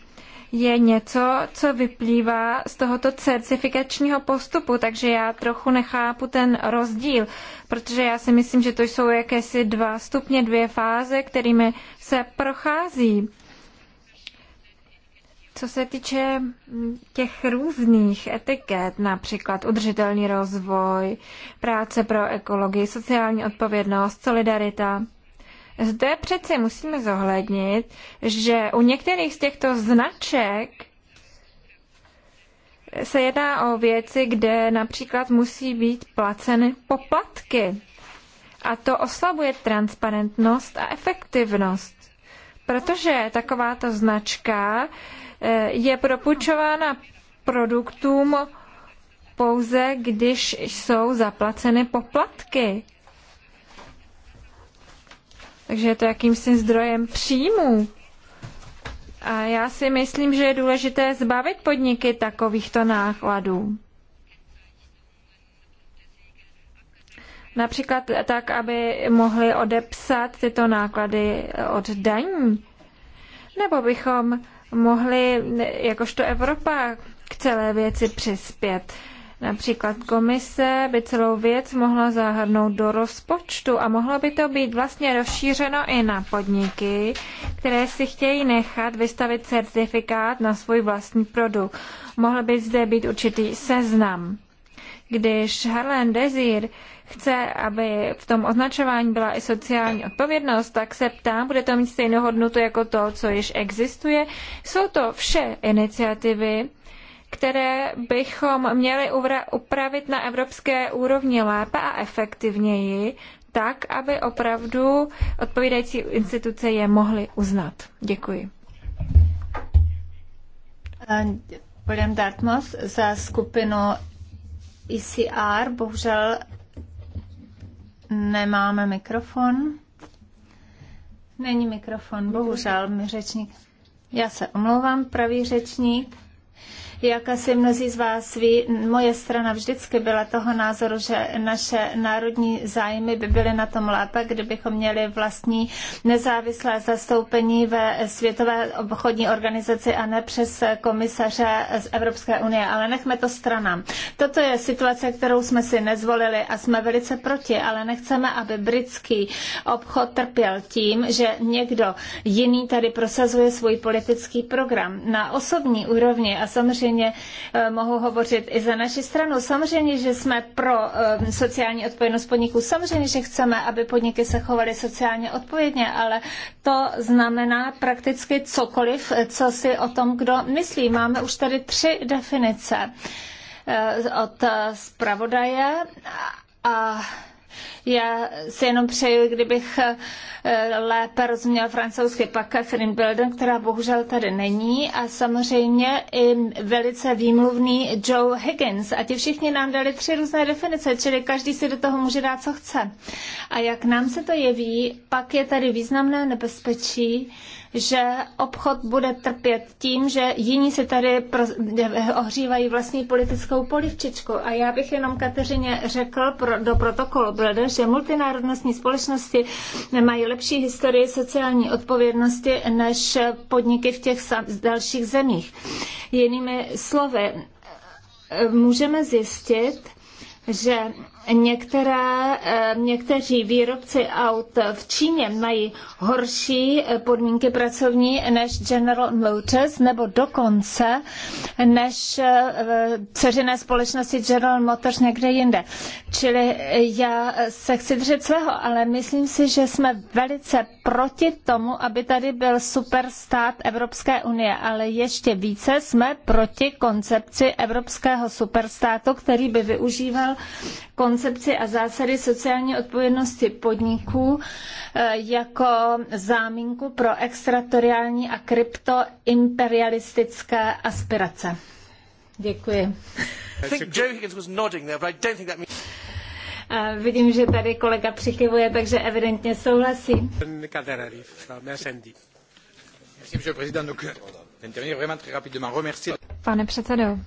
je něco, co vyplývá z tohoto certifikačního postupu, takže já trochu nechápu ten rozdíl, protože já si myslím, že to jsou jakési dva stupně, dvě fáze, kterými se prochází. Co se týče mm, těch různých etiket, například udržitelný rozvoj, práce pro ekologii, sociální odpovědnost, solidarita, zde přece musíme zohlednit, že u některých z těchto značek se jedná o věci, kde například musí být placeny poplatky. A to oslabuje transparentnost a efektivnost. Protože takováto značka je propůjčována produktům pouze, když jsou zaplaceny poplatky. Takže je to jakýmsi zdrojem příjmů. A já si myslím, že je důležité zbavit podniky takovýchto nákladů. Například tak, aby mohli odepsat tyto náklady od daní. Nebo bychom mohli jakožto Evropa k celé věci přispět. Například komise by celou věc mohla zahrnout do rozpočtu a mohlo by to být vlastně rozšířeno i na podniky, které si chtějí nechat vystavit certifikát na svůj vlastní produkt. Mohl by zde být určitý seznam. Když Harlan Desir chce, aby v tom označování byla i sociální odpovědnost, tak se ptám, bude to mít stejnou hodnotu jako to, co již existuje. Jsou to vše iniciativy, které bychom měli upravit na evropské úrovni lépe a efektivněji, tak, aby opravdu odpovídající instituce je mohly uznat. Děkuji. William eh, Dartmouth za skupinu ICR, e bohužel Nemáme mikrofon. Není mikrofon, bohužel, mi řečník. Já se omlouvám, pravý řečník. Jak asi mnozí z vás ví, moje strana vždycky byla toho názoru, že naše národní zájmy by byly na tom lépe, kdybychom měli vlastní nezávislé zastoupení ve Světové obchodní organizaci a ne přes komisaře z Evropské unie. Ale nechme to stranám. Toto je situace, kterou jsme si nezvolili a jsme velice proti, ale nechceme, aby britský obchod trpěl tím, že někdo jiný tady prosazuje svůj politický program. Na osobní úrovni a samozřejmě samozřejmě eh, mohu hovořit i za naši stranu. Samozřejmě, že jsme pro eh, sociální odpovědnost podniků. Samozřejmě, že chceme, aby podniky se chovaly sociálně odpovědně, ale to znamená prakticky cokoliv, co si o tom kdo myslí. Máme už tady tři definice eh, od zpravodaje a já si jenom přeju, kdybych eh, lépe rozuměla francouzsky pak Catherine Belden, která bohužel tady není a samozřejmě i velice výmluvný Joe Higgins. A ti všichni nám dali tři různé definice, čili každý si do toho může dát, co chce. A jak nám se to jeví, pak je tady významné nebezpečí, že obchod bude trpět tím, že jiní se tady eh, ohřívají vlastní politickou polivčičku. A já bych jenom Kateřině řekl pro, do protokolu, Blede, že multinárodnostní společnosti mají lepší historii sociální odpovědnosti než podniky v těch dalších zemích. Jinými slovy, můžeme zjistit, že Některé, eh, někteří výrobci aut v Číně mají horší eh, podmínky pracovní než General Motors nebo dokonce než eh, ceřené společnosti General Motors někde jinde. Čili já se chci držet svého, ale myslím si, že jsme velice proti tomu, aby tady byl superstát Evropské unie, ale ještě více jsme proti koncepci evropského superstátu, který by využíval koncepci koncepci a zásady sociální odpovědnosti podniků eh, jako záminku pro extratoriální a kryptoimperialistické aspirace. Děkuji. vidím, že tady kolega přikivuje, takže evidentně souhlasí. Euh, Pane předsedo,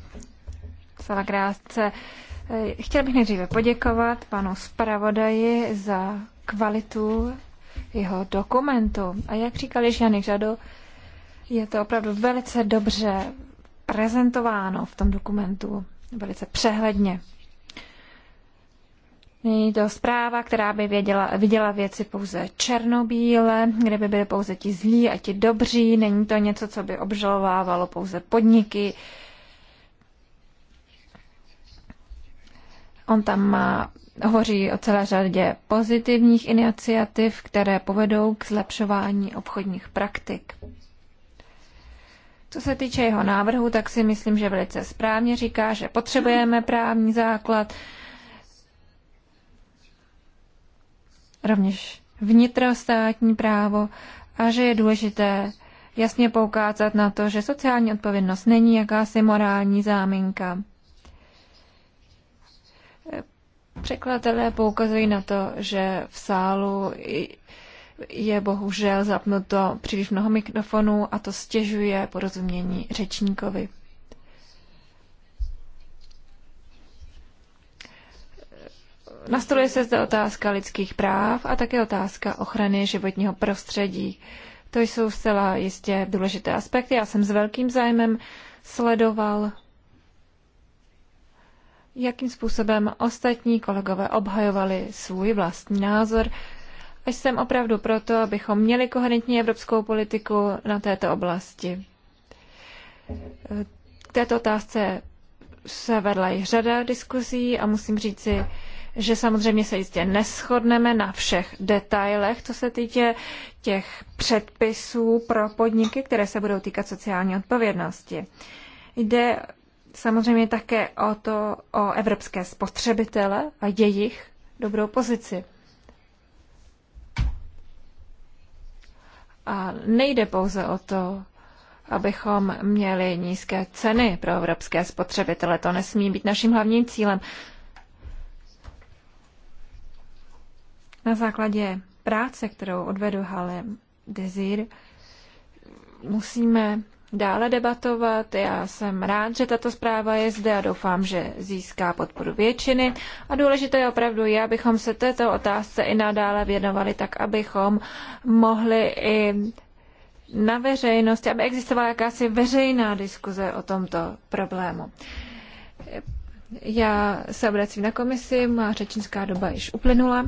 celá krátce Eh, chtěla bych nejdříve poděkovat panu zpravodaji za kvalitu jeho dokumentu. A jak říkal již Janik Žado, je to opravdu velice dobře prezentováno v tom dokumentu, velice přehledně. Není to zpráva, která by věděla, viděla věci pouze černobíle, kde by byly pouze ti zlí a ti dobří. Není to něco, co by obžalovávalo pouze podniky, On tam má, hovoří o celé řadě pozitivních iniciativ, které povedou k zlepšování obchodních praktik. Co se týče jeho návrhu, tak si myslím, že velice správně říká, že potřebujeme právní základ, rovněž vnitrostátní právo a že je důležité jasně poukázat na to, že sociální odpovědnost není jakási morální záminka. Překladatelé poukazují na to, že v sálu je bohužel zapnuto příliš mnoho mikrofonů a to stěžuje porozumění řečníkovi. Nastoluje se zde otázka lidských práv a také otázka ochrany životního prostředí. To jsou zcela jistě důležité aspekty. Já jsem s velkým zájmem sledoval jakým způsobem ostatní kolegové obhajovali svůj vlastní názor. A jsem opravdu proto, abychom měli koherentní evropskou politiku na této oblasti. K této otázce se vedla i řada diskuzí a musím říci, že samozřejmě se jistě neschodneme na všech detailech, co se týče těch předpisů pro podniky, které se budou týkat sociální odpovědnosti. Jde samozřejmě také o to, o evropské spotřebitele a jejich dobrou pozici. A nejde pouze o to, abychom měli nízké ceny pro evropské spotřebitele. To nesmí být naším hlavním cílem. Na základě práce, kterou odvedu Hale Desir, musíme dále debatovat. Já jsem rád, že tato zpráva je zde a doufám, že získá podporu většiny. A důležité je opravdu je, abychom se této otázce i nadále věnovali tak, abychom mohli i na veřejnosti, aby existovala jakási veřejná diskuze o tomto problému. Já se obracím na komisi, má řečnická doba již uplynula.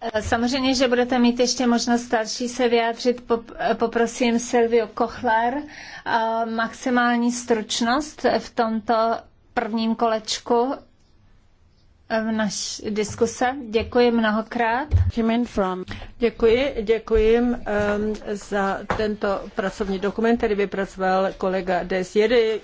Eh, samozřejmě, že budete mít ještě možnost další se vyjádřit. Eh, poprosím Silvio Kochler eh, maximální stručnost v tomto prvním kolečku v naš diskuse. Děkuji mnohokrát. Děkuji, děkuji um, za tento pracovní dokument, který vypracoval kolega Desjery.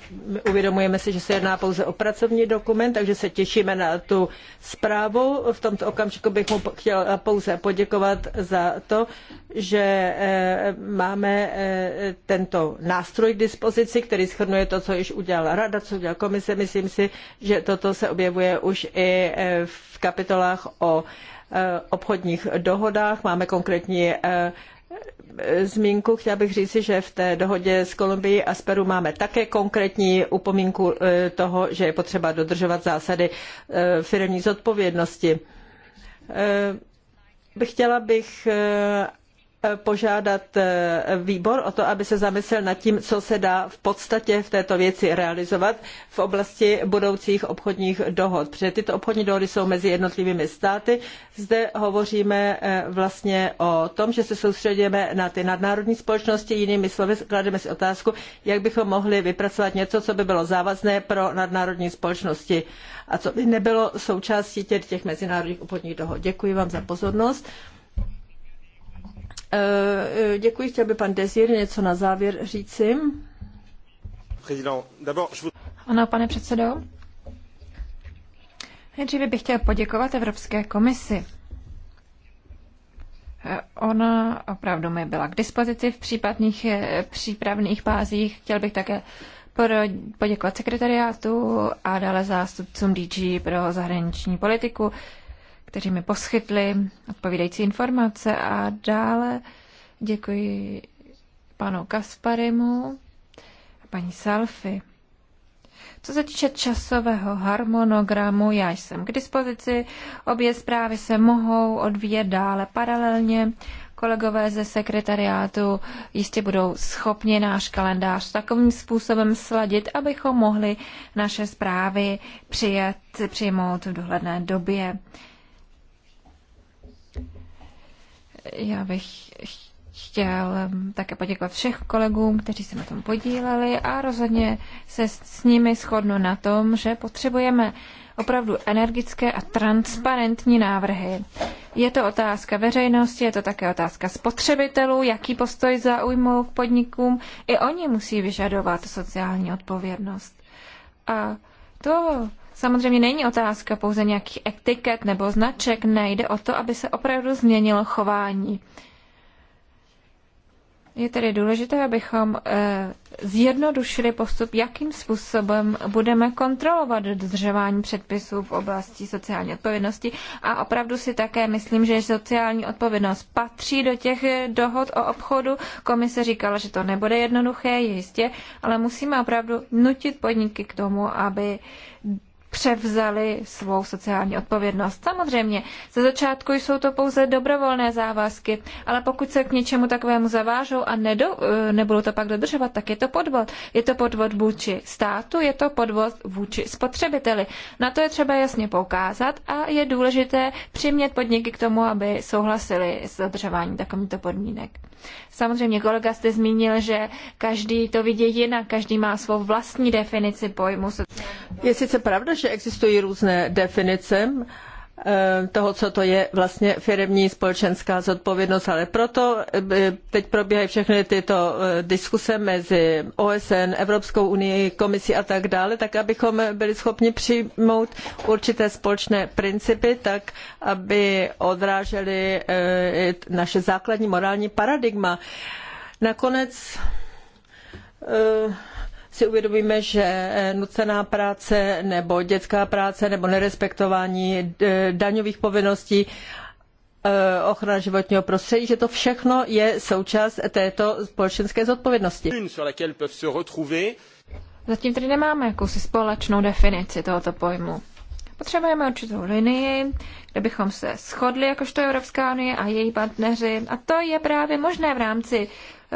Uvědomujeme si, že se jedná pouze o pracovní dokument, takže se těšíme na tu zprávu. V tomto okamžiku bych mu chtěl pouze poděkovat za to, že eh, máme eh, tento nástroj k dispozici, který schrnuje to, co již udělala rada, co udělala komise. Myslím si, že toto se objevuje už i Eh, v kapitolách o eh, obchodních dohodách. Máme konkrétní eh, zmínku. Chtěla bych říci, že v té dohodě s Kolumbií a s Peru máme také konkrétní upomínku toho, že je potřeba dodržovat zásady firmní zodpovědnosti. Chtěla bych, požádat eh, výbor o to, aby se zamyslel nad tím, co se dá v podstatě v této věci realizovat v oblasti budoucích obchodních dohod. Protože tyto obchodní dohody jsou mezi jednotlivými státy. Zde hovoříme eh, vlastně o tom, že se soustředíme na ty nadnárodní společnosti. Jinými slovy, klademe si otázku, jak bychom mohli vypracovat něco, co by bylo závazné pro nadnárodní společnosti a co by nebylo součástí těch mezinárodních obchodních dohod. Děkuji vám za pozornost. Eh, děkuji, chtěl by pan Dezír něco na závěr říci. Ano, pane předsedo. Nejdříve bych chtěl poděkovat Evropské komisi. Eh, ona opravdu mi byla k dispozici v případných eh, přípravných fázích. Chtěl bych také poděkovat sekretariátu a dále zástupcům DG pro zahraniční politiku, kteří mi poschytli odpovídající informace a dále děkuji panu Kasparimu a paní Salfi. Co se týče časového harmonogramu, já jsem k dispozici. Obě zprávy se mohou odvíjet dále paralelně. Kolegové ze sekretariátu jistě budou schopni náš kalendář takovým způsobem sladit, abychom mohli naše zprávy přijet, přijmout v dohledné době. Já bych chtěl um, také poděkovat všech kolegům, kteří se na tom podíleli a rozhodně se s nimi shodnu na tom, že potřebujeme opravdu energické a transparentní návrhy. Je to otázka veřejnosti, je to také otázka spotřebitelů, jaký postoj zaujmou k podnikům. I oni musí vyžadovat sociální odpovědnost. A to Samozřejmě není otázka pouze nějakých etiket nebo značek, nejde o to, aby se opravdu změnilo chování. Je tedy důležité, abychom eh, zjednodušili postup, jakým způsobem budeme kontrolovat dodržování předpisů v oblasti sociální odpovědnosti. A opravdu si také myslím, že sociální odpovědnost patří do těch eh, dohod o obchodu. Komise říkala, že to nebude jednoduché, jistě, ale musíme opravdu nutit podniky k tomu, aby převzali svou sociální odpovědnost. Samozřejmě, ze začátku jsou to pouze dobrovolné závazky, ale pokud se k něčemu takovému zavážou a nedo, e, nebudou to pak dodržovat, tak je to podvod. Je to podvod vůči státu, je to podvod vůči spotřebiteli. Na to je třeba jasně poukázat a je důležité přimět podniky k tomu, aby souhlasili s dodržováním takovýchto podmínek. Samozřejmě kolega jste zmínil, že každý to vidí jinak, každý má svou vlastní definici pojmu. Je sice pravda, že existují různé definice eh, toho, co to je vlastně firemní společenská zodpovědnost, ale proto eh, teď probíhají všechny tyto eh, diskuse mezi OSN, Evropskou unii, komisí a tak dále, tak abychom byli schopni přijmout určité společné principy, tak aby odrážely naše základní morální paradigma. Nakonec si uvědomíme, že eh, nucená práce nebo dětská práce nebo nerespektování eh, daňových povinností eh, ochrana životního prostředí, že to všechno je součást této společenské zodpovědnosti. Zatím tedy nemáme jakousi společnou definici tohoto pojmu. Potřebujeme určitou linii, kde bychom se shodli jakožto Evropská unie a její partneři a to je právě možné v rámci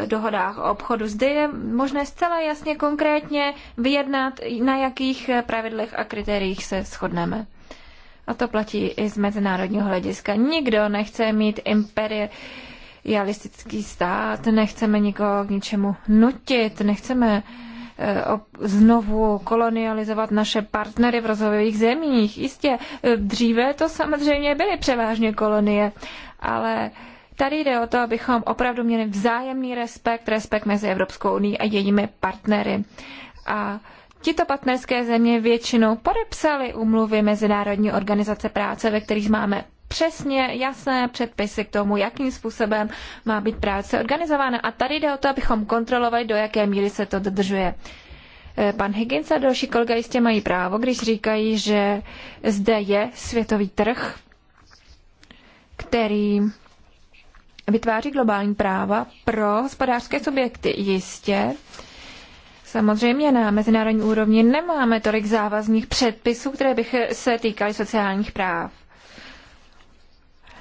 dohodách o obchodu. Zde je možné zcela jasně konkrétně vyjednat, na jakých pravidlech a kritériích se shodneme. A to platí i z mezinárodního hlediska. Nikdo nechce mít imperialistický stát, nechceme nikoho k ničemu nutit, nechceme eh, znovu kolonializovat naše partnery v rozvojových zemích. Jistě, eh, dříve to samozřejmě byly převážně kolonie, ale Tady jde o to, abychom opravdu měli vzájemný respekt, respekt mezi Evropskou unii a jejími partnery. A Tito partnerské země většinou podepsaly umluvy Mezinárodní organizace práce, ve kterých máme přesně jasné předpisy k tomu, jakým způsobem má být práce organizována. A tady jde o to, abychom kontrolovali, do jaké míry se to dodržuje. Eh, pan Higgins a další kolega jistě mají právo, když říkají, že zde je světový trh, který vytváří globální práva pro hospodářské subjekty. Jistě, Samozřejmě na mezinárodní úrovni nemáme tolik závazných předpisů, které bych se týkaly sociálních práv.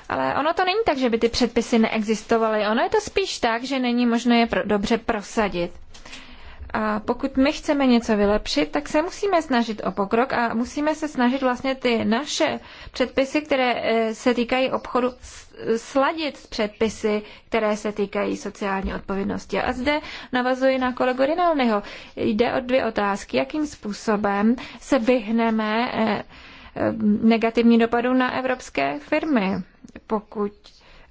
Ale ono to není tak, že by ty předpisy neexistovaly. Ono je to spíš tak, že není možné je dobře prosadit. A pokud my chceme něco vylepšit, tak se musíme snažit o pokrok a musíme se snažit vlastně ty naše předpisy, které eh, se týkají obchodu, sladit s předpisy, které se týkají sociální odpovědnosti. A zde navazuji na kolegu Rinalnyho. Jde o dvě otázky. Jakým způsobem se vyhneme eh, eh, negativní dopadu na evropské firmy, pokud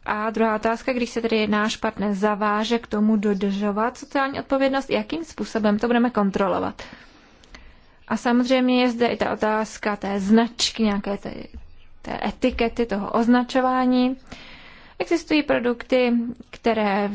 a druhá otázka, když se tedy náš partner zaváže k tomu dodržovat sociální odpovědnost, jakým způsobem to budeme kontrolovat? A samozřejmě je zde i ta otázka té značky, nějaké té té etikety, toho označování. Existují produkty, které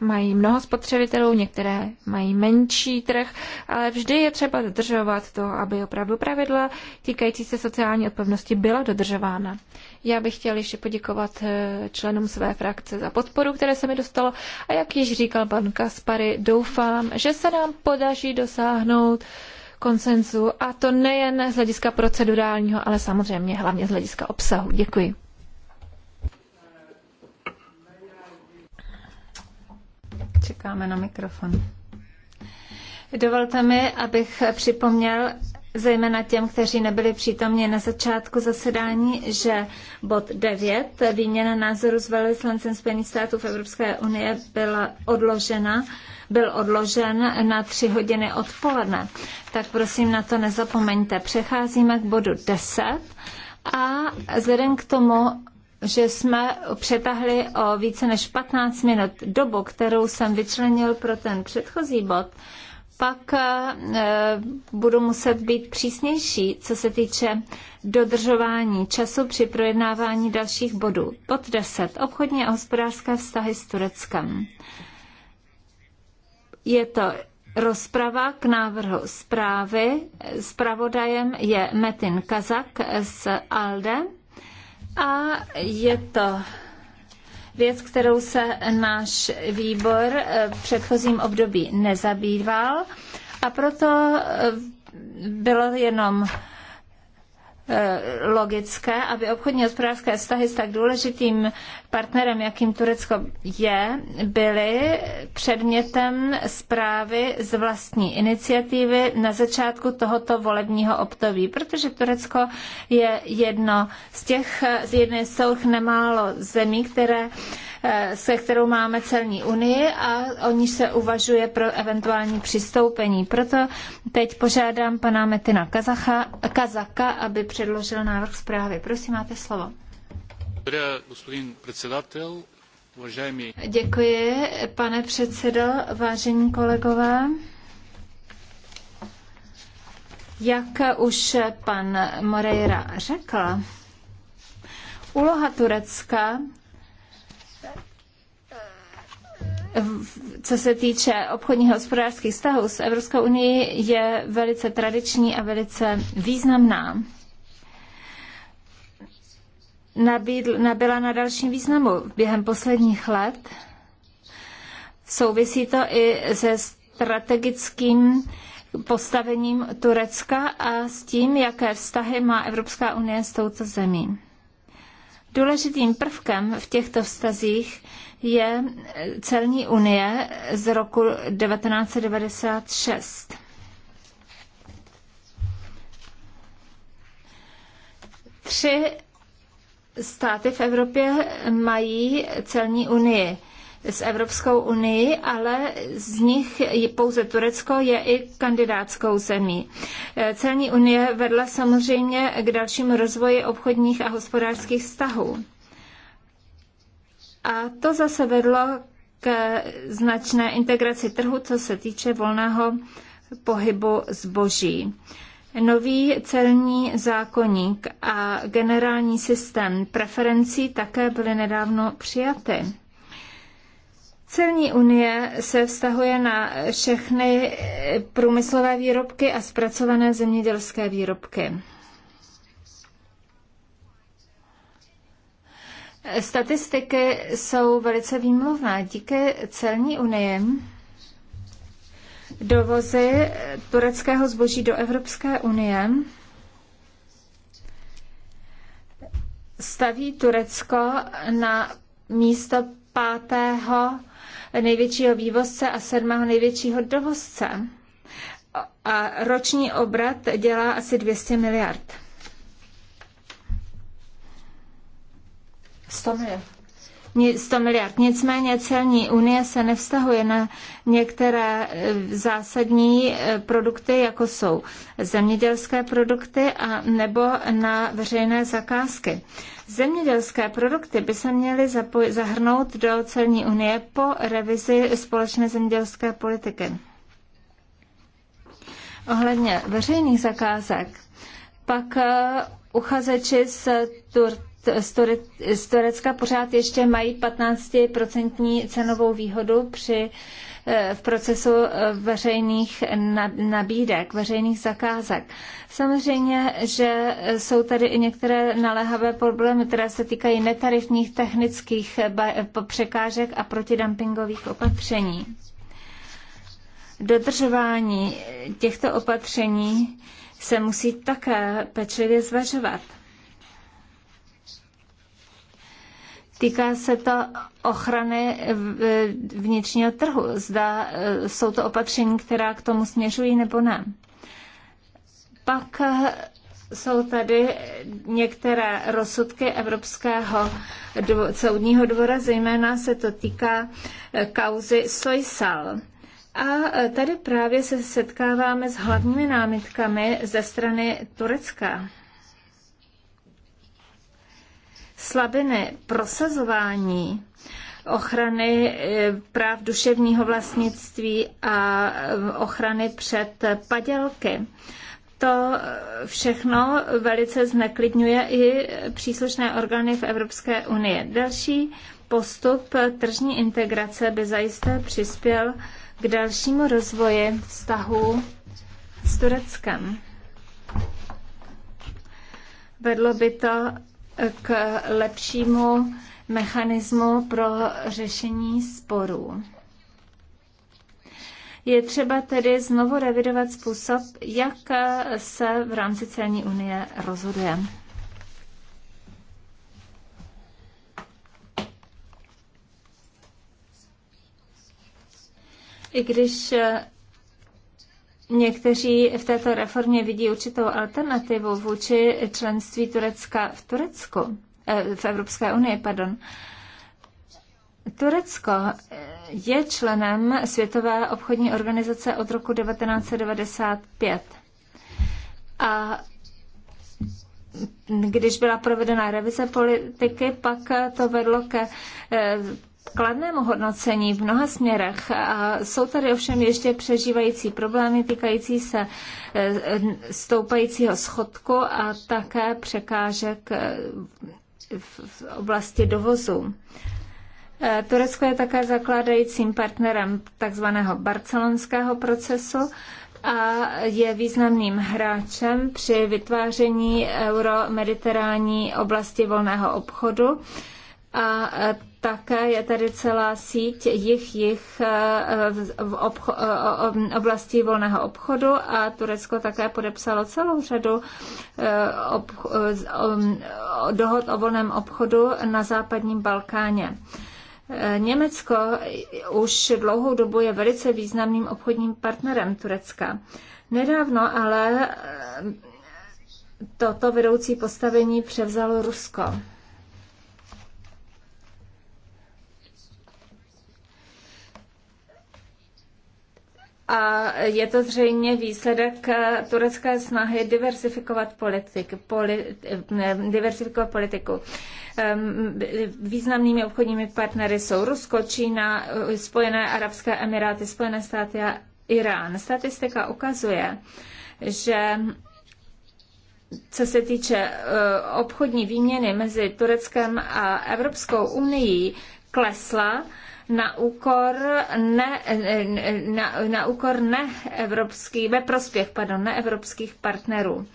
mají mnoho spotřebitelů, některé mají menší trh, ale vždy je třeba dodržovat to, aby opravdu pravidla týkající se sociální odpovědnosti byla dodržována. Já bych chtěl ještě poděkovat eh, členům své frakce za podporu, které se mi dostalo a jak již říkal pan Kaspary, doufám, že se nám podaří dosáhnout uh, konsenzu a to nejen z hlediska procedurálního, ale samozřejmě hlavně z hlediska obsahu. Děkuji. Čekáme na mikrofon. Dovolte mi, abych připomněl zejména těm, kteří nebyli přítomni na začátku zasedání, že bod 9, výměna názoru s velvyslancem Spojených států v Evropské unie, byla odložena byl odložen na tři hodiny odpoledne. Tak prosím na to nezapomeňte. Přecházíme k bodu 10 a vzhledem k tomu, že jsme přetahli o více než 15 minut dobu, kterou jsem vyčlenil pro ten předchozí bod, pak eh, budu muset být přísnější, co se týče dodržování času při projednávání dalších bodů. Pod 10. Obchodní a hospodářské vztahy s Tureckem. Je to rozprava k návrhu zprávy. Zpravodajem je Metin Kazak z ALDE a je to věc, kterou se náš výbor v předchozím období nezabýval a proto eh, bylo jenom Eh, logické, aby obchodní hospodářské vztahy s tak důležitým partnerem, jakým Turecko je, byly předmětem zprávy z vlastní iniciativy na začátku tohoto volebního období, protože Turecko je jedno z těch, z jedné z celých nemálo zemí, které Eh, se kterou máme celní unii a o níž se uvažuje pro eventuální přistoupení. Proto teď požádám pana Metina Kazacha, Kazaka, aby předložil návrh zprávy. Prosím, máte slovo. Děkuji, pane předsedo, vážení kolegové. Jak už pan Moreira řekl, úloha Turecka co se týče obchodních a hospodářských vztahů s Evropskou unii, je velice tradiční a velice významná. Nabídl, nabyla na dalším významu během posledních let. Souvisí to i se strategickým postavením Turecka a s tím, jaké vztahy má Evropská unie s touto zemí. Důležitým prvkem v těchto vztazích je celní unie z roku 1996. Tři státy v Evropě mají celní unii s Evropskou unii, ale z nich pouze Turecko je i kandidátskou zemí. Celní unie vedla samozřejmě k dalšímu rozvoji obchodních a hospodářských vztahů. A to zase vedlo k značné integraci trhu, co se týče volného pohybu zboží. Nový celní zákoník a generální systém preferencí také byly nedávno přijaty. Celní unie se vztahuje na všechny průmyslové výrobky a zpracované zemědělské výrobky. Statistiky jsou velice výmluvné. Díky celní unii dovozy tureckého zboží do Evropské unie staví Turecko na místo pátého největšího vývozce a sedmého největšího dovozce. A roční obrat dělá asi 200 miliard. 100 miliard. 100 miliard. Nicméně celní unie se nevztahuje na některé eh, zásadní eh, produkty, jako jsou zemědělské produkty a nebo na veřejné zakázky. Zemědělské produkty by se měly zahrnout do celní unie po revizi společné zemědělské politiky. Ohledně veřejných zakázek, pak eh, uchazeči z Tur- z Turecka pořád ještě mají 15% cenovou výhodu při eh, v procesu eh, veřejných nabídek, veřejných zakázek. Samozřejmě, že jsou tady i některé naléhavé problémy, které se týkají netarifních technických eh, překážek a protidumpingových opatření. Dodržování těchto opatření se musí také pečlivě zvažovat. Týká se to ochrany vnitřního trhu. Zda eh, jsou to opatření, která k tomu směřují nebo ne. Pak eh, jsou tady některé rozsudky Evropského soudního dvora, zejména se to týká eh, kauzy Soysal. A tady právě se setkáváme s hlavními námitkami ze strany Turecka slabiny prosazování ochrany eh, práv duševního vlastnictví a eh, ochrany před padělky. To všechno velice zneklidňuje i příslušné orgány v Evropské unii. Další postup tržní integrace by zajisté přispěl k dalšímu rozvoji vztahu s Tureckem. Vedlo by to k lepšímu mechanismu pro řešení sporů. Je třeba tedy znovu revidovat způsob, jak se v rámci celní unie rozhoduje. I když Někteří v této reformě vidí určitou alternativu vůči členství Turecka v Turecku, eh, v Evropské unii, pardon. Turecko eh, je členem Světové obchodní organizace od roku 1995. A když byla provedena revize politiky, pak to vedlo ke eh, kladnému hodnocení v mnoha směrech. A jsou tady ovšem ještě přežívající problémy týkající se eh, stoupajícího schodku a také překážek eh, v oblasti dovozu. Eh, Turecko je také zakládajícím partnerem takzvaného barcelonského procesu a je významným hráčem při vytváření euromediterální oblasti volného obchodu a také je tady celá síť jich, jich eh, v obcho, eh, eh, oblasti volného obchodu a Turecko také podepsalo celou řadu ob, um, dohod o volném obchodu na západním Balkáně. Německo už dlouhou dobu je velice významným obchodním partnerem Turecka. Nedávno ale toto vedoucí postavení převzalo Rusko. a je to zřejmě výsledek eh, turecké snahy diversifikovat politiku. Poli, eh, diversifikovat politiku. Ehm, významnými obchodními partnery jsou Rusko, Čína, eh, Spojené Arabské Emiráty, Spojené státy a Irán. Statistika ukazuje, že co se týče obchodní výměny mezi Tureckem a Evropskou unii, klesla na úkor ne, na, na úkor evropský ve prospěch, pardon, neevropských partnerů.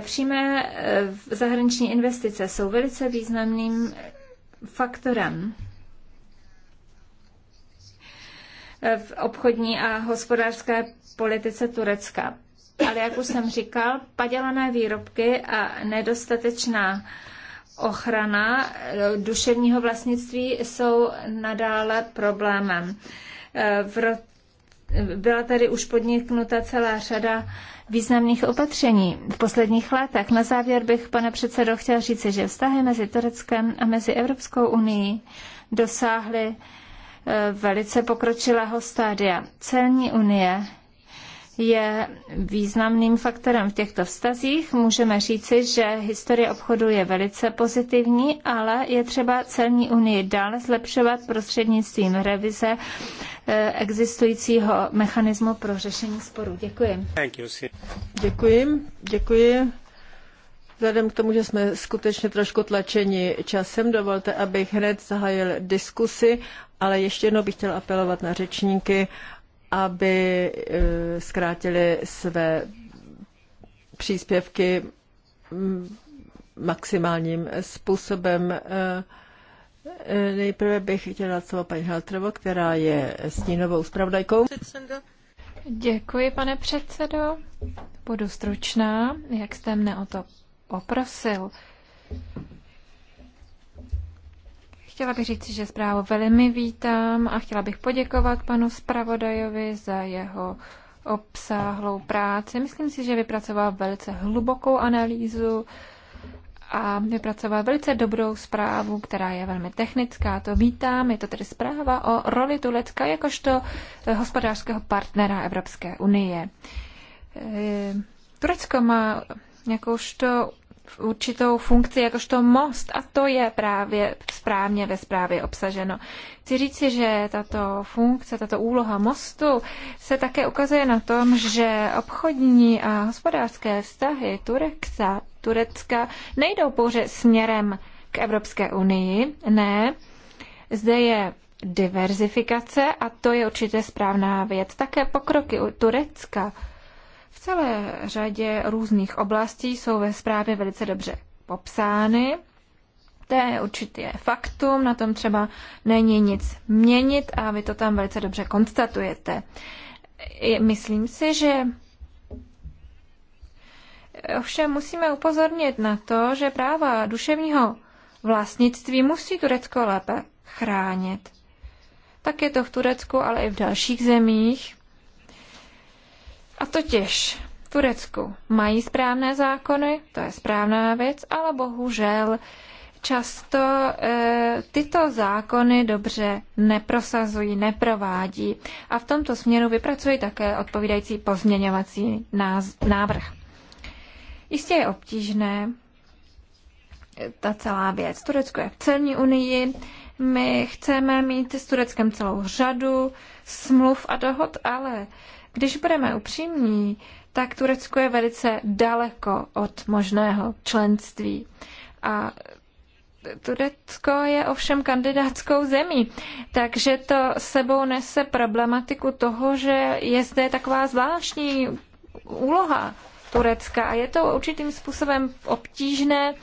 Přímé eh, zahraniční investice jsou velice významným faktorem v obchodní a hospodářské politice Turecka. Ale jak už jsem říkal, padělané výrobky a nedostatečná ochrana eh, duševního vlastnictví jsou nadále problémem. Eh, v ro- byla tady už podniknuta celá řada významných opatření v posledních letech. Na závěr bych, pane předsedo, chtěl říci, že vztahy mezi Tureckem a mezi Evropskou unii dosáhly eh, velice pokročilého stádia. Celní unie je významným faktorem v těchto vztazích. Můžeme říci, že historie obchodu je velice pozitivní, ale je třeba celní unii dále zlepšovat prostřednictvím revize eh, existujícího mechanismu pro řešení sporů. Děkuji. Děkuji. Děkuji. Vzhledem k tomu, že jsme skutečně trošku tlačeni časem, dovolte, abych hned zahájil diskusi, ale ještě jednou bych chtěl apelovat na řečníky, aby eh, zkrátili své příspěvky mm, maximálním způsobem. Eh, eh, nejprve bych chtěla slovo paní Haltrovo, která je stínovou zpravodajkou. Děkuji, pane předsedo. Budu stručná, jak jste mne o to poprosil. Chtěla bych říct, že zprávu velmi vítám a chtěla bych poděkovat panu zpravodajovi za jeho obsáhlou práci. Myslím si, že vypracoval velice hlubokou analýzu a vypracoval velice dobrou zprávu, která je velmi technická. To vítám. Je to tedy zpráva o roli Tulecka jakožto hospodářského partnera Evropské unie. Ehm, Turecko má jakožto určitou funkci jakožto most a to je právě správně ve zprávě obsaženo. Chci říci, že tato funkce, tato úloha mostu se také ukazuje na tom, že obchodní a hospodářské vztahy Tureksa, Turecka nejdou pouze směrem k Evropské unii, ne, zde je diverzifikace a to je určitě správná věc. Také pokroky u Turecka celé řadě různých oblastí jsou ve zprávě velice dobře popsány. To je určitě faktum, na tom třeba není nic měnit a vy to tam velice dobře konstatujete. Myslím si, že ovšem musíme upozornit na to, že práva duševního vlastnictví musí Turecko lépe chránit. Tak je to v Turecku, ale i v dalších zemích. A totiž v Turecku mají správné zákony, to je správná věc, ale bohužel často e, tyto zákony dobře neprosazují, neprovádí. A v tomto směru vypracují také odpovídající pozměňovací návrh. Jistě je obtížné e, ta celá věc. Turecko je v celní unii, my chceme mít s Tureckem celou řadu smluv a dohod, ale když budeme upřímní, tak Turecko je velice daleko od možného členství. A Turecko je ovšem kandidátskou zemí, takže to sebou nese problematiku toho, že je zde taková zvláštní úloha Turecka a je to určitým způsobem obtížné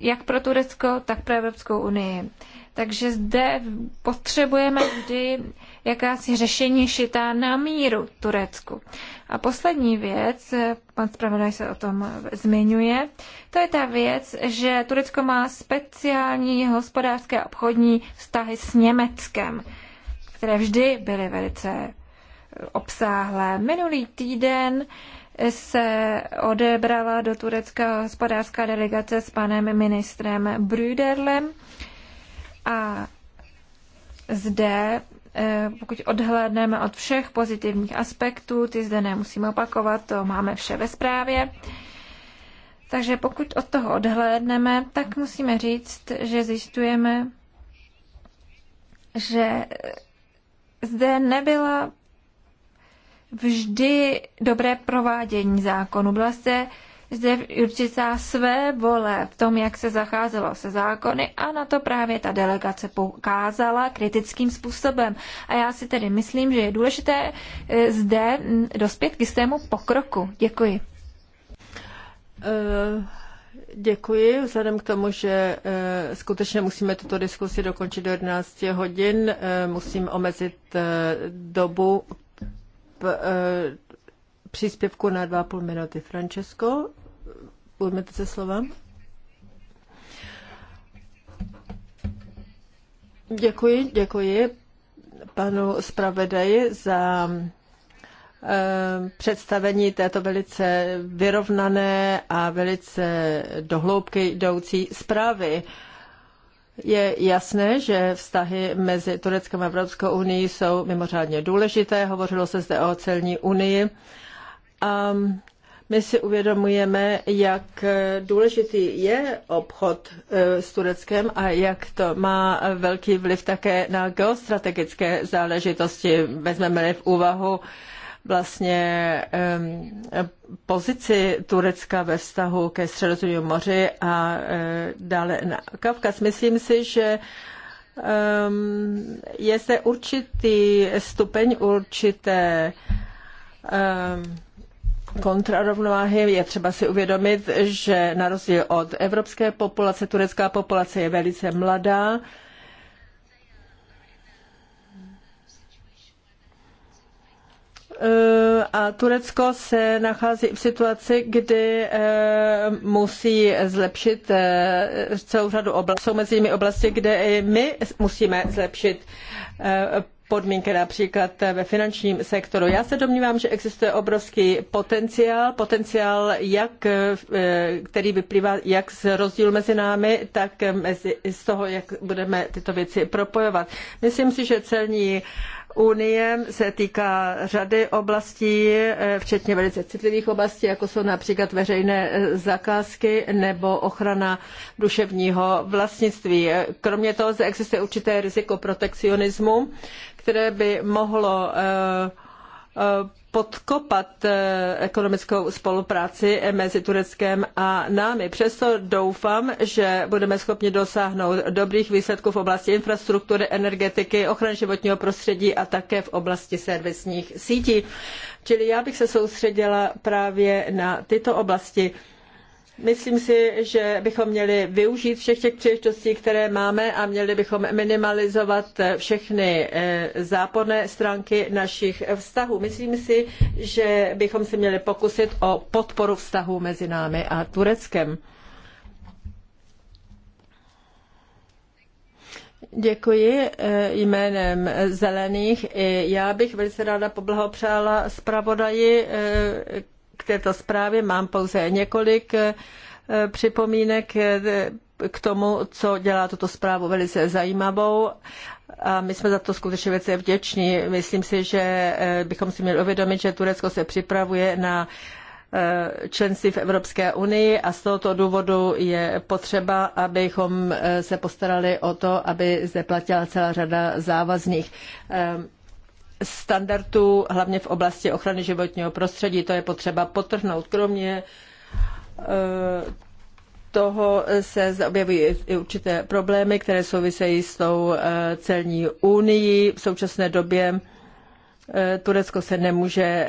jak pro Turecko, tak pro Evropskou unii. Takže zde potřebujeme vždy jakási řešení šitá na míru Turecku. A poslední věc, pan zpravodaj se o tom zmiňuje, to je ta věc, že Turecko má speciální hospodářské a obchodní vztahy s Německem, které vždy byly velice obsáhlé. Minulý týden se odebrala do Turecka hospodářská delegace s panem ministrem Brüderlem a zde Eh, pokud odhlédneme od všech pozitivních aspektů, ty zde nemusíme opakovat, to máme vše ve zprávě. Takže pokud od toho odhlédneme, tak musíme říct, že zjistujeme, že zde nebyla vždy dobré provádění zákonu. Byla zde zde určitá své vole v tom, jak se zacházelo se zákony a na to právě ta delegace poukázala kritickým způsobem. A já si tedy myslím, že je důležité eh, zde dospět k jistému pokroku. Děkuji. Uh... Děkuji. Vzhledem k tomu, že eh, skutečně musíme tuto diskusi dokončit do 11 hodin, musím omezit dobu příspěvku na 2,5 minuty. Francesco, ujmete se slova. Děkuji, děkuji panu zpravedaji za eh, představení této velice vyrovnané a velice dohloubky jdoucí zprávy. Je jasné, že vztahy mezi Tureckem a Evropskou unii jsou mimořádně důležité. Hovořilo se zde o celní unii. A my si uvědomujeme, jak důležitý je obchod eh, s Tureckem a jak to má velký vliv také na geostrategické záležitosti. Vezmeme-li v úvahu vlastně pozici Turecka ve vztahu ke Středozemnímu moři a eh, dále na Kavkaz. Myslím si, že je zde určitý stupeň určité kontrarovnováhy je třeba si uvědomit, že na rozdíl od evropské populace, turecká populace je velice mladá. E, a Turecko se nachází v situaci, kdy e, musí zlepšit e, celou řadu oblastí. Jsou mezi nimi oblasti, kde i my musíme zlepšit podmínky, například ve finančním sektoru. Já se domnívám, že existuje obrovský potenciál, potenciál, jak, eh, který vyplývá jak z rozdíl mezi námi, tak mezi, z toho, jak budeme tyto věci propojovat. Myslím si, že celní Unie se týká řady oblastí, eh, včetně velice citlivých oblastí, jako jsou například veřejné eh, zakázky nebo ochrana duševního vlastnictví. Kromě toho zde existuje určité riziko protekcionismu, které by mohlo eh, eh, podkopat eh, ekonomickou spolupráci mezi Tureckem a námi. Přesto doufám, že budeme schopni dosáhnout dobrých výsledků v oblasti infrastruktury, energetiky, ochrany životního prostředí a také v oblasti servisních sítí. Čili já bych se soustředila právě na tyto oblasti. Myslím si, že bychom měli využít všech těch příležitostí, které máme a měli bychom minimalizovat všechny eh, záporné stránky našich vztahů. Myslím si, že bychom se měli pokusit o podporu vztahů mezi námi a Tureckem. Děkuji eh, jménem Zelených. já bych velice ráda poblahopřála zpravodaji eh, k této zprávě mám pouze několik eh, připomínek eh, k tomu, co dělá tuto zprávu velice zajímavou. A my jsme za to skutečně velice vděční. Myslím si, že eh, bychom si měli uvědomit, že Turecko se připravuje na členství v Evropské unii a z tohoto důvodu je potřeba, abychom se postarali o to, aby zde platila celá řada závazných standardů, hlavně v oblasti ochrany životního prostředí. To je potřeba potrhnout. Kromě eh, toho se objevují i určité problémy, které souvisejí s tou eh, celní unii. V současné době Eh, Turecko se nemůže eh,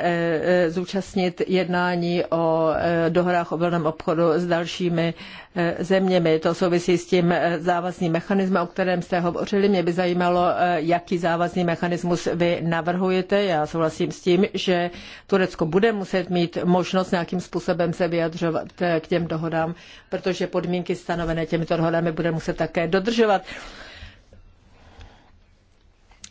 eh, zúčastnit jednání o dohodách o volném obchodu s dalšími zeměmi. To souvisí s tím závazným mechanismem, o kterém jste hovořili. Mě by zajímalo, jaký závazný mechanismus vy navrhujete. Já souhlasím s tím, že Turecko bude muset mít možnost nějakým způsobem se vyjadřovat k těm dohodám, protože podmínky stanovené těmito dohodami bude muset také dodržovat.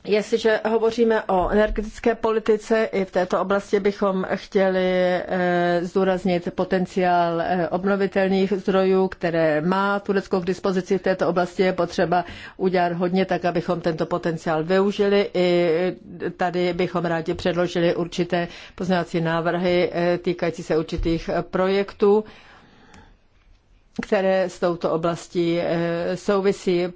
Jestliže hovoříme o energetické politice, i v této oblasti bychom chtěli eh, zdůraznit potenciál eh, obnovitelných zdrojů, které má Turecko k dispozici. V této oblasti je potřeba udělat hodně, tak abychom tento potenciál využili. I tady bychom rádi předložili určité poznávací návrhy eh, týkající se určitých projektů které s touto oblastí souvisí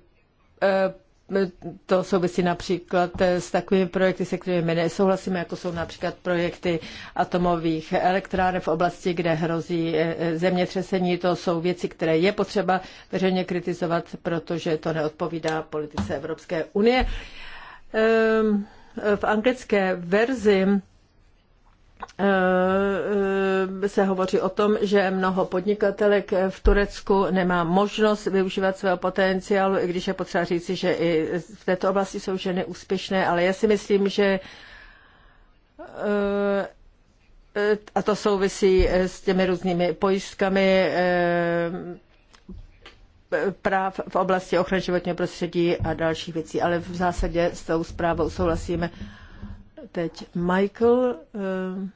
to souvisí například eh, s takovými projekty, se kterými nesouhlasíme, jako jsou například projekty atomových elektráren v oblasti, kde hrozí eh, eh, zemětřesení. To jsou věci, které je potřeba veřejně kritizovat, protože to neodpovídá politice Evropské unie. Ehm, v anglické verzi Eh, eh, se hovoří o tom, že mnoho podnikatelek v Turecku nemá možnost využívat svého potenciálu, i když je potřeba říci, že i v této oblasti jsou ženy úspěšné, ale já si myslím, že eh, a to souvisí s těmi různými pojistkami práv v oblasti ochrany životního prostředí a dalších věcí, ale v zásadě s tou zprávou souhlasíme. Teď Michael. Eh,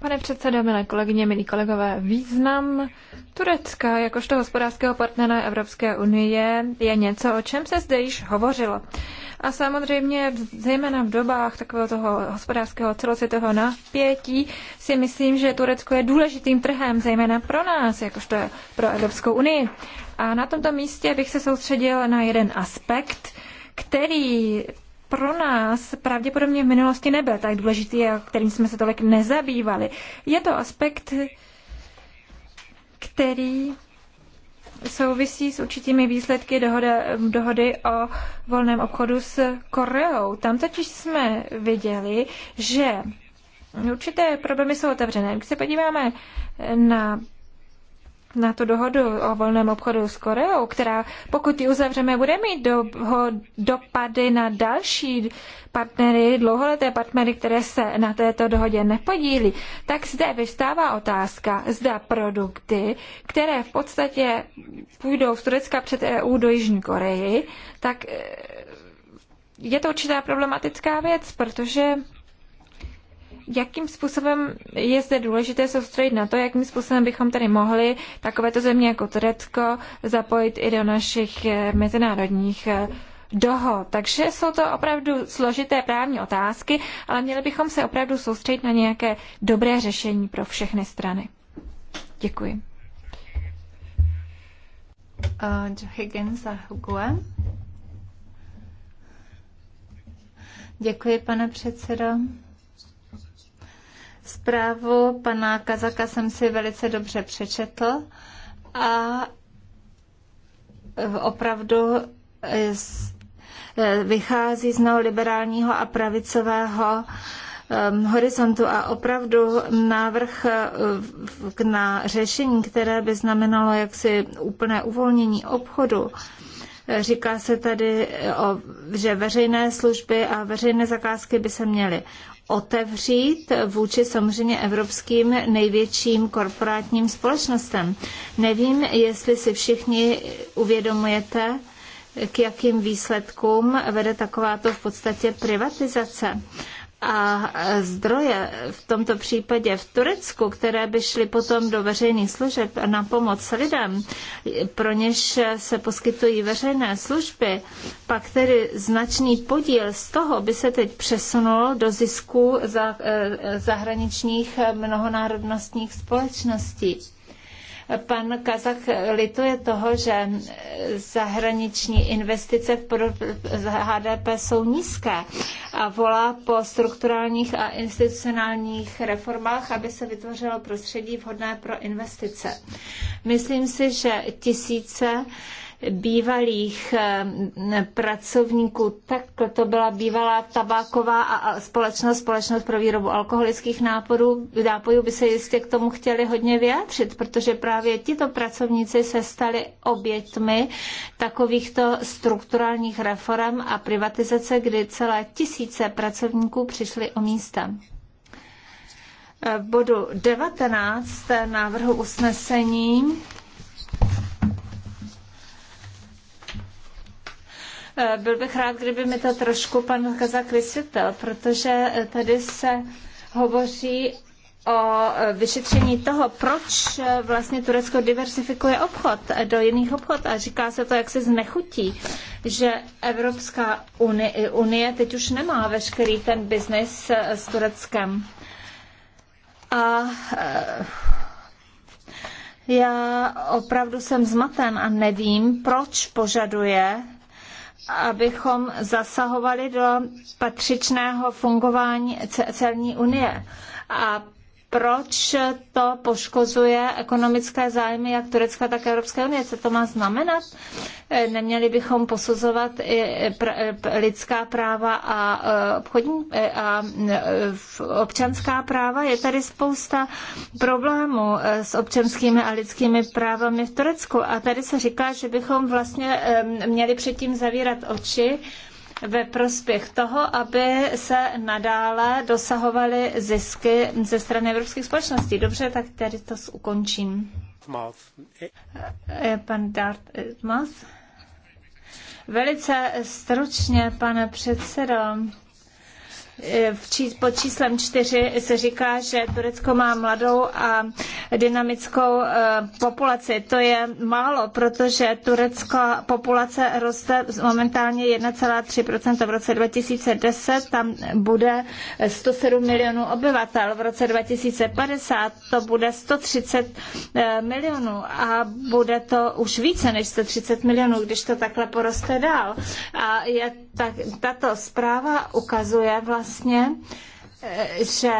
Pane předsedo, milé kolegyně, milí kolegové, význam Turecka jakožto hospodářského partnera Evropské unie je něco, o čem se zde již hovořilo. A samozřejmě, zejména v dobách takového toho hospodářského celosvětového napětí, si myslím, že Turecko je důležitým trhem, zejména pro nás, jakožto pro Evropskou unii. A na tomto místě bych se soustředil na jeden aspekt, který pro nás pravděpodobně v minulosti nebyl tak důležitý a kterým jsme se tolik nezabývali. Je to aspekt, který souvisí s určitými výsledky dohody, dohody o volném obchodu s Koreou. Tam totiž jsme viděli, že určité problémy jsou otevřené. Když se podíváme na na tu dohodu o volném obchodu s Koreou, která, pokud ji uzavřeme, bude mít do, dopady na další partnery, dlouholeté partnery, které se na této dohodě nepodílí, tak zde vystává otázka, zda produkty, které v podstatě půjdou z Turecka před EU do Jižní Koreji, tak eh, je to určitá problematická věc, protože jakým způsobem je zde důležité soustředit na to, jakým způsobem bychom tady mohli takovéto země jako Turecko zapojit i do našich eh, mezinárodních eh, doho. Takže jsou to opravdu složité právní otázky, ale měli bychom se opravdu soustředit na nějaké dobré řešení pro všechny strany. Děkuji. Uh, Děkuji, pane předsedo. Zprávu pana Kazaka jsem si velice dobře přečetl a e, opravdu e, e, vychází z neoliberálního a pravicového horizontu a opravdu návrh na řešení, které by znamenalo jaksi úplné uvolnění obchodu, Říká se tady, že veřejné služby a veřejné zakázky by se měly otevřít vůči samozřejmě evropským největším korporátním společnostem. Nevím, jestli si všichni uvědomujete, k jakým výsledkům vede takováto v podstatě privatizace a zdroje v tomto případě v Turecku, které by šly potom do veřejných služeb na pomoc lidem, pro něž se poskytují veřejné služby, pak tedy značný podíl z toho by se teď přesunul do zisku eh, zahraničních mnohonárodnostních společností. Pan Kazach lituje toho, že zahraniční investice v HDP jsou nízké a volá po strukturálních a institucionálních reformách, aby se vytvořilo prostředí vhodné pro investice. Myslím si, že tisíce bývalých eh, pracovníků, tak to byla bývalá tabáková a společnost, společnost pro výrobu alkoholických nápojů, nápojů by se jistě k tomu chtěli hodně vyjádřit, protože právě tito pracovníci se stali oběťmi takovýchto strukturálních reform a privatizace, kdy celé tisíce pracovníků přišly o místa. Eh, v bodu 19 eh, návrhu usnesení Eh, byl bych rád, kdyby mi to trošku pan Kazak vysvětlil, protože eh, tady se hovoří o eh, vyšetření toho, proč vlastně Turecko diversifikuje obchod do jiných obchod a říká se to, jak se znechutí, že Evropská unie, unie teď už nemá veškerý ten biznis s Tureckem. A já opravdu jsem zmaten a nevím, proč požaduje abychom zasahovali do patřičného fungování celní unie. A proč to poškozuje ekonomické zájmy jak Turecka, tak Evropské unie. Co to má znamenat? Eh, neměli bychom posuzovat i eh, eh, lidská práva a, obchodní, a občanská práva. Je tady spousta problémů s občanskými a lidskými právami v Turecku. A tady se říká, že bychom vlastně měli předtím zavírat oči ve prospěch toho, aby se nadále dosahovaly zisky ze strany evropských společností. Dobře, tak tady to ukončím. Pan Dartmouth. Eh, Velice stručně, pane předsedo pod číslem čtyři se říká, že Turecko má mladou a dynamickou eh, populaci. To je málo, protože turecká populace roste momentálně 1,3 v roce 2010, tam bude 107 milionů obyvatel, v roce 2050 to bude 130 eh, milionů a bude to už více než 130 milionů, když to takhle poroste dál. A je, tato zpráva ukazuje vlastně, Vlastně, eh, že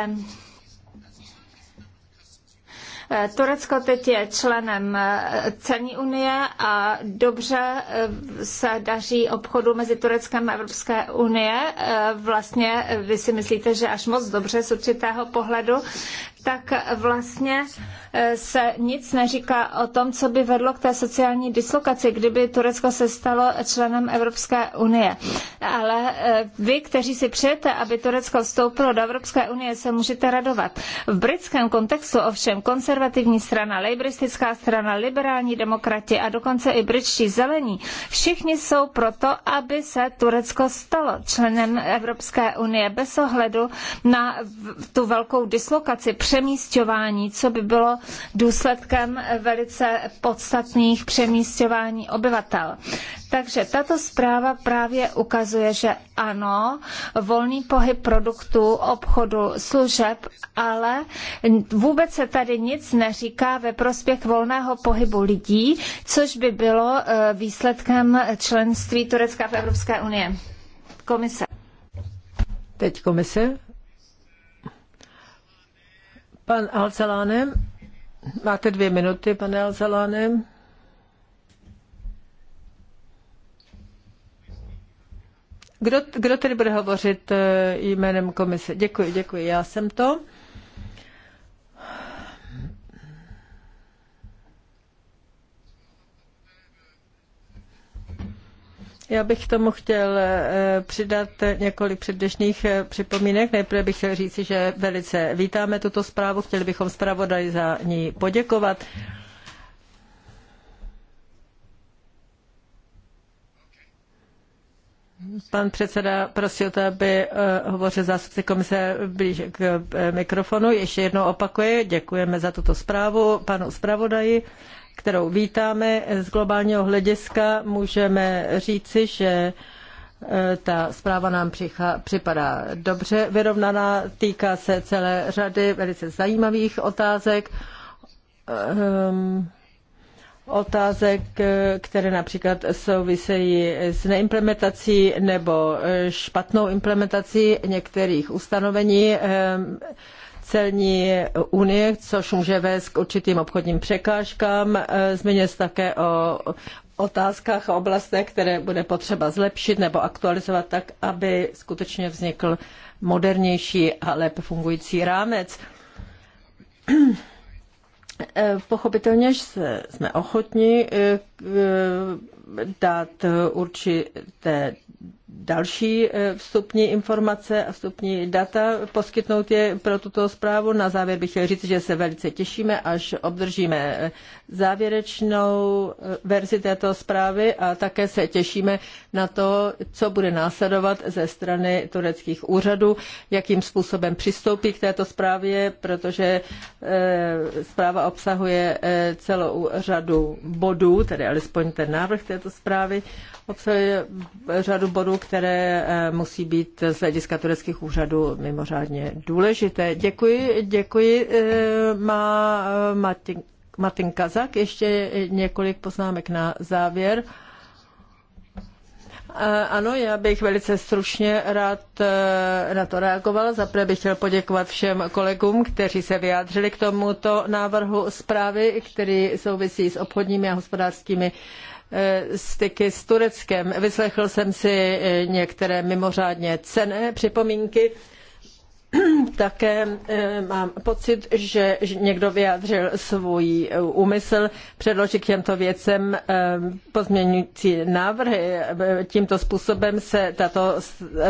eh, Turecko teď je členem eh, celní unie a dobře se daří obchodu mezi Tureckem a Evropské unie. Vlastně vy si myslíte, že až moc dobře z určitého pohledu tak vlastně eh, se nic neříká o tom, co by vedlo k té sociální dislokaci, kdyby Turecko se stalo členem Evropské unie. Ale eh, vy, kteří si přejete, aby Turecko vstoupilo do Evropské unie, se můžete radovat. V britském kontextu ovšem konzervativní strana, lejbristická strana, liberální demokrati a dokonce i britští zelení, všichni jsou proto, aby se Turecko stalo členem Evropské unie bez ohledu na tu velkou dislokaci přemístování, co by bylo důsledkem velice podstatných přemístování obyvatel. Takže tato zpráva právě ukazuje, že ano, volný pohyb produktů, obchodu, služeb, ale vůbec se tady nic neříká ve prospěch volného pohybu lidí, což by bylo eh, výsledkem členství Turecka v Evropské unii. Komise. Teď komise. Pan Alceláne, máte dvě minuty, pane Alceláne. Kdo, kdo tedy bude hovořit eh, jménem komise? Děkuji, děkuji, já jsem to. Já bych tomu chtěl eh, přidat několik předběžných eh, připomínek. Nejprve bych chtěl říci, že velice vítáme tuto zprávu, chtěli bychom zpravodaj za ní poděkovat. Pan předseda prosil, aby eh, hovořil zástupce komise blíže k mikrofonu. Ještě jednou opakuje, děkujeme za tuto zprávu panu zpravodaji kterou vítáme z globálního hlediska, můžeme říci, že eh, ta zpráva nám připadá dobře vyrovnaná, týká se celé řady velice zajímavých otázek. Um, otázek, eh, které například souvisejí s neimplementací nebo eh, špatnou implementací některých ustanovení ehm, celní unie, což může vést k určitým obchodním překážkám. E, Zmínil se také o otázkách a oblastech, které bude potřeba zlepšit nebo aktualizovat tak, aby skutečně vznikl modernější a lépe fungující rámec. E, pochopitelně že jsme ochotni e, dát určité další eh, vstupní informace a vstupní data, poskytnout je pro tuto zprávu. Na závěr bych chtěl říct, že se velice těšíme, až obdržíme eh, závěrečnou eh, verzi této zprávy a také se těšíme na to, co bude následovat ze strany tureckých úřadů, jakým způsobem přistoupí k této zprávě, protože zpráva obsahuje celou řadu bodů, tedy alespoň ten návrh této zprávy obsahuje řadu bodů, které eh, musí být z hlediska tureckých úřadů mimořádně důležité. Děkuji, děkuji, eh, má eh, Martin, Martin Kazak. Ještě několik poznámek na závěr. Ano, já bych velice stručně rád na to reagoval. Zaprvé bych chtěl poděkovat všem kolegům, kteří se vyjádřili k tomuto návrhu zprávy, který souvisí s obchodními a hospodářskými Eh, styky s Tureckem. Vyslechl jsem si eh, některé mimořádně cenné připomínky také eh, mám pocit, že někdo vyjádřil svůj eh, úmysl předložit k těmto věcem eh, pozměňující návrhy. Tímto způsobem se tato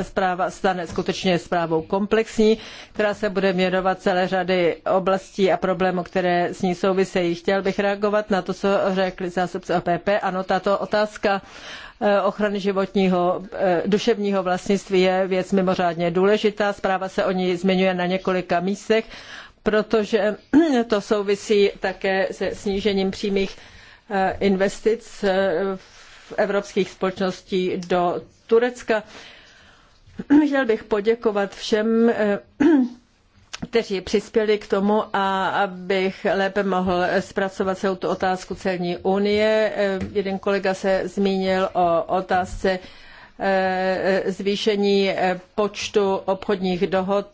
zpráva stane skutečně zprávou komplexní, která se bude věnovat celé řady oblastí a problémů, které s ní souvisejí. Chtěl bych reagovat na to, co řekli zástupci OPP. Ano, tato otázka Eh, ochrany životního, eh, duševního vlastnictví je věc mimořádně důležitá. Zpráva se o ní zmiňuje na několika místech, protože to souvisí také se snížením přímých eh, investic v evropských společností do Turecka. Chtěl bych poděkovat všem kteří přispěli k tomu, a abych lépe mohl zpracovat celou tu otázku celní unie. Eh, jeden kolega se zmínil o otázce eh, zvýšení eh, počtu obchodních dohod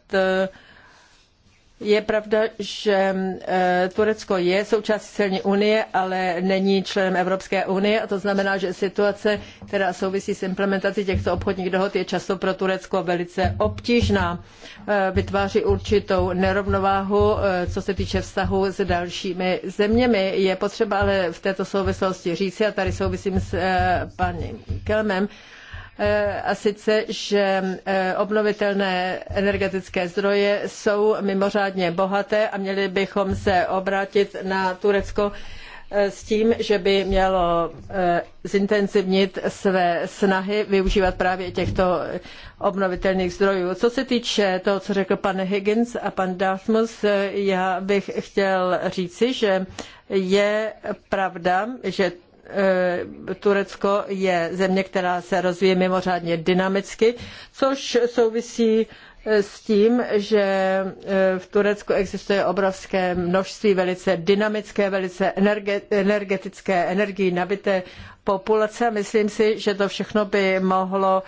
je pravda, že e, Turecko je součástí celní unie, ale není členem Evropské unie a to znamená, že situace, která souvisí s implementací těchto obchodních dohod, je často pro Turecko velice obtížná. E, vytváří určitou nerovnováhu, e, co se týče vztahu s dalšími zeměmi. Je potřeba ale v této souvislosti říci, a tady souvisím s paní Kelmem, Eh, a sice, že eh, obnovitelné energetické zdroje jsou mimořádně bohaté a měli bychom se obrátit na Turecko eh, s tím, že by mělo zintenzivnit své snahy využívat právě těchto obnovitelných zdrojů. Co se týče toho, co řekl pan Higgins a pan Dathmus, já bych chtěl říci, že je pravda, že Eh, Turecko je země, která se rozvíjí mimořádně dynamicky, což souvisí eh, s tím, že eh, v Turecku existuje obrovské množství velice dynamické, velice energetické, energii nabité populace. Myslím si, že to všechno by mohlo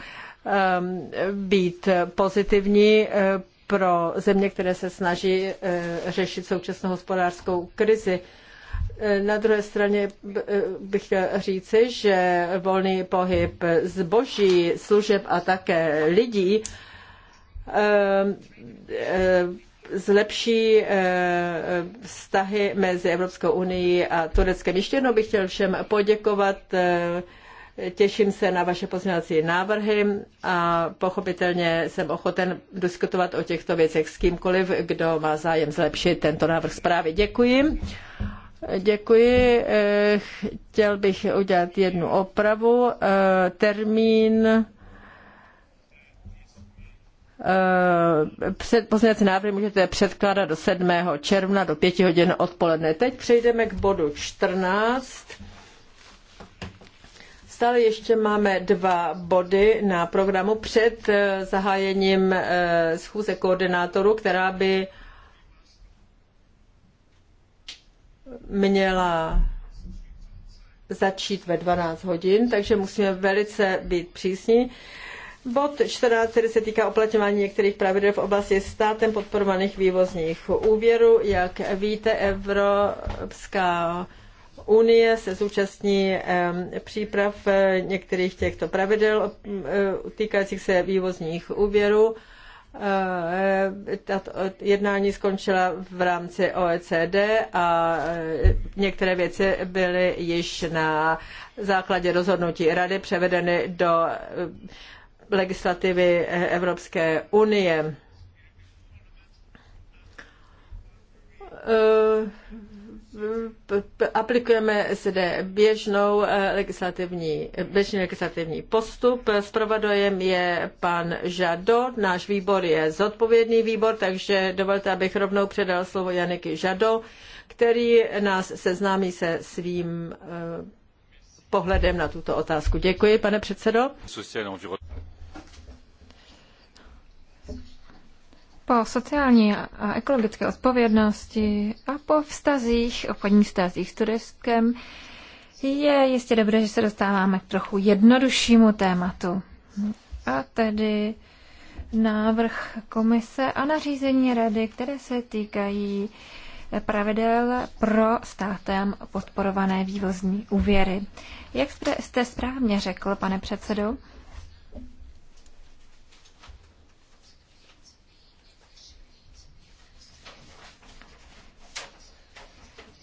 ehm, být pozitivní pro země, které se snaží řešit současnou hospodářskou krizi. Na druhé straně bych chtěl říci, že volný pohyb zboží, služeb a také lidí ehm, ehm, zlepší ehm, vztahy mezi Evropskou unii a Tureckem. Ještě jednou bych chtěl všem poděkovat. Těším se na vaše pozměňovací návrhy a pochopitelně jsem ochoten diskutovat o těchto věcech s kýmkoliv, kdo má zájem zlepšit tento návrh zprávy. Děkuji. Děkuji. Eh, chtěl bych udělat jednu opravu. Eh, termín eh, před pozměňovací návrhy můžete předkládat do 7. června do 5 hodin odpoledne. Teď přejdeme k bodu 14. Stále ještě máme dva body na programu před zahájením schůze koordinátorů, která by měla začít ve 12 hodin, takže musíme velice být přísní. Bod 14, který se týká oplatňování některých pravidel v oblasti státem podporovaných vývozních úvěrů. Jak víte, Evropská unie se zúčastní příprav eh, některých těchto pravidel eh, týkajících se vývozních úvěrů Eh, tato jednání skončila v rámci OECD a eh, některé věci byly již na základě rozhodnutí Rady převedeny do eh, legislativy Evropské unie aplikujeme zde běžnou eh, legislativní, běžný legislativní postup. Spravodajem je pan Žado. Náš výbor je zodpovědný výbor, takže dovolte, abych rovnou předal slovo Janiky Žado, který nás seznámí se svým eh, pohledem na tuto otázku. Děkuji, pane předsedo. po sociální a ekologické odpovědnosti a po vztazích, obchodních vztazích s turistkem, je jistě dobré, že se dostáváme k trochu jednoduššímu tématu. A tedy návrh komise a nařízení rady, které se týkají pravidel pro státem podporované vývozní úvěry. Jak jste správně řekl, pane předsedo,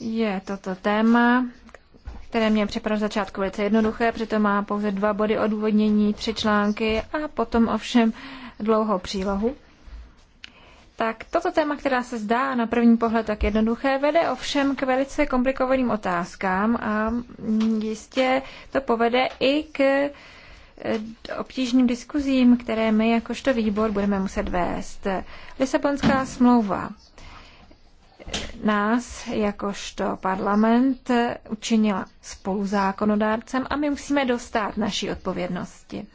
je toto téma, které mě připadá začátku velice jednoduché, přitom má pouze dva body odůvodnění, tři články a potom ovšem dlouhou přílohu. Tak toto téma, která se zdá na první pohled tak jednoduché, vede ovšem k velice komplikovaným otázkám a jistě to povede i k e, obtížným diskuzím, které my jakožto výbor budeme muset vést. Lisabonská smlouva nás jakožto parlament učinila spoluzákonodárcem a my musíme dostat naší odpovědnosti.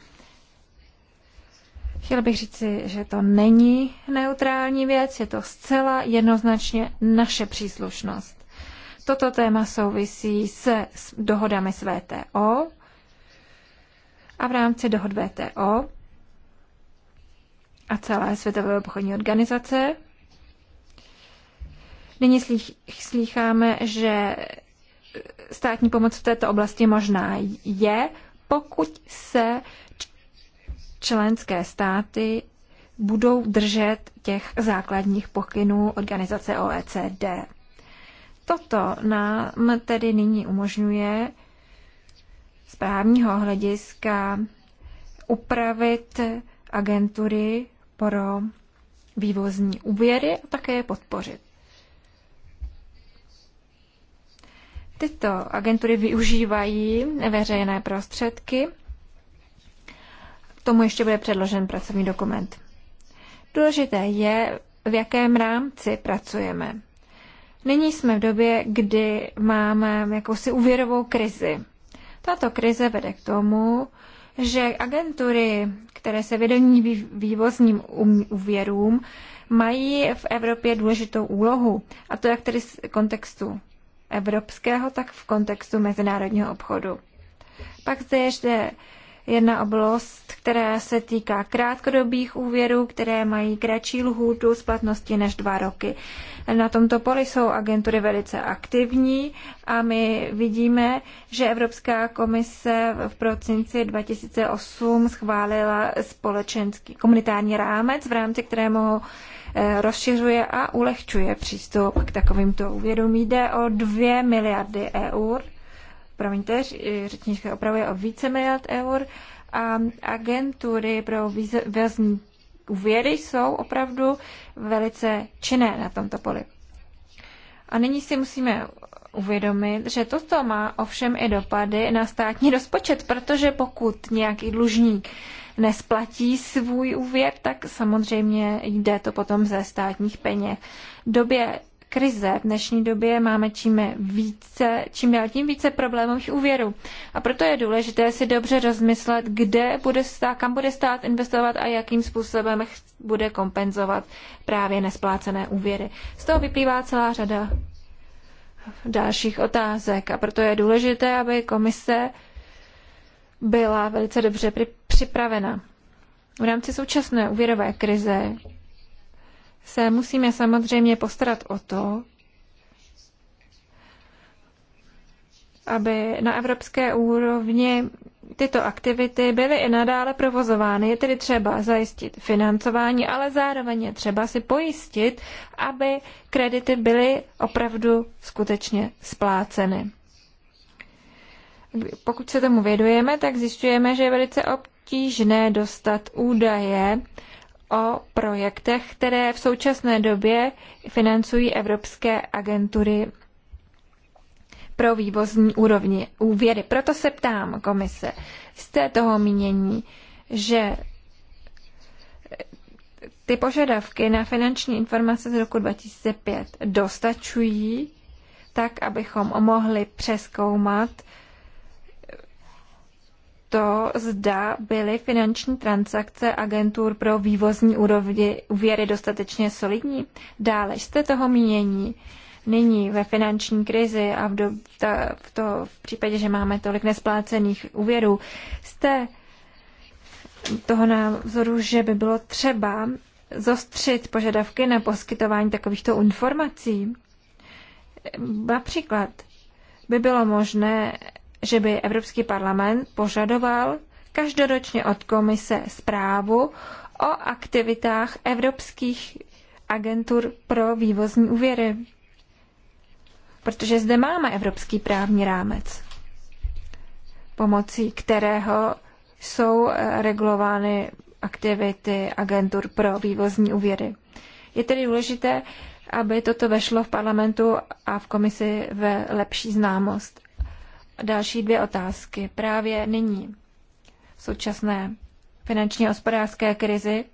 Chtěl bych říci, že to není neutrální věc, je to zcela jednoznačně naše příslušnost. Toto téma souvisí se s dohodami s VTO a v rámci dohod VTO a celé Světové obchodní organizace Nyní slýcháme, že státní pomoc v této oblasti možná je, pokud se členské státy budou držet těch základních pokynů organizace OECD. Toto nám tedy nyní umožňuje z právního hlediska upravit agentury pro vývozní úvěry a také je podpořit. Tyto agentury využívají veřejné prostředky. K tomu ještě bude předložen pracovní dokument. Důležité je, v jakém rámci pracujeme. Nyní jsme v době, kdy máme jakousi úvěrovou krizi. Tato krize vede k tomu, že agentury, které se vědomí vývozním um, úvěrům, mají v Evropě důležitou úlohu. A to jak tedy z kontextu evropského, tak v kontextu mezinárodního obchodu. Pak zde ještě jedna oblast, která se týká krátkodobých úvěrů, které mají kratší lhůtu splatnosti než dva roky. Na tomto poli jsou agentury velice aktivní a my vidíme, že Evropská komise v prosinci 2008 schválila společenský komunitární rámec, v rámci kterého Eh, rozšiřuje a ulehčuje přístup k takovýmto úvěrům. Jde o 2 miliardy eur, promiňte, řečnička opravuje o více miliard eur a agentury pro vězní úvěry jsou opravdu velice činné na tomto poli. A nyní si musíme uvědomit, že toto má ovšem i dopady na státní rozpočet, protože pokud nějaký dlužník nesplatí svůj úvěr, tak samozřejmě jde to potom ze státních peněz. V době krize v dnešní době máme čím více, čím dál tím více problémových úvěrů. A proto je důležité si dobře rozmyslet, kde bude stát, kam bude stát investovat a jakým způsobem bude kompenzovat právě nesplácené úvěry. Z toho vyplývá celá řada dalších otázek a proto je důležité, aby komise byla velice dobře připravena. V rámci současné úvěrové krize se musíme samozřejmě postarat o to, aby na evropské úrovni tyto aktivity byly i nadále provozovány. Je tedy třeba zajistit financování, ale zároveň je třeba si pojistit, aby kredity byly opravdu skutečně spláceny. Pokud se tomu vědujeme, tak zjišťujeme, že je velice ob- obtížné dostat údaje o projektech, které v současné době financují evropské agentury pro vývozní úrovni úvěry. Proto se ptám komise, jste toho mínění, že ty požadavky na finanční informace z roku 2005 dostačují tak, abychom mohli přeskoumat to, zda byly finanční transakce agentur pro vývozní úrovni úvěry dostatečně solidní. Dále jste toho mínění nyní ve finanční krizi a v, do, ta, v, to, v případě, že máme tolik nesplácených úvěrů, jste toho názoru, že by bylo třeba zostřit požadavky na poskytování takovýchto informací. Například by bylo možné že by Evropský parlament požadoval každoročně od komise zprávu o aktivitách evropských agentur pro vývozní úvěry. Protože zde máme evropský právní rámec, pomocí kterého jsou eh, regulovány aktivity agentur pro vývozní úvěry. Je tedy důležité, aby toto vešlo v parlamentu a v komisi ve lepší známost další dvě otázky. Právě nyní, v současné finančně hospodářské krizi,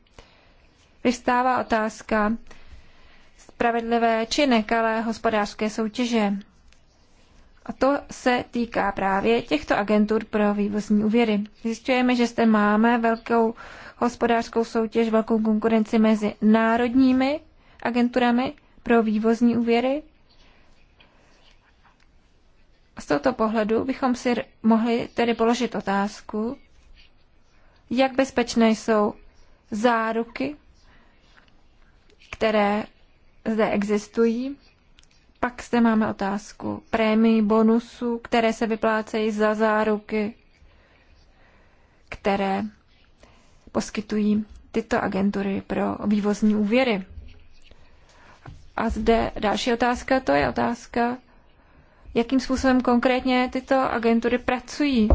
vystává otázka spravedlivé či nekalé hospodářské soutěže. A to se týká právě těchto agentur pro vývozní úvěry. Zjišťujeme, že zde máme velkou hospodářskou soutěž, velkou konkurenci mezi národními agenturami pro vývozní úvěry z tohoto pohledu bychom si mohli tedy položit otázku, jak bezpečné jsou záruky, které zde existují. Pak zde máme otázku prémií, bonusů, které se vyplácejí za záruky, které poskytují tyto agentury pro vývozní úvěry. A zde další otázka, to je otázka jakým způsobem konkrétně tyto agentury pracují.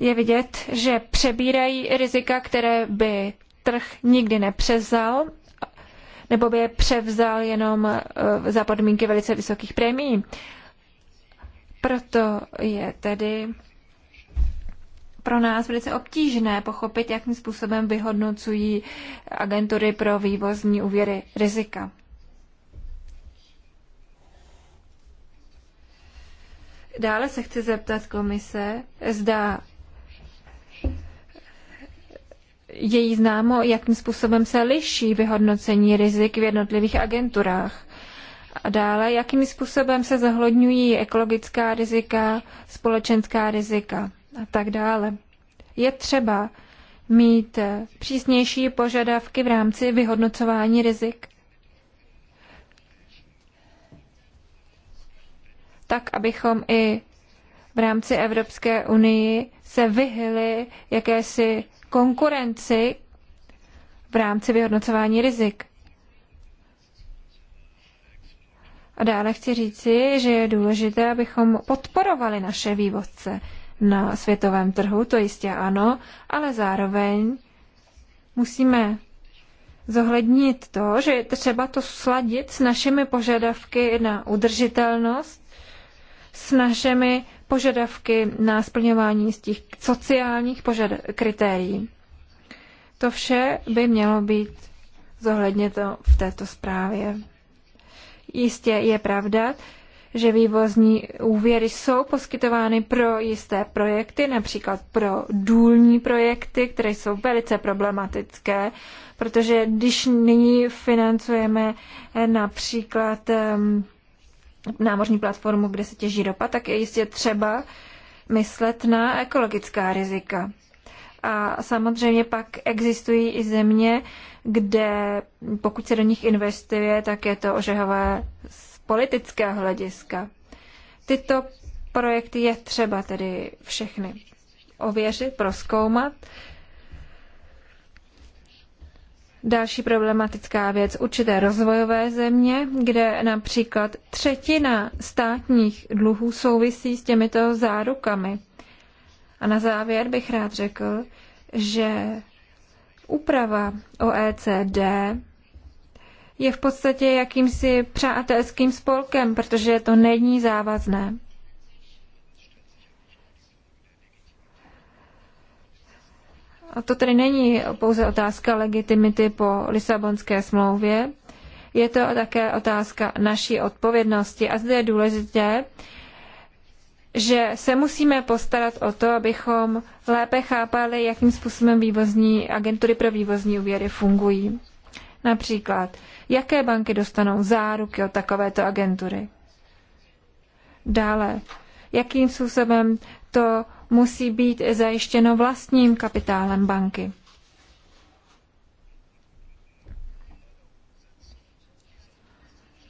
Je vidět, že přebírají rizika, které by trh nikdy nepřevzal, nebo by je převzal jenom eh, za podmínky velice vysokých prémií. Proto je tedy pro nás velice obtížné pochopit, jakým způsobem vyhodnocují agentury pro vývozní úvěry rizika. Dále se chci zeptat komise, zda je jí známo, jakým způsobem se liší vyhodnocení rizik v jednotlivých agenturách. A dále, jakým způsobem se zahlodňují ekologická rizika, společenská rizika a tak dále. Je třeba mít přísnější požadavky v rámci vyhodnocování rizik? tak abychom i v rámci Evropské unii se vyhli jakési konkurenci v rámci vyhodnocování rizik. A dále chci říci, že je důležité, abychom podporovali naše vývozce na světovém trhu, to jistě ano, ale zároveň musíme zohlednit to, že je třeba to sladit s našimi požadavky na udržitelnost s našimi požadavky na splňování z těch sociálních požad kritérií. To vše by mělo být zohledněno v této zprávě. Jistě je pravda, že vývozní úvěry jsou poskytovány pro jisté projekty, například pro důlní projekty, které jsou velice problematické, protože když nyní financujeme například um, námořní platformu, kde se těží ropa, tak je jistě třeba myslet na ekologická rizika. A samozřejmě pak existují i země, kde pokud se do nich investuje, tak je to ožehové z politického hlediska. Tyto projekty je třeba tedy všechny ověřit, proskoumat Další problematická věc, určité rozvojové země, kde například třetina státních dluhů souvisí s těmito zárukami. A na závěr bych rád řekl, že úprava OECD je v podstatě jakýmsi přátelským spolkem, protože to není závazné. To tedy není pouze otázka legitimity po Lisabonské smlouvě, je to také otázka naší odpovědnosti. A zde je důležité, že se musíme postarat o to, abychom lépe chápali, jakým způsobem vývozní agentury pro vývozní úvěry fungují. Například, jaké banky dostanou záruky od takovéto agentury. Dále, jakým způsobem to musí být zajištěno vlastním kapitálem banky.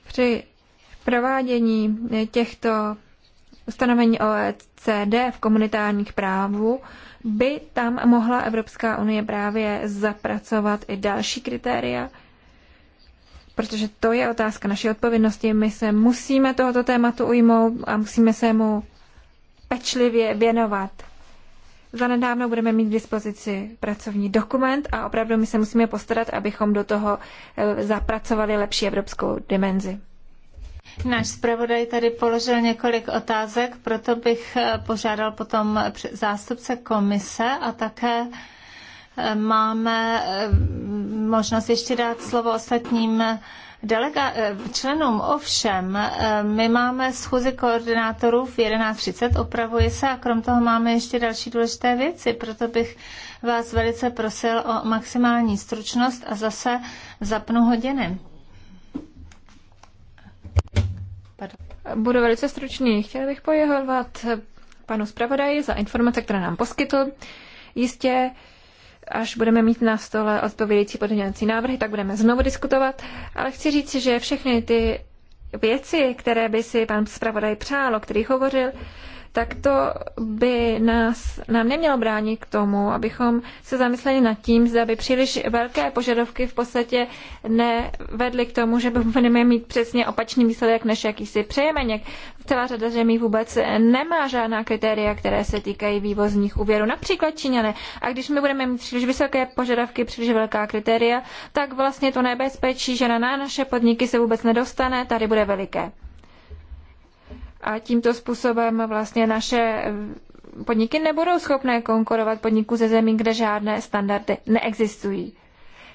Při provádění těchto ustanovení OECD v komunitárních právu by tam mohla Evropská unie právě zapracovat i další kritéria, protože to je otázka naší odpovědnosti. My se musíme tohoto tématu ujmout a musíme se mu pečlivě věnovat. nedávno budeme mít k dispozici pracovní dokument a opravdu my se musíme postarat, abychom do toho eh, zapracovali lepší evropskou dimenzi. Náš zpravodaj tady položil několik otázek, proto bych eh, požádal potom zástupce komise a také eh, máme možnost ještě dát slovo ostatním Delega- eh, členům ovšem, eh, my máme schůzi koordinátorů v 11.30, opravuje se a krom toho máme ještě další důležité věci, proto bych vás velice prosil o maximální stručnost a zase zapnu hodiny. Budu velice stručný. Chtěla bych pojehovat panu zpravodaji za informace, které nám poskytl. Jistě až budeme mít na stole odpovědějící podměňovací návrhy, tak budeme znovu diskutovat. Ale chci říct, že všechny ty věci, které by si pan zpravodaj přál, o kterých hovořil, tak to by nás, nám nemělo bránit k tomu, abychom se zamysleli nad tím, zda by příliš velké požadavky v podstatě nevedly k tomu, že budeme mít přesně opačný výsledek, než jaký si přejeme. Něk. Celá řada zemí vůbec nemá žádná kritéria, které se týkají vývozních úvěrů, například Číňané. A když my budeme mít příliš vysoké požadavky, příliš velká kritéria, tak vlastně to nebezpečí, že na naše podniky se vůbec nedostane, tady bude veliké a tímto způsobem vlastně naše podniky nebudou schopné konkurovat podniku ze zemí, kde žádné standardy neexistují.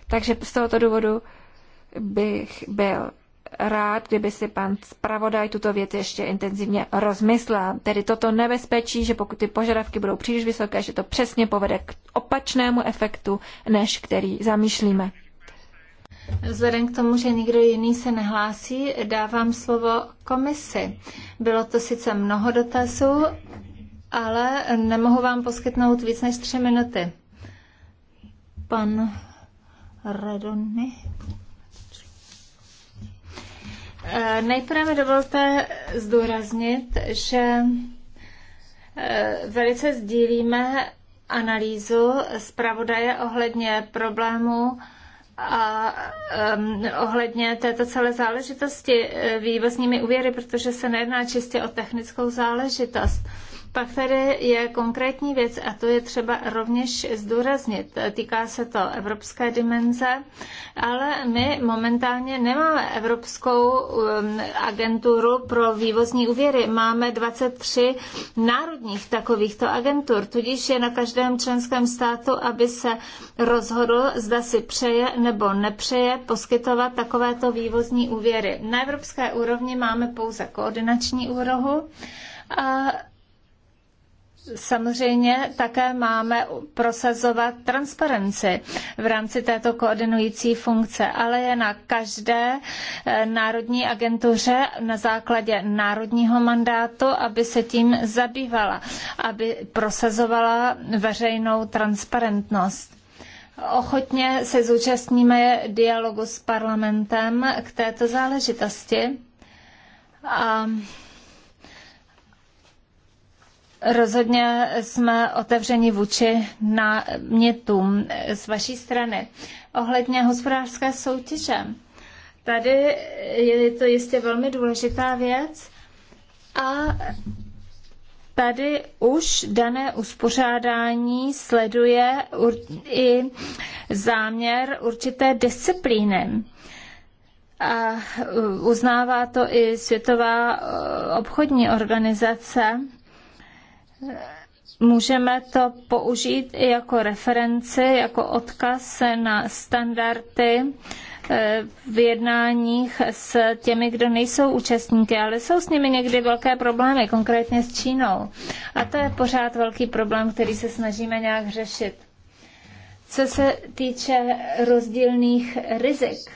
Takže z tohoto důvodu bych byl rád, kdyby si pan zpravodaj tuto věc ještě intenzivně rozmyslel. Tedy toto nebezpečí, že pokud ty požadavky budou příliš vysoké, že to přesně povede k opačnému efektu, než který zamýšlíme. Vzhledem k tomu, že nikdo jiný se nehlásí, dávám slovo komisi. Bylo to sice mnoho dotazů, ale nemohu vám poskytnout víc než tři minuty. Pan Redony. Eh, nejprve dovolte zdůraznit, že eh, velice sdílíme analýzu zpravodaje ohledně problému a um, ohledně této celé záležitosti eh, vývozními úvěry, protože se nejedná čistě o technickou záležitost. Pak je konkrétní věc a to je třeba rovněž zdůraznit. Týká se to evropské dimenze, ale my momentálně nemáme evropskou um, agenturu pro vývozní úvěry. Máme 23 národních takovýchto agentur, tudíž je na každém členském státu, aby se rozhodl, zda si přeje nebo nepřeje poskytovat takovéto vývozní úvěry. Na evropské úrovni máme pouze koordinační úrohu a Samozřejmě také máme prosazovat transparenci v rámci této koordinující funkce, ale je na každé eh, národní agentuře na základě národního mandátu, aby se tím zabývala, aby prosazovala veřejnou transparentnost. Ochotně se zúčastníme dialogu s parlamentem k této záležitosti. A Rozhodně jsme otevřeni vůči námětům z vaší strany. Ohledně hospodářské soutěže. Tady je to jistě velmi důležitá věc a tady už dané uspořádání sleduje i záměr určité disciplíny. A uznává to i Světová obchodní organizace Můžeme to použít i jako referenci, jako odkaz na standardy eh, v jednáních s těmi, kdo nejsou účastníky, ale jsou s nimi někdy velké problémy, konkrétně s Čínou. A to je pořád velký problém, který se snažíme nějak řešit. Co se týče rozdílných rizik,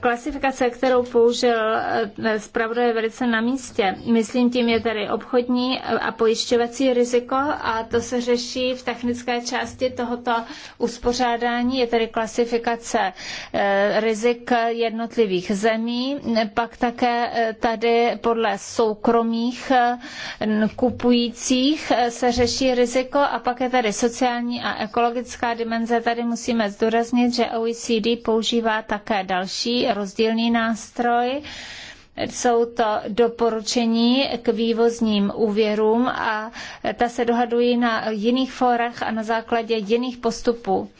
Klasifikace, kterou použil eh, zpravodaj, je velice na místě. Myslím, tím je tady obchodní eh, a pojišťovací riziko a to se řeší v technické části tohoto uspořádání. Je tady klasifikace eh, rizik jednotlivých zemí, pak také tady podle soukromých kupujících se řeší riziko a pak je tady sociální a ekologická dimenze. Tady musíme zdůraznit, že OECD používá také další další rozdílný nástroj. Jsou to doporučení k vývozním úvěrům a ta se dohadují na jiných fórech a na základě jiných postupů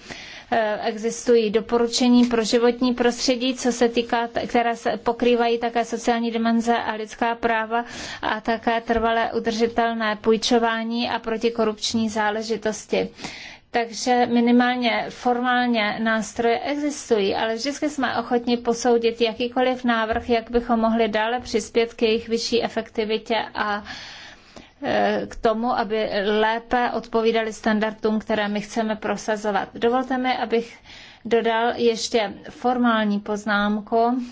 eh, existují doporučení pro životní prostředí, co se týká, která se pokrývají také sociální dimenze a lidská práva a také trvalé udržitelné půjčování a protikorupční záležitosti. Takže minimálně formálně nástroje existují, ale vždycky jsme ochotni posoudit jakýkoliv návrh, jak bychom mohli dále přispět k jejich vyšší efektivitě a e, k tomu, aby lépe odpovídali standardům, které my chceme prosazovat. Dovolte mi, abych dodal ještě formální poznámku.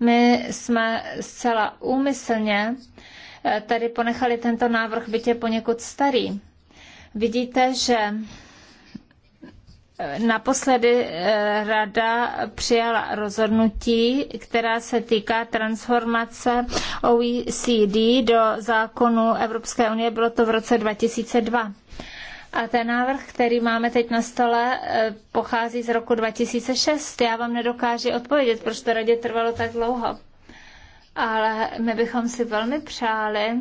My jsme zcela úmyslně e, tady ponechali tento návrh bytě poněkud starý Vidíte, že Naposledy eh, rada přijala rozhodnutí, která se týká transformace OECD do zákonu Evropské unie. Bylo to v roce 2002. A ten návrh, který máme teď na stole, eh, pochází z roku 2006. Já vám nedokážu odpovědět, proč to radě trvalo tak dlouho. Ale my bychom si velmi přáli,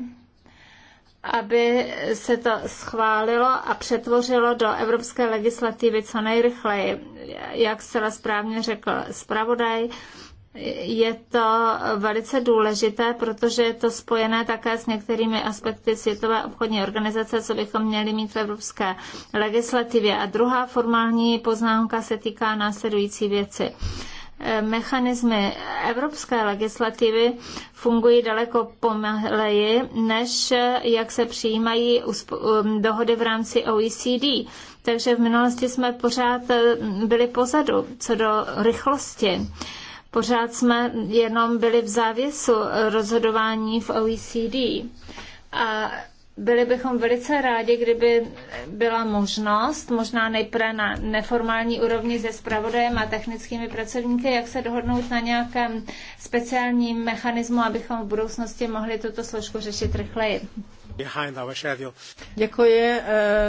aby se to schválilo a přetvořilo do evropské legislativy co nejrychleji. Jak se správně řekl zpravodaj, je to velice důležité, protože je to spojené také s některými aspekty Světové obchodní organizace, co bychom měli mít v evropské legislativě. A druhá formální poznámka se týká následující věci mechanismy evropské legislativy fungují daleko pomaleji, než jak se přijímají um, dohody v rámci OECD. Takže v minulosti jsme pořád eh, byli pozadu co do rychlosti. Pořád jsme jenom byli v závěsu rozhodování v OECD. A byli bychom velice rádi, kdyby byla možnost, možná nejprve na neformální úrovni se spravodajem a technickými pracovníky, jak se dohodnout na nějakém speciálním mechanismu, abychom v budoucnosti mohli tuto složku řešit rychleji. Děkuji, eh,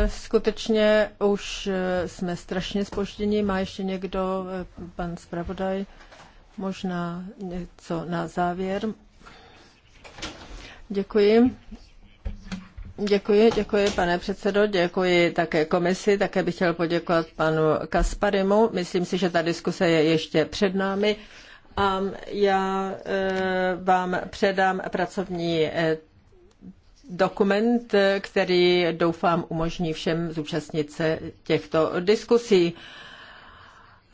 skutečně už eh, jsme strašně spožděni. Má ještě někdo, eh, pan zpravodaj, možná něco na závěr? Děkuji. Děkuji, děkuji pane předsedo, děkuji také komisi, také bych chtěl poděkovat panu Kasparimu. Myslím si, že ta diskuse je ještě před námi a já e, vám předám pracovní e, dokument, který doufám umožní všem zúčastnit se těchto diskusí.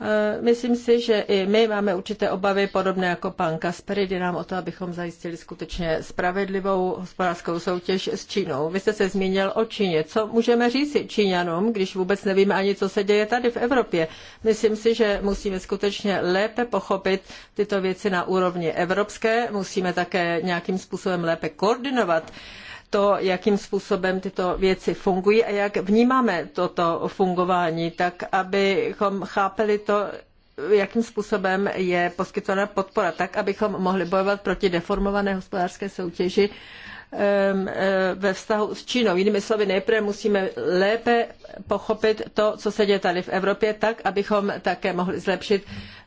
Eh, myslím si, že i my máme určité obavy, podobné jako pan Kasper, jde nám o to, abychom zajistili skutečně spravedlivou hospodářskou soutěž s Čínou. Vy jste se zmínil o Číně. Co můžeme říct Číňanům, když vůbec nevíme ani, co se děje tady v Evropě? Myslím si, že musíme skutečně lépe pochopit tyto věci na úrovni evropské, musíme také nějakým způsobem lépe koordinovat uh, to, jakým způsobem tyto věci fungují a jak vnímáme toto fungování, tak abychom chápali to, jakým způsobem je poskytována podpora, tak abychom mohli bojovat proti deformované hospodářské soutěži e, ve vztahu s Čínou. Jinými slovy, nejprve musíme lépe pochopit to, co se děje tady v Evropě, tak, abychom také mohli zlepšit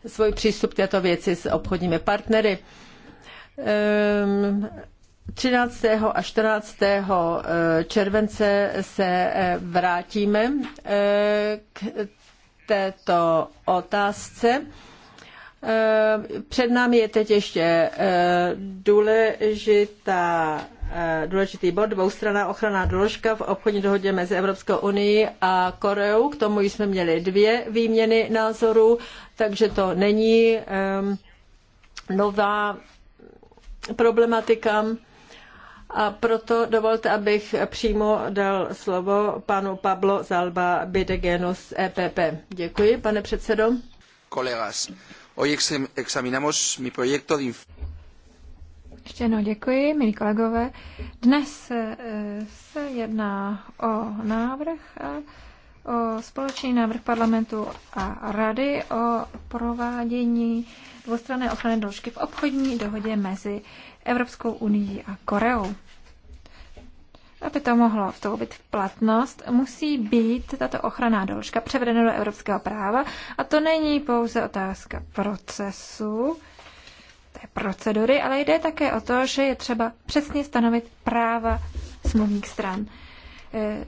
svůj přístup k této věci s obchodními partnery. 13. a 14. Eh, července se eh, vrátíme eh, k této otázce. Před námi je teď ještě důležitá, důležitý bod, dvoustraná ochranná doložka v obchodní dohodě mezi Evropskou unii a Koreou. K tomu jsme měli dvě výměny názorů, takže to není nová problematika. A proto dovolte, abych přímo dal slovo panu Pablo Zalba Bidegenu z EPP. Děkuji, pane předsedo. Kolegas, hoy examinamos mi proyecto de ještě jednou děkuji, milí kolegové. Dnes eh, se jedná o návrh, eh, o společný návrh parlamentu a rady o provádění dvoustranné ochrany doložky v obchodní dohodě mezi Evropskou unii a Koreou. Aby to mohlo vstoupit v platnost, musí být tato ochranná doložka převedena do evropského práva a to není pouze otázka procesu, té procedury, ale jde také o to, že je třeba přesně stanovit práva smluvních stran. Eh,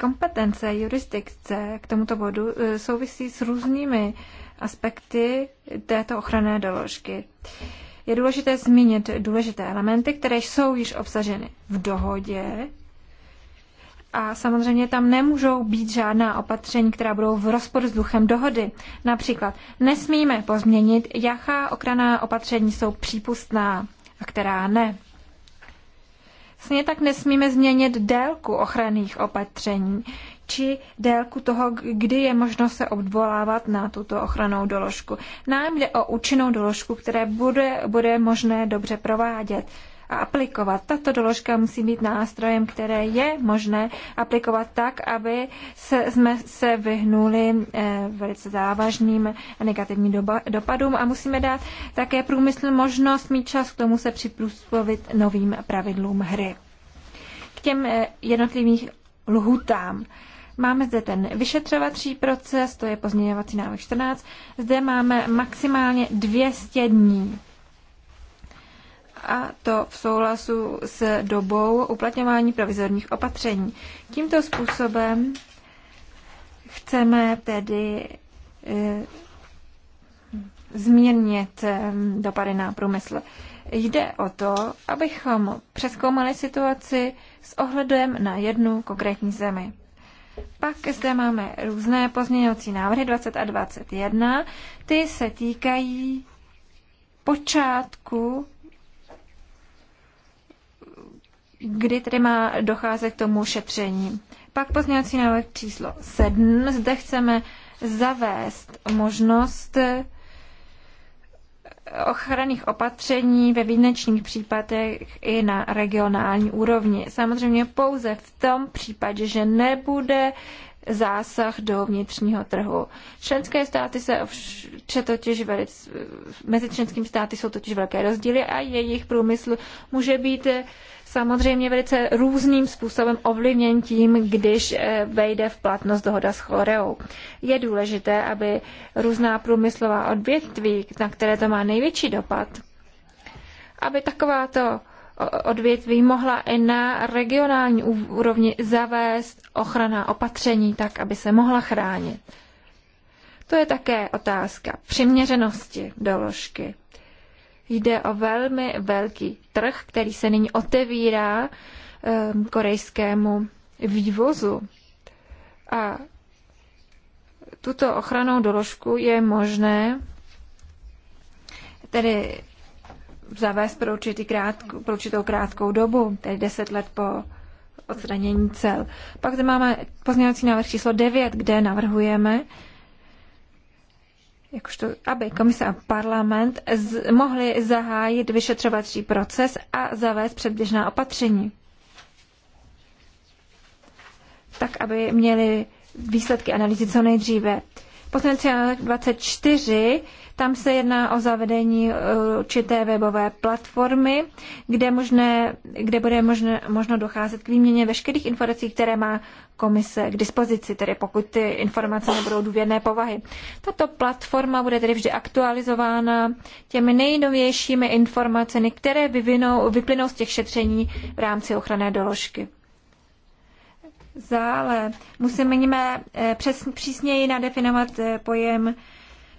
kompetence jurisdikce k tomuto bodu eh, souvisí s různými aspekty této ochranné doložky. Je důležité zmínit důležité elementy, které jsou již obsaženy v dohodě a samozřejmě tam nemůžou být žádná opatření, která budou v rozporu s duchem dohody. Například nesmíme pozměnit, jaká ochranná opatření jsou přípustná a která ne. Stejně tak nesmíme změnit délku ochranných opatření či délku toho, kdy je možno se obvolávat na tuto ochranou doložku. Nám jde o účinnou doložku, které bude, bude možné dobře provádět a aplikovat. Tato doložka musí být nástrojem, které je možné aplikovat tak, aby se, jsme se vyhnuli eh, velice závažným a negativním doba, dopadům a musíme dát také průmysl možnost mít čas k tomu se připůsobit novým pravidlům hry. K těm eh, jednotlivým lhutám. Máme zde ten vyšetřovací proces, to je pozměňovací návrh 14. Zde máme maximálně 200 dní a to v souhlasu s dobou uplatňování provizorních opatření. Tímto způsobem chceme tedy eh, zmírnit eh, dopady na průmysl. Jde o to, abychom přeskoumali situaci s ohledem na jednu konkrétní zemi. Pak zde máme různé pozměňovací návrhy 20 a 21. Ty se týkají počátku kdy tedy má docházet k tomu šetření. Pak pozměňovací návrh číslo 7. Zde chceme zavést možnost ochranných opatření ve výjimečných případech i na regionální úrovni. Samozřejmě pouze v tom případě, že nebude zásah do vnitřního trhu. Členské státy se ovšem totiž velice, mezi členskými státy jsou totiž velké rozdíly a jejich průmysl může být samozřejmě velice různým způsobem ovlivněn tím, když eh, vejde v platnost dohoda s Choreou. Je důležité, aby různá průmyslová odvětví, na které to má největší dopad, aby takováto odvětví mohla i na regionální úrovni zavést ochranná opatření tak, aby se mohla chránit. To je také otázka přiměřenosti doložky. Jde o velmi velký trh, který se nyní otevírá ehm, korejskému vývozu. A tuto ochranou doložku je možné tedy zavést pro, určitý krátkou, pro určitou krátkou dobu, tedy 10 let po odstranění cel. Pak zde máme pozměňovací návrh číslo 9, kde navrhujeme, jakožto, aby komise a parlament z, mohli zahájit vyšetřovací proces a zavést předběžná opatření. Tak, aby měli výsledky analýzy co nejdříve. Poslanecí 24, tam se jedná o zavedení eh, určité webové platformy, kde, možné, kde bude možné, možno docházet k výměně veškerých informací, které má komise k dispozici, tedy pokud ty informace nebudou důvěrné povahy. Tato platforma bude tedy vždy aktualizována těmi nejnovějšími informacemi, které vyvinou, vyplynou z těch šetření v rámci ochranné doložky zále. Musíme eh, přes, přísněji nadefinovat eh, pojem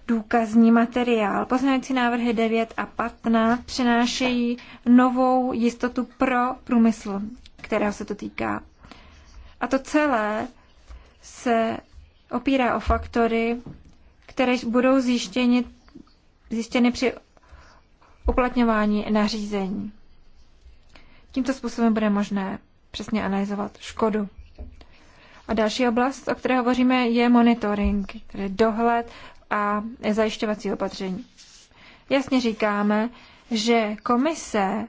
důkazní materiál. Poznávací návrhy 9 a 15 přinášejí novou jistotu pro průmysl, kterého se to týká. A to celé se opírá o faktory, které budou zjištěny, zjištěny při uplatňování nařízení. Tímto způsobem bude možné přesně analyzovat škodu. A další oblast, o které hovoříme, je monitoring, tedy dohled a zajišťovací opatření. Jasně říkáme, že komise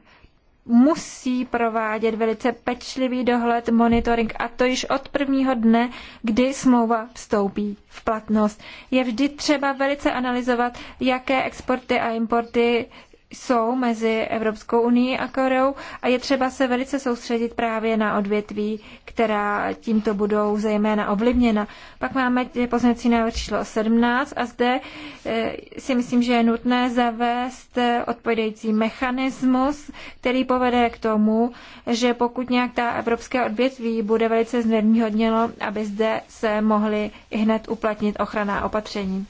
musí provádět velice pečlivý dohled, monitoring a to již od prvního dne, kdy smlouva vstoupí v platnost. Je vždy třeba velice analyzovat, jaké exporty a importy jsou mezi Evropskou unii a Koreou a je třeba se velice soustředit právě na odvětví, která tímto budou zejména ovlivněna. Pak máme poznací návrh číslo 17 a zde eh, si myslím, že je nutné zavést eh, odpovědající mechanismus, který povede k tomu, že pokud nějak ta evropské odvětví bude velice znevýhodněno, aby zde se mohly i hned uplatnit ochranná opatření.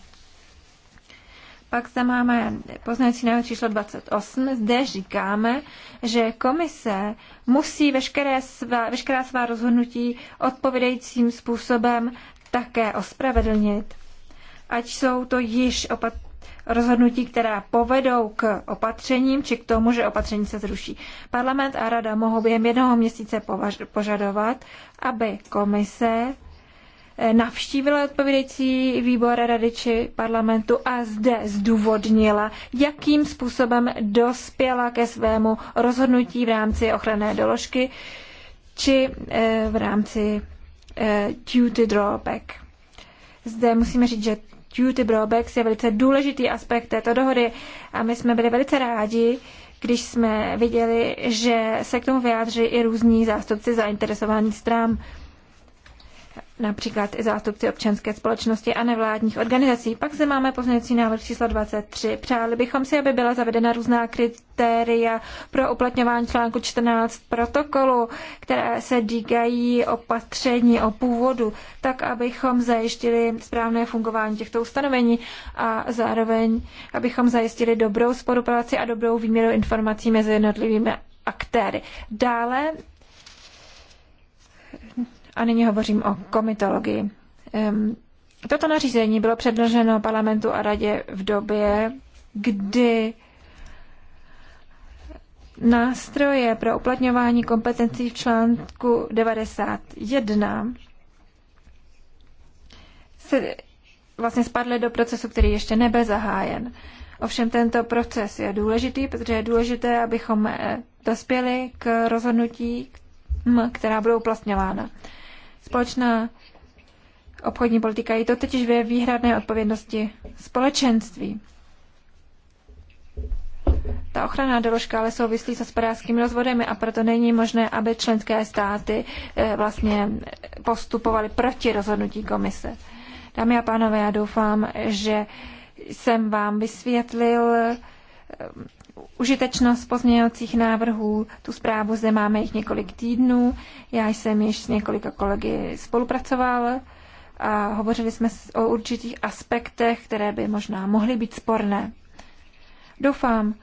Pak zde máme poznávací návrh číslo 28. Zde říkáme, že komise musí veškeré svá, veškerá svá rozhodnutí odpovědajícím způsobem také ospravedlnit. Ať jsou to již opat- rozhodnutí, která povedou k opatřením, či k tomu, že opatření se zruší. Parlament a rada mohou během jednoho měsíce považ- požadovat, aby komise navštívila odpovědající výbor rady či parlamentu a zde zdůvodnila, jakým způsobem dospěla ke svému rozhodnutí v rámci ochranné doložky či eh, v rámci eh, duty drawback. Zde musíme říct, že duty drawback je velice důležitý aspekt této dohody a my jsme byli velice rádi, když jsme viděli, že se k tomu vyjádří i různí zástupci zainteresovaných stran například i zástupci občanské společnosti a nevládních organizací. Pak zde máme pozměňovací návrh číslo 23. Přáli bychom si, aby byla zavedena různá kritéria pro uplatňování článku 14 protokolu, které se díkají opatření o původu, tak abychom zajistili správné fungování těchto ustanovení a zároveň abychom zajistili dobrou spolupráci a dobrou výměnu informací mezi jednotlivými aktéry. Dále a nyní hovořím o komitologii. Toto nařízení bylo předloženo parlamentu a radě v době, kdy nástroje pro uplatňování kompetencí v článku 91 se vlastně spadly do procesu, který ještě nebyl zahájen. Ovšem tento proces je důležitý, protože je důležité, abychom eh, dospěli k rozhodnutí, která budou uplatňována. Společná obchodní politika je to totiž ve výhradné odpovědnosti společenství. Ta ochranná doložka ale souvislí s hospodářskými rozvodem a proto není možné, aby členské státy eh, vlastně eh, postupovaly proti rozhodnutí komise. Dámy a pánové, já doufám, že jsem vám vysvětlil eh, užitečnost pozměňovacích návrhů. Tu zprávu zde máme jich několik týdnů. Já jsem již s několika kolegy spolupracoval a hovořili jsme o určitých aspektech, které by možná mohly být sporné. Doufám,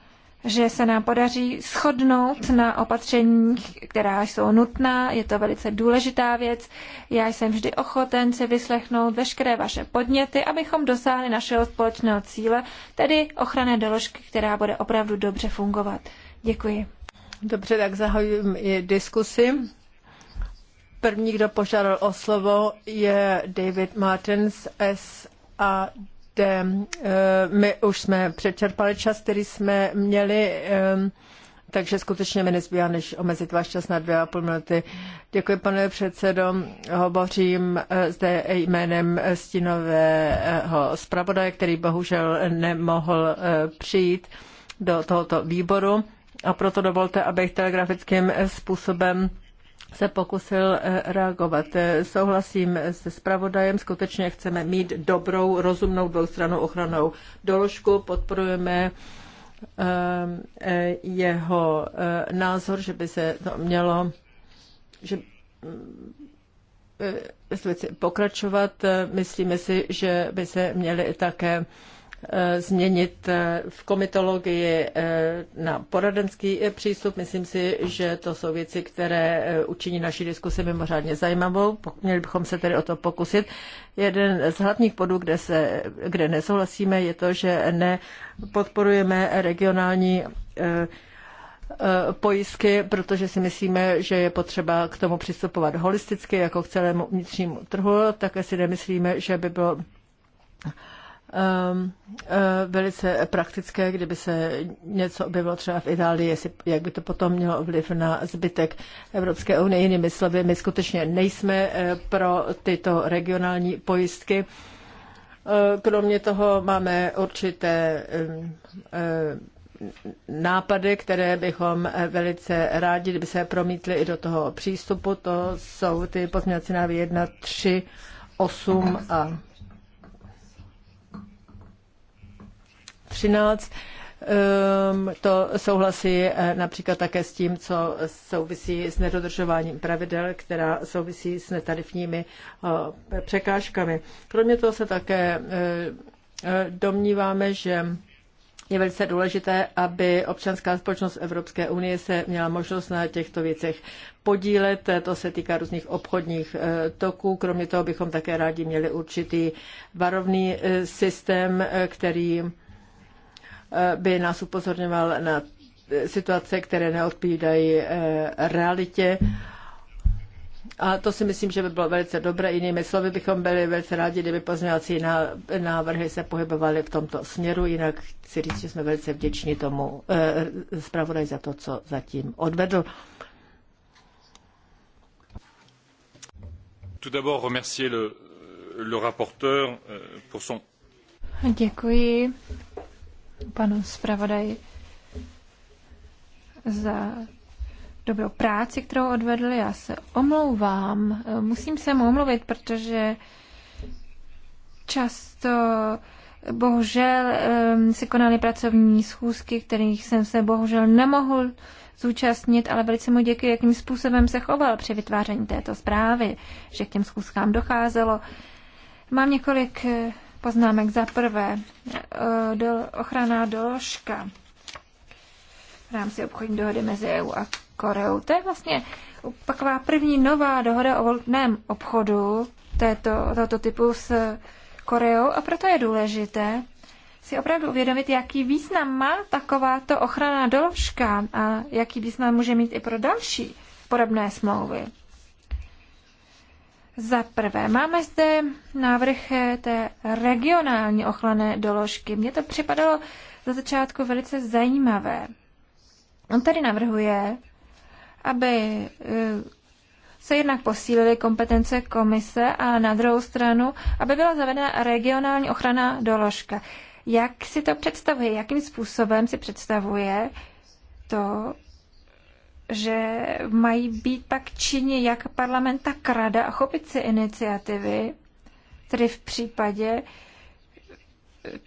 že se nám podaří shodnout na opatřeních, která jsou nutná. Je to velice důležitá věc. Já jsem vždy ochoten si vyslechnout veškeré vaše podněty, abychom dosáhli našeho společného cíle, tedy ochranné doložky, která bude opravdu dobře fungovat. Děkuji. Dobře, tak zahajujeme i diskusi. První, kdo požádal o slovo, je David Martins, SAD. Víte, eh, my už jsme přečerpali čas, který jsme měli, eh, takže skutečně mi nezbývá, než omezit váš čas na dvě a půl minuty. Děkuji, pane předsedo. Hovořím eh, zde jménem stínového zpravodaje, který bohužel nemohl přijít do tohoto výboru. A proto dovolte, abych telegrafickým způsobem se pokusil eh, reagovat. Eh, souhlasím se spravodajem, skutečně chceme mít dobrou, rozumnou dvoustranou ochranou doložku, podporujeme eh, jeho názor, že by se to mělo že mm, pokračovat. Myslíme si, že by se měly také Eh, změnit eh, v komitologii eh, na poradenský přístup. Myslím si, že to jsou věci, které učiní naši diskusi mimořádně zajímavou. Měli bychom se tedy o to pokusit. Jeden z hlavních bodů, kde, se, kde nesouhlasíme, je to, že nepodporujeme regionální pojistky, protože si myslíme, že je potřeba k tomu přistupovat holisticky, jako k celému vnitřnímu trhu. Také si nemyslíme, že by bylo Ehm, eh, velice praktické, kdyby se něco objevilo třeba v Itálii, jestli, jak by to potom mělo vliv na zbytek Evropské unie. Jinými slovy, my skutečně nejsme eh, pro tyto regionální pojistky. Eh, kromě toho máme určité ehm, nápady, které bychom velice rádi, kdyby se promítly i do toho přístupu. To jsou ty pozměňovací návy 1, 3, 8 a 2013. Ehm, to souhlasí eh, například také s tím, co souvisí s nedodržováním pravidel, která souvisí s netarifními eh, překážkami. Kromě toho se také eh, domníváme, že je velice důležité, aby občanská společnost Evropské unie se měla možnost na těchto věcech podílet. To se týká různých obchodních toků. Kromě toho bychom také rádi měli určitý varovný systém, který by nás upozorňoval na situace, které neodpovídají eh, realitě. A to si myslím, že by bylo velice dobré. Jinými slovy bychom byli velice rádi, kdyby pozměňovací návrhy se pohybovaly v tomto směru. Jinak chci říct, že jsme velice vděční tomu eh, zpravodaj za to, co zatím odvedl. Tout d'abord remercier le, le rapporteur eh, pour son... Děkuji panu zpravodaji za dobrou práci, kterou odvedl. Já se omlouvám. Musím se mu omluvit, protože často bohužel se konaly pracovní schůzky, kterých jsem se bohužel nemohl zúčastnit, ale velice mu děkuji, jakým způsobem se choval při vytváření této zprávy, že k těm schůzkám docházelo. Mám několik poznámek. Za prvé, eh, dol, ochranná doložka v rámci obchodní dohody mezi EU a Koreou. To je vlastně taková první nová dohoda o volném obchodu této, tohoto typu s Koreou a proto je důležité si opravdu uvědomit, jaký význam má takováto ochranná doložka a jaký význam může mít i pro další podobné smlouvy. Za prvé, máme zde návrh té regionální ochranné doložky. Mně to připadalo za začátku velice zajímavé. On tady navrhuje, aby eh, se jednak posílily kompetence komise a na druhou stranu, aby byla zavedena regionální ochrana doložka. Jak si to představuje? Jakým způsobem si představuje to, že mají být pak činni jak parlament, tak rada a chopit si iniciativy, tedy v případě,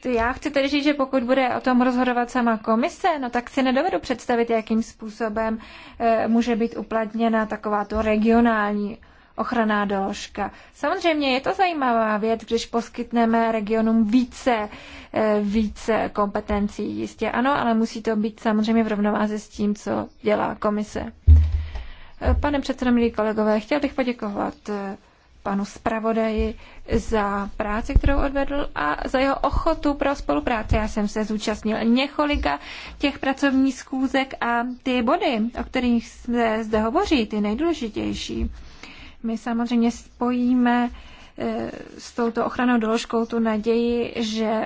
já chci tedy říct, že pokud bude o tom rozhodovat sama komise, no tak si nedovedu představit, jakým způsobem eh, může být uplatněna takováto regionální ochranná doložka. Samozřejmě je to zajímavá věc, když poskytneme regionům více, eh, více kompetencí, jistě ano, ale musí to být samozřejmě v rovnováze s tím, co dělá komise. Eh, pane předsedo, milí kolegové, chtěl bych poděkovat eh, panu zpravodaji za práci, kterou odvedl a za jeho ochotu pro spolupráci. Já jsem se zúčastnil několika těch pracovních schůzek a ty body, o kterých se zde hovoří, ty nejdůležitější, my samozřejmě spojíme e, s touto ochranou doložkou tu naději, že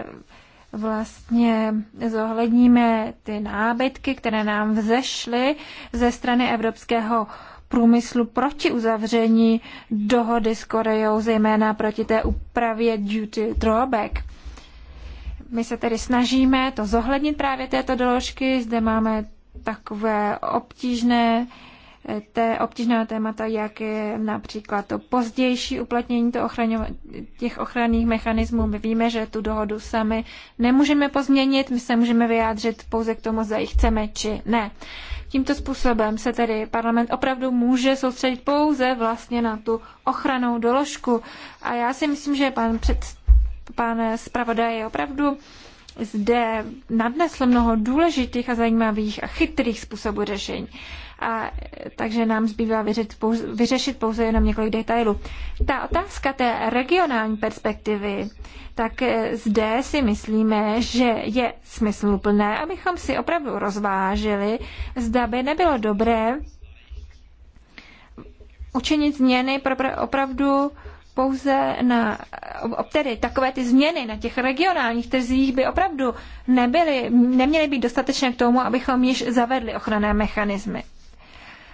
vlastně zohledníme ty nábytky, které nám vzešly ze strany evropského průmyslu proti uzavření dohody s Koreou, zejména proti té úpravě duty drawback. My se tedy snažíme to zohlednit právě této doložky. Zde máme takové obtížné té obtížná témata, jak je například to pozdější uplatnění to ochraně, těch ochranných mechanismů. My víme, že tu dohodu sami nemůžeme pozměnit, my se můžeme vyjádřit pouze k tomu, zda ji chceme či ne. Tímto způsobem se tedy parlament opravdu může soustředit pouze vlastně na tu ochranou doložku. A já si myslím, že pan, před, pan zpravodaj je opravdu zde nadnesl mnoho důležitých a zajímavých a chytrých způsobů řešení a takže nám zbývá vyřešit pouze, vyřešit pouze jenom několik detailů. Ta otázka té regionální perspektivy, tak eh, zde si myslíme, že je smysluplné, abychom si opravdu rozvážili, zda by nebylo dobré učinit změny pro opravdu pouze na, tedy takové ty změny na těch regionálních trzích by opravdu nebyly, neměly být dostatečné k tomu, abychom již zavedli ochranné mechanismy.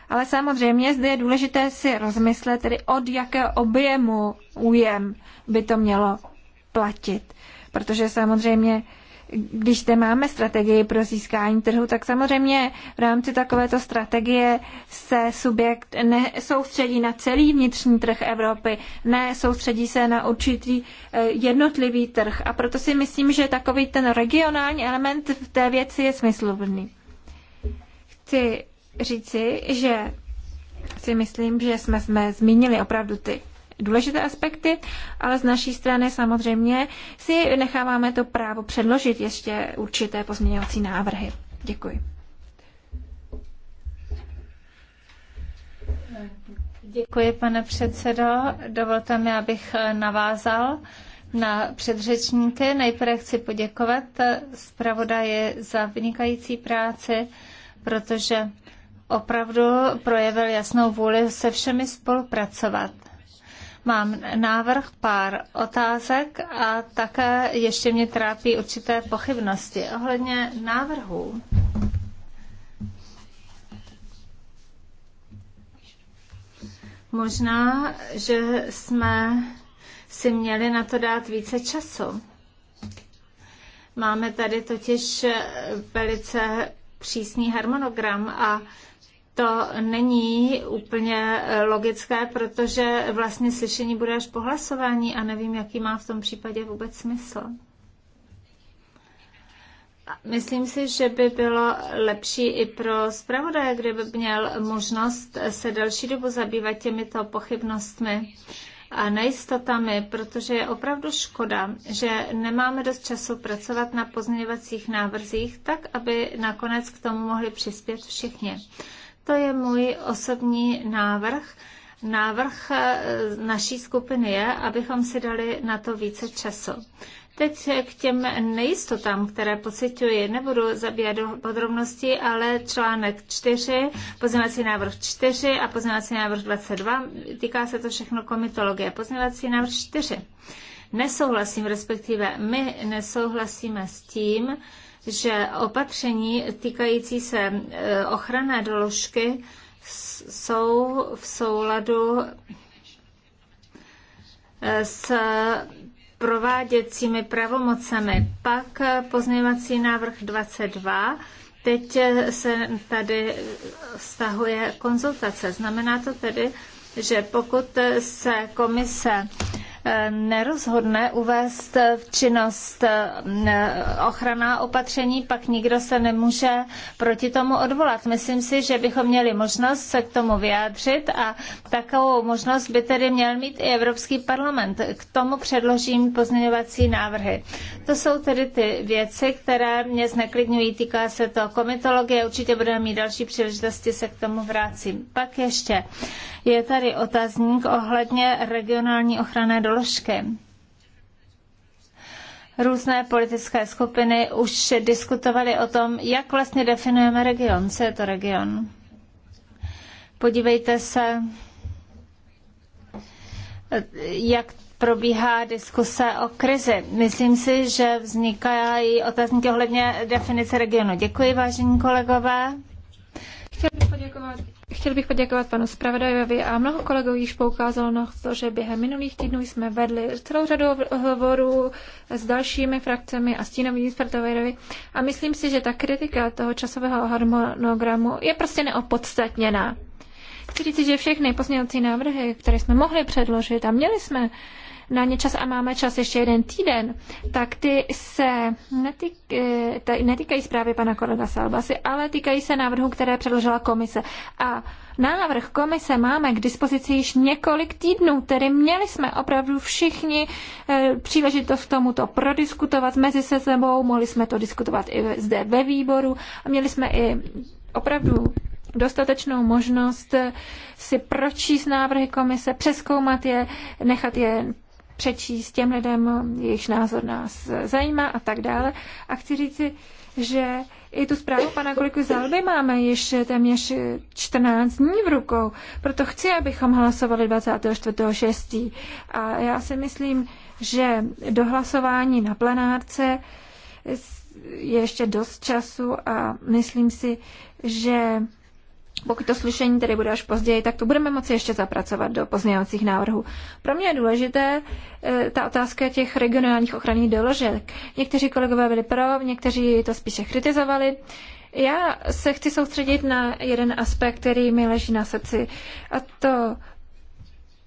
Ale samozřejmě zde je důležité si rozmyslet, tedy od jakého objemu újem by to mělo platit. Protože samozřejmě když zde máme strategii pro získání trhu, tak samozřejmě v rámci takovéto strategie se subjekt nesoustředí na celý vnitřní trh Evropy, ne soustředí se na určitý eh, jednotlivý trh. A proto si myslím, že takový ten regionální element v té věci je smysluplný. Chci říci, že si myslím, že jsme, jsme zmínili opravdu ty důležité aspekty, ale z naší strany samozřejmě si necháváme to právo předložit ještě určité pozměňovací návrhy. Děkuji. Děkuji, pane předsedo. Dovolte mi, abych navázal na předřečníky. Nejprve chci poděkovat zpravodaji za vynikající práci, protože opravdu projevil jasnou vůli se všemi spolupracovat. Mám návrh pár otázek a také ještě mě trápí určité pochybnosti ohledně návrhů. Možná, že jsme si měli na to dát více času. Máme tady totiž velice přísný harmonogram a to není úplně eh, logické, protože vlastně slyšení bude až po hlasování a nevím, jaký má v tom případě vůbec smysl. Myslím si, že by bylo lepší i pro zpravodaje, kdyby měl možnost se další dobu zabývat těmito pochybnostmi a nejistotami, protože je opravdu škoda, že nemáme dost času pracovat na pozměňovacích návrzích, tak aby nakonec k tomu mohli přispět všichni to je můj osobní návrh. Návrh eh, naší skupiny je, abychom si dali na to více času. Teď k těm nejistotám, které pocituji, nebudu zabíjat do podrobností, ale článek 4, poznávací návrh 4 a poznávací návrh 22, týká se to všechno komitologie. Poznávací návrh 4. Nesouhlasím, respektive my nesouhlasíme s tím, že opatření týkající se eh, ochranné doložky jsou v souladu eh, s prováděcími pravomocemi. Pak eh, pozměvací návrh 22. Teď se tady vztahuje konzultace. Znamená to tedy, že pokud se komise Eh, nerozhodne uvést v činnost eh, ochranná opatření, pak nikdo se nemůže proti tomu odvolat. Myslím si, že bychom měli možnost se k tomu vyjádřit a takovou možnost by tedy měl mít i Evropský parlament. K tomu předložím pozměňovací návrhy. To jsou tedy ty věci, které mě zneklidňují. Týká se to komitologie, určitě budeme mít další příležitosti se k tomu vrátím. Pak ještě je tady otazník ohledně regionální ochranné doložky. Různé politické skupiny už diskutovaly o tom, jak vlastně definujeme region. Co je to region? Podívejte se, jak probíhá diskuse o krizi. Myslím si, že vznikají otázníky ohledně definice regionu. Děkuji, vážení kolegové. Chtěl bych poděkovat Chtěl bych poděkovat panu Spravedajovi a mnoho kolegů již poukázalo na to, že během minulých týdnů jsme vedli celou řadu hovorů s dalšími frakcemi a stínovými spravedajovi. a myslím si, že ta kritika toho časového harmonogramu je prostě neopodstatněná. Chci říct, že všechny pozměňovací návrhy, které jsme mohli předložit a měli jsme na ně čas a máme čas ještě jeden týden, tak ty se netýkají, eh, netýkají zprávy pana kolega Salbasy, ale týkají se návrhu, které předložila komise. A návrh komise máme k dispozici již několik týdnů, tedy měli jsme opravdu všichni eh, příležitost k tomuto prodiskutovat mezi se sebou, mohli jsme to diskutovat i zde ve výboru a měli jsme i opravdu dostatečnou možnost eh, si pročíst návrhy komise, přeskoumat je, nechat je přečíst těm lidem, jejichž názor nás zajímá a tak dále. A chci říci, že i tu zprávu pana Koliku Zalby máme již téměř 14 dní v rukou. Proto chci, abychom hlasovali 24.6. A já si myslím, že do hlasování na plenárce je ještě dost času a myslím si, že pokud to slyšení tedy bude až později, tak to budeme moci ještě zapracovat do pozměňovacích návrhů. Pro mě je důležité e, ta otázka těch regionálních ochranných doložek. Někteří kolegové byli pro, někteří to spíše kritizovali. Já se chci soustředit na jeden aspekt, který mi leží na srdci. A to,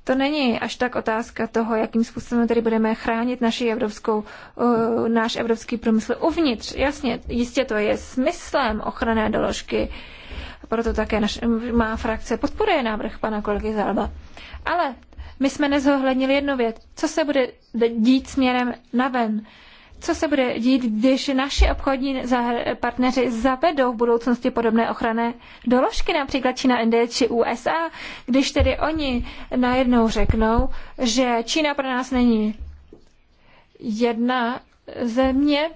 to není až tak otázka toho, jakým způsobem tedy budeme chránit naši evropskou, uh, náš evropský průmysl uvnitř. Jasně, jistě to je smyslem ochranné doložky. Uh, proto také naš, má frakce podporuje návrh pana kolegy Zalba. Ale my jsme nezohlednili jednu věc. Co se bude dít směrem na ven? Co se bude dít, když naši obchodní partneři zavedou v budoucnosti podobné ochranné doložky, například Čína, Indie či USA, když tedy oni najednou řeknou, že Čína pro nás není jedna země,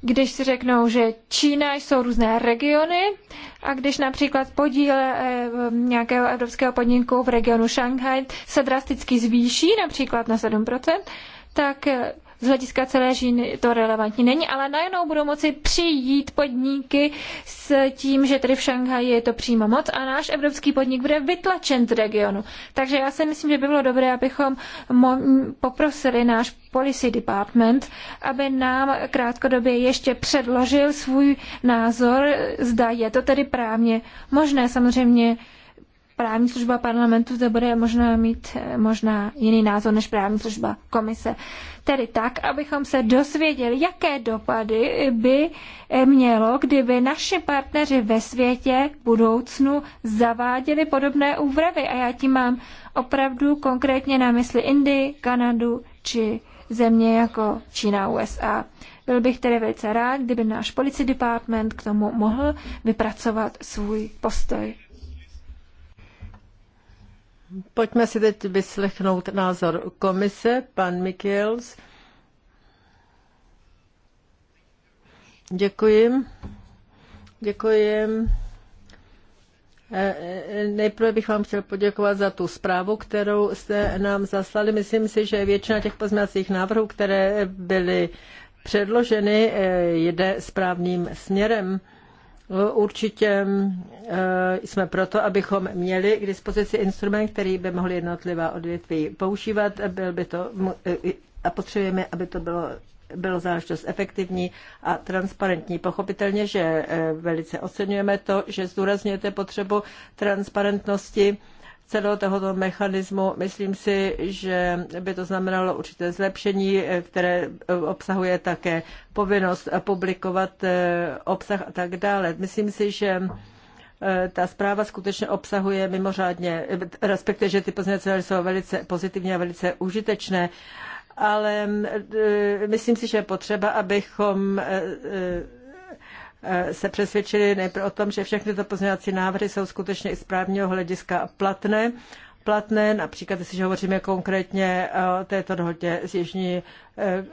když si řeknou, že Čína jsou různé regiony a když například podíl eh, nějakého evropského podniku v regionu Šanghaj se drasticky zvýší, například na 7%, tak eh, z hlediska celé Číny to relevantní není, ale najednou budou moci přijít podniky s tím, že tedy v Šanghaji je to přímo moc a náš evropský podnik bude vytlačen z regionu. Takže já si myslím, že by bylo dobré, abychom poprosili náš policy department, aby nám krátkodobě ještě předložil svůj názor, zda je to tedy právně možné. Samozřejmě právní služba parlamentu zde bude možná mít eh, možná jiný názor než právní služba komise. Tedy tak, abychom se dosvěděli, jaké dopady by eh, mělo, kdyby naši partneři ve světě v budoucnu zaváděli podobné úvravy. A já tím mám opravdu konkrétně na mysli Indii, Kanadu či země jako Čína, USA. Byl bych tedy velice rád, kdyby náš policy department k tomu mohl vypracovat svůj postoj. Pojďme si teď vyslechnout názor komise, pan Mikils. Děkuji. Děkuji. E, e, nejprve bych vám chtěl poděkovat za tu zprávu, kterou jste nám zaslali. Myslím si, že většina těch pozměňovacích návrhů, které byly předloženy, e, jde správným směrem. Určitě eh, jsme proto, abychom měli k dispozici instrument, který by mohl jednotlivá odvětví používat. Byl by to, eh, a potřebujeme, aby to bylo bylo záležitost efektivní a transparentní. Pochopitelně, že eh, velice oceňujeme to, že zdůrazňujete potřebu transparentnosti celého tohoto mechanismu. Myslím si, že by to znamenalo určité zlepšení, které obsahuje také povinnost publikovat eh, obsah a tak dále. Myslím si, že eh, ta zpráva skutečně obsahuje mimořádně, respektive, že ty pozměňovací jsou velice pozitivní a velice užitečné, ale eh, myslím si, že je potřeba, abychom se přesvědčili nejprve o tom, že všechny to pozměňovací návrhy jsou skutečně i z právního hlediska platné. Platné, například, jestliže hovoříme konkrétně eh, o této dohodě s Jižní eh, eh,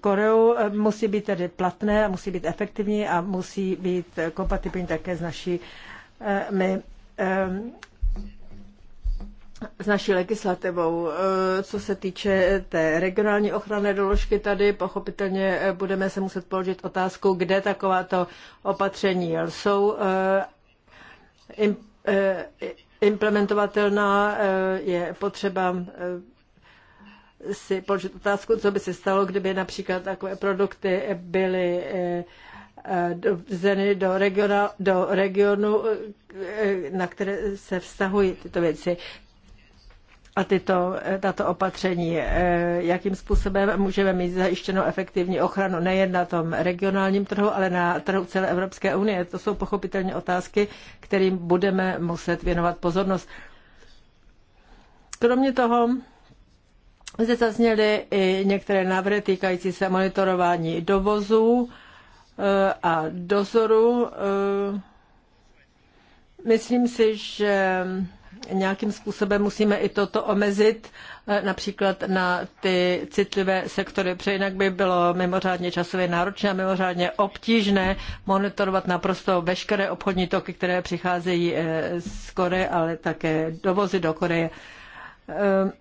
Koreou, musí být tedy platné a musí být efektivní a musí být kompatibilní také s našimi s naší legislativou. Eh, co se týče eh, té regionální ochranné doložky tady, pochopitelně eh, budeme se muset položit otázku, kde takováto opatření jsou implementovatelná, je potřeba si položit otázku, co by se stalo, kdyby například takové produkty byly vzeny do, regiona, do regionu, na které se vztahují tyto věci a tyto, eh, tato opatření, eh, jakým způsobem můžeme mít zajištěnou efektivní ochranu nejen na tom regionálním trhu, ale na trhu celé Evropské unie. To jsou pochopitelně otázky, kterým budeme muset věnovat pozornost. Kromě toho zde zazněly i některé návrhy týkající se monitorování dovozů eh, a dozoru. Myslím si, že nějakým způsobem musíme i toto omezit, eh, například na ty citlivé sektory, protože jinak by bylo mimořádně časově náročné a mimořádně obtížné monitorovat naprosto veškeré obchodní toky, které přicházejí eh, z Koreje, ale také dovozy do Koreje. Eh,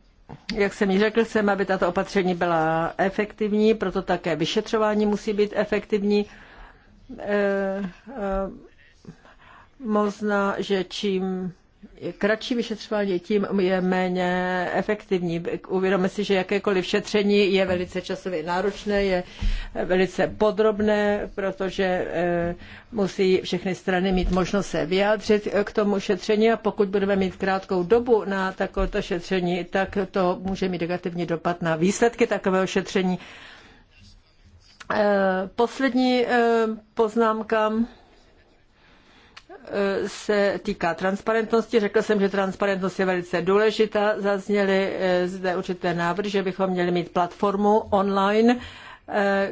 jak jsem ji řekl, jsem, aby tato opatření byla efektivní, proto také vyšetřování musí být efektivní. Možná, že čím kratší vyšetřování tím je méně efektivní. Uvědomme si, že jakékoliv šetření je velice časově náročné, je velice podrobné, protože eh, musí všechny strany mít možnost se vyjádřit k tomu šetření a pokud budeme mít krátkou dobu na takovéto šetření, tak to může mít negativní dopad na výsledky takového šetření. Eh, poslední eh, poznámka Eh, se týká transparentnosti. Řekl jsem, že transparentnost je velice důležitá. Zazněly eh, zde určité návrhy, že bychom měli mít platformu online, Eh,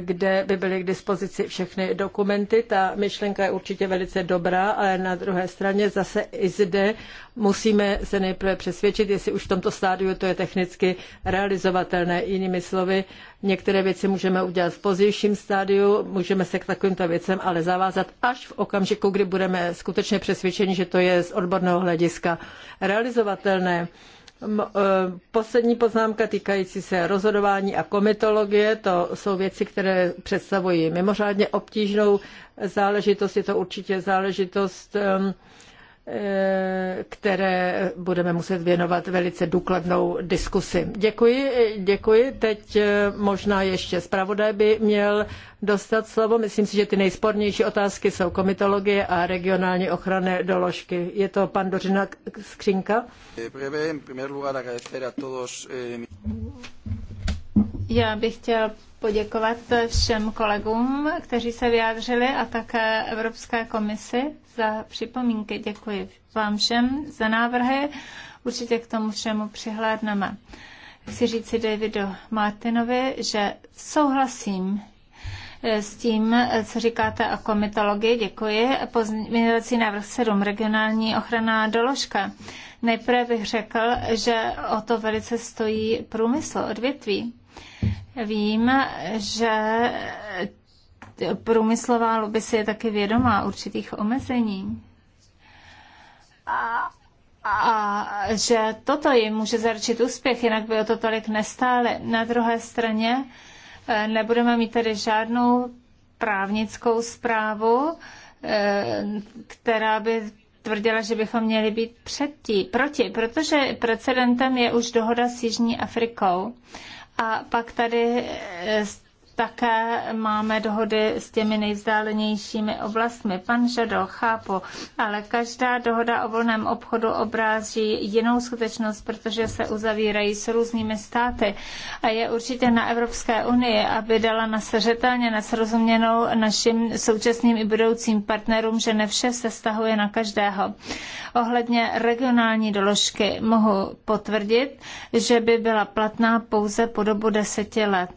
kde by byly k dispozici všechny dokumenty. Ta myšlenka je určitě velice dobrá, ale na druhé straně zase i zde musíme se nejprve přesvědčit, jestli už v tomto stádiu to je technicky realizovatelné. Jinými slovy, některé věci můžeme udělat v pozdějším stádiu, můžeme se k takovýmto věcem ale zavázat až v okamžiku, kdy budeme skutečně přesvědčeni, že to je z odborného hlediska realizovatelné. Eh, poslední poznámka týkající se rozhodování a komitologie, to jsou věci, které představují mimořádně obtížnou záležitost. Je to určitě záležitost Eh, které budeme muset věnovat velice důkladnou diskusi. Děkuji, eh, děkuji. Teď eh, možná ještě zpravodaj by měl dostat slovo. Myslím si, že ty nejspornější otázky jsou komitologie a regionální ochranné doložky. Je to pan Dořina Skřínka? Já bych chtěl poděkovat všem kolegům, kteří se vyjádřili a také Evropské komisi za připomínky. Děkuji vám všem za návrhy. Určitě k tomu všemu přihlédneme. Chci říct si Davidu Martinovi, že souhlasím eh, s tím, eh, co říkáte o komitologii. Děkuji. Pozměňovací návrh 7, regionální ochrana doložka. Nejprve bych řekl, že o to velice stojí průmysl, odvětví Vím, že průmyslová lobby si je taky vědomá určitých omezení. A a že toto jim může zaručit úspěch, jinak by o to tolik nestále. Na druhé straně eh, nebudeme mít tedy žádnou právnickou zprávu, eh, která by tvrdila, že bychom měli být předtí, proti, protože precedentem je už dohoda s Jižní Afrikou. A pak tady eh, také máme dohody s těmi nejvzdálenějšími oblastmi. Pan Žado, chápu, ale každá dohoda o volném obchodu obráží jinou skutečnost, protože se uzavírají s různými státy a je určitě na Evropské unii, aby dala na seřetelně nasrozuměnou našim současným i budoucím partnerům, že ne vše se stahuje na každého. Ohledně regionální doložky mohu potvrdit, že by byla platná pouze po dobu deseti let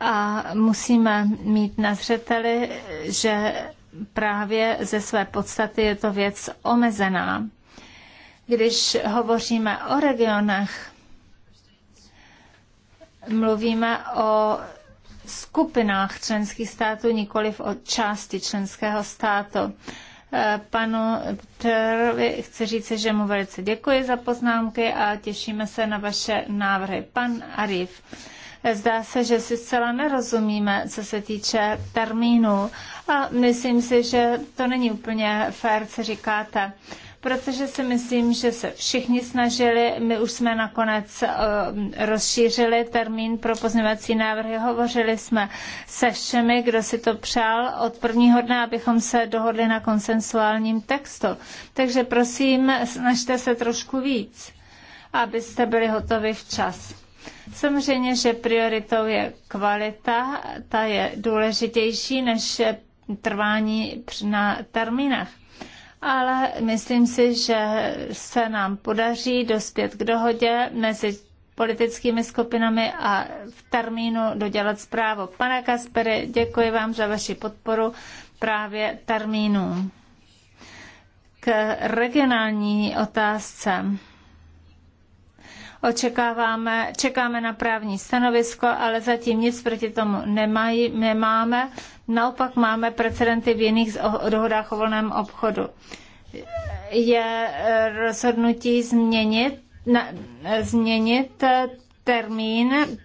a musíme mít na zřeteli, že právě ze své podstaty je to věc omezená. Když hovoříme o regionech, mluvíme o skupinách členských států, nikoliv o části členského státu. E, panu Terovi chci říct, že mu velice děkuji za poznámky a těšíme se na vaše návrhy. Pan Arif. Zdá se, že si zcela nerozumíme, co se týče termínu a myslím si, že to není úplně fér, co říkáte protože si myslím, že se všichni snažili. My už jsme nakonec eh, rozšířili termín pro pozměňovací návrhy. Hovořili jsme se všemi, kdo si to přál od prvního dne, abychom se dohodli na konsensuálním textu. Takže prosím, snažte se trošku víc, abyste byli hotovi včas. Samozřejmě, že prioritou je kvalita, ta je důležitější než trvání na termínech. Ale myslím si, že se nám podaří dospět k dohodě mezi politickými skupinami a v termínu dodělat zprávu. Pane Kaspery, děkuji vám za vaši podporu právě termínu. K regionální otázce. Očekáváme, čekáme na právní stanovisko, ale zatím nic proti tomu nemají, nemáme. Naopak máme precedenty v jiných dohodách o volném obchodu. Je eh, rozhodnutí změnit, na, změnit eh, termín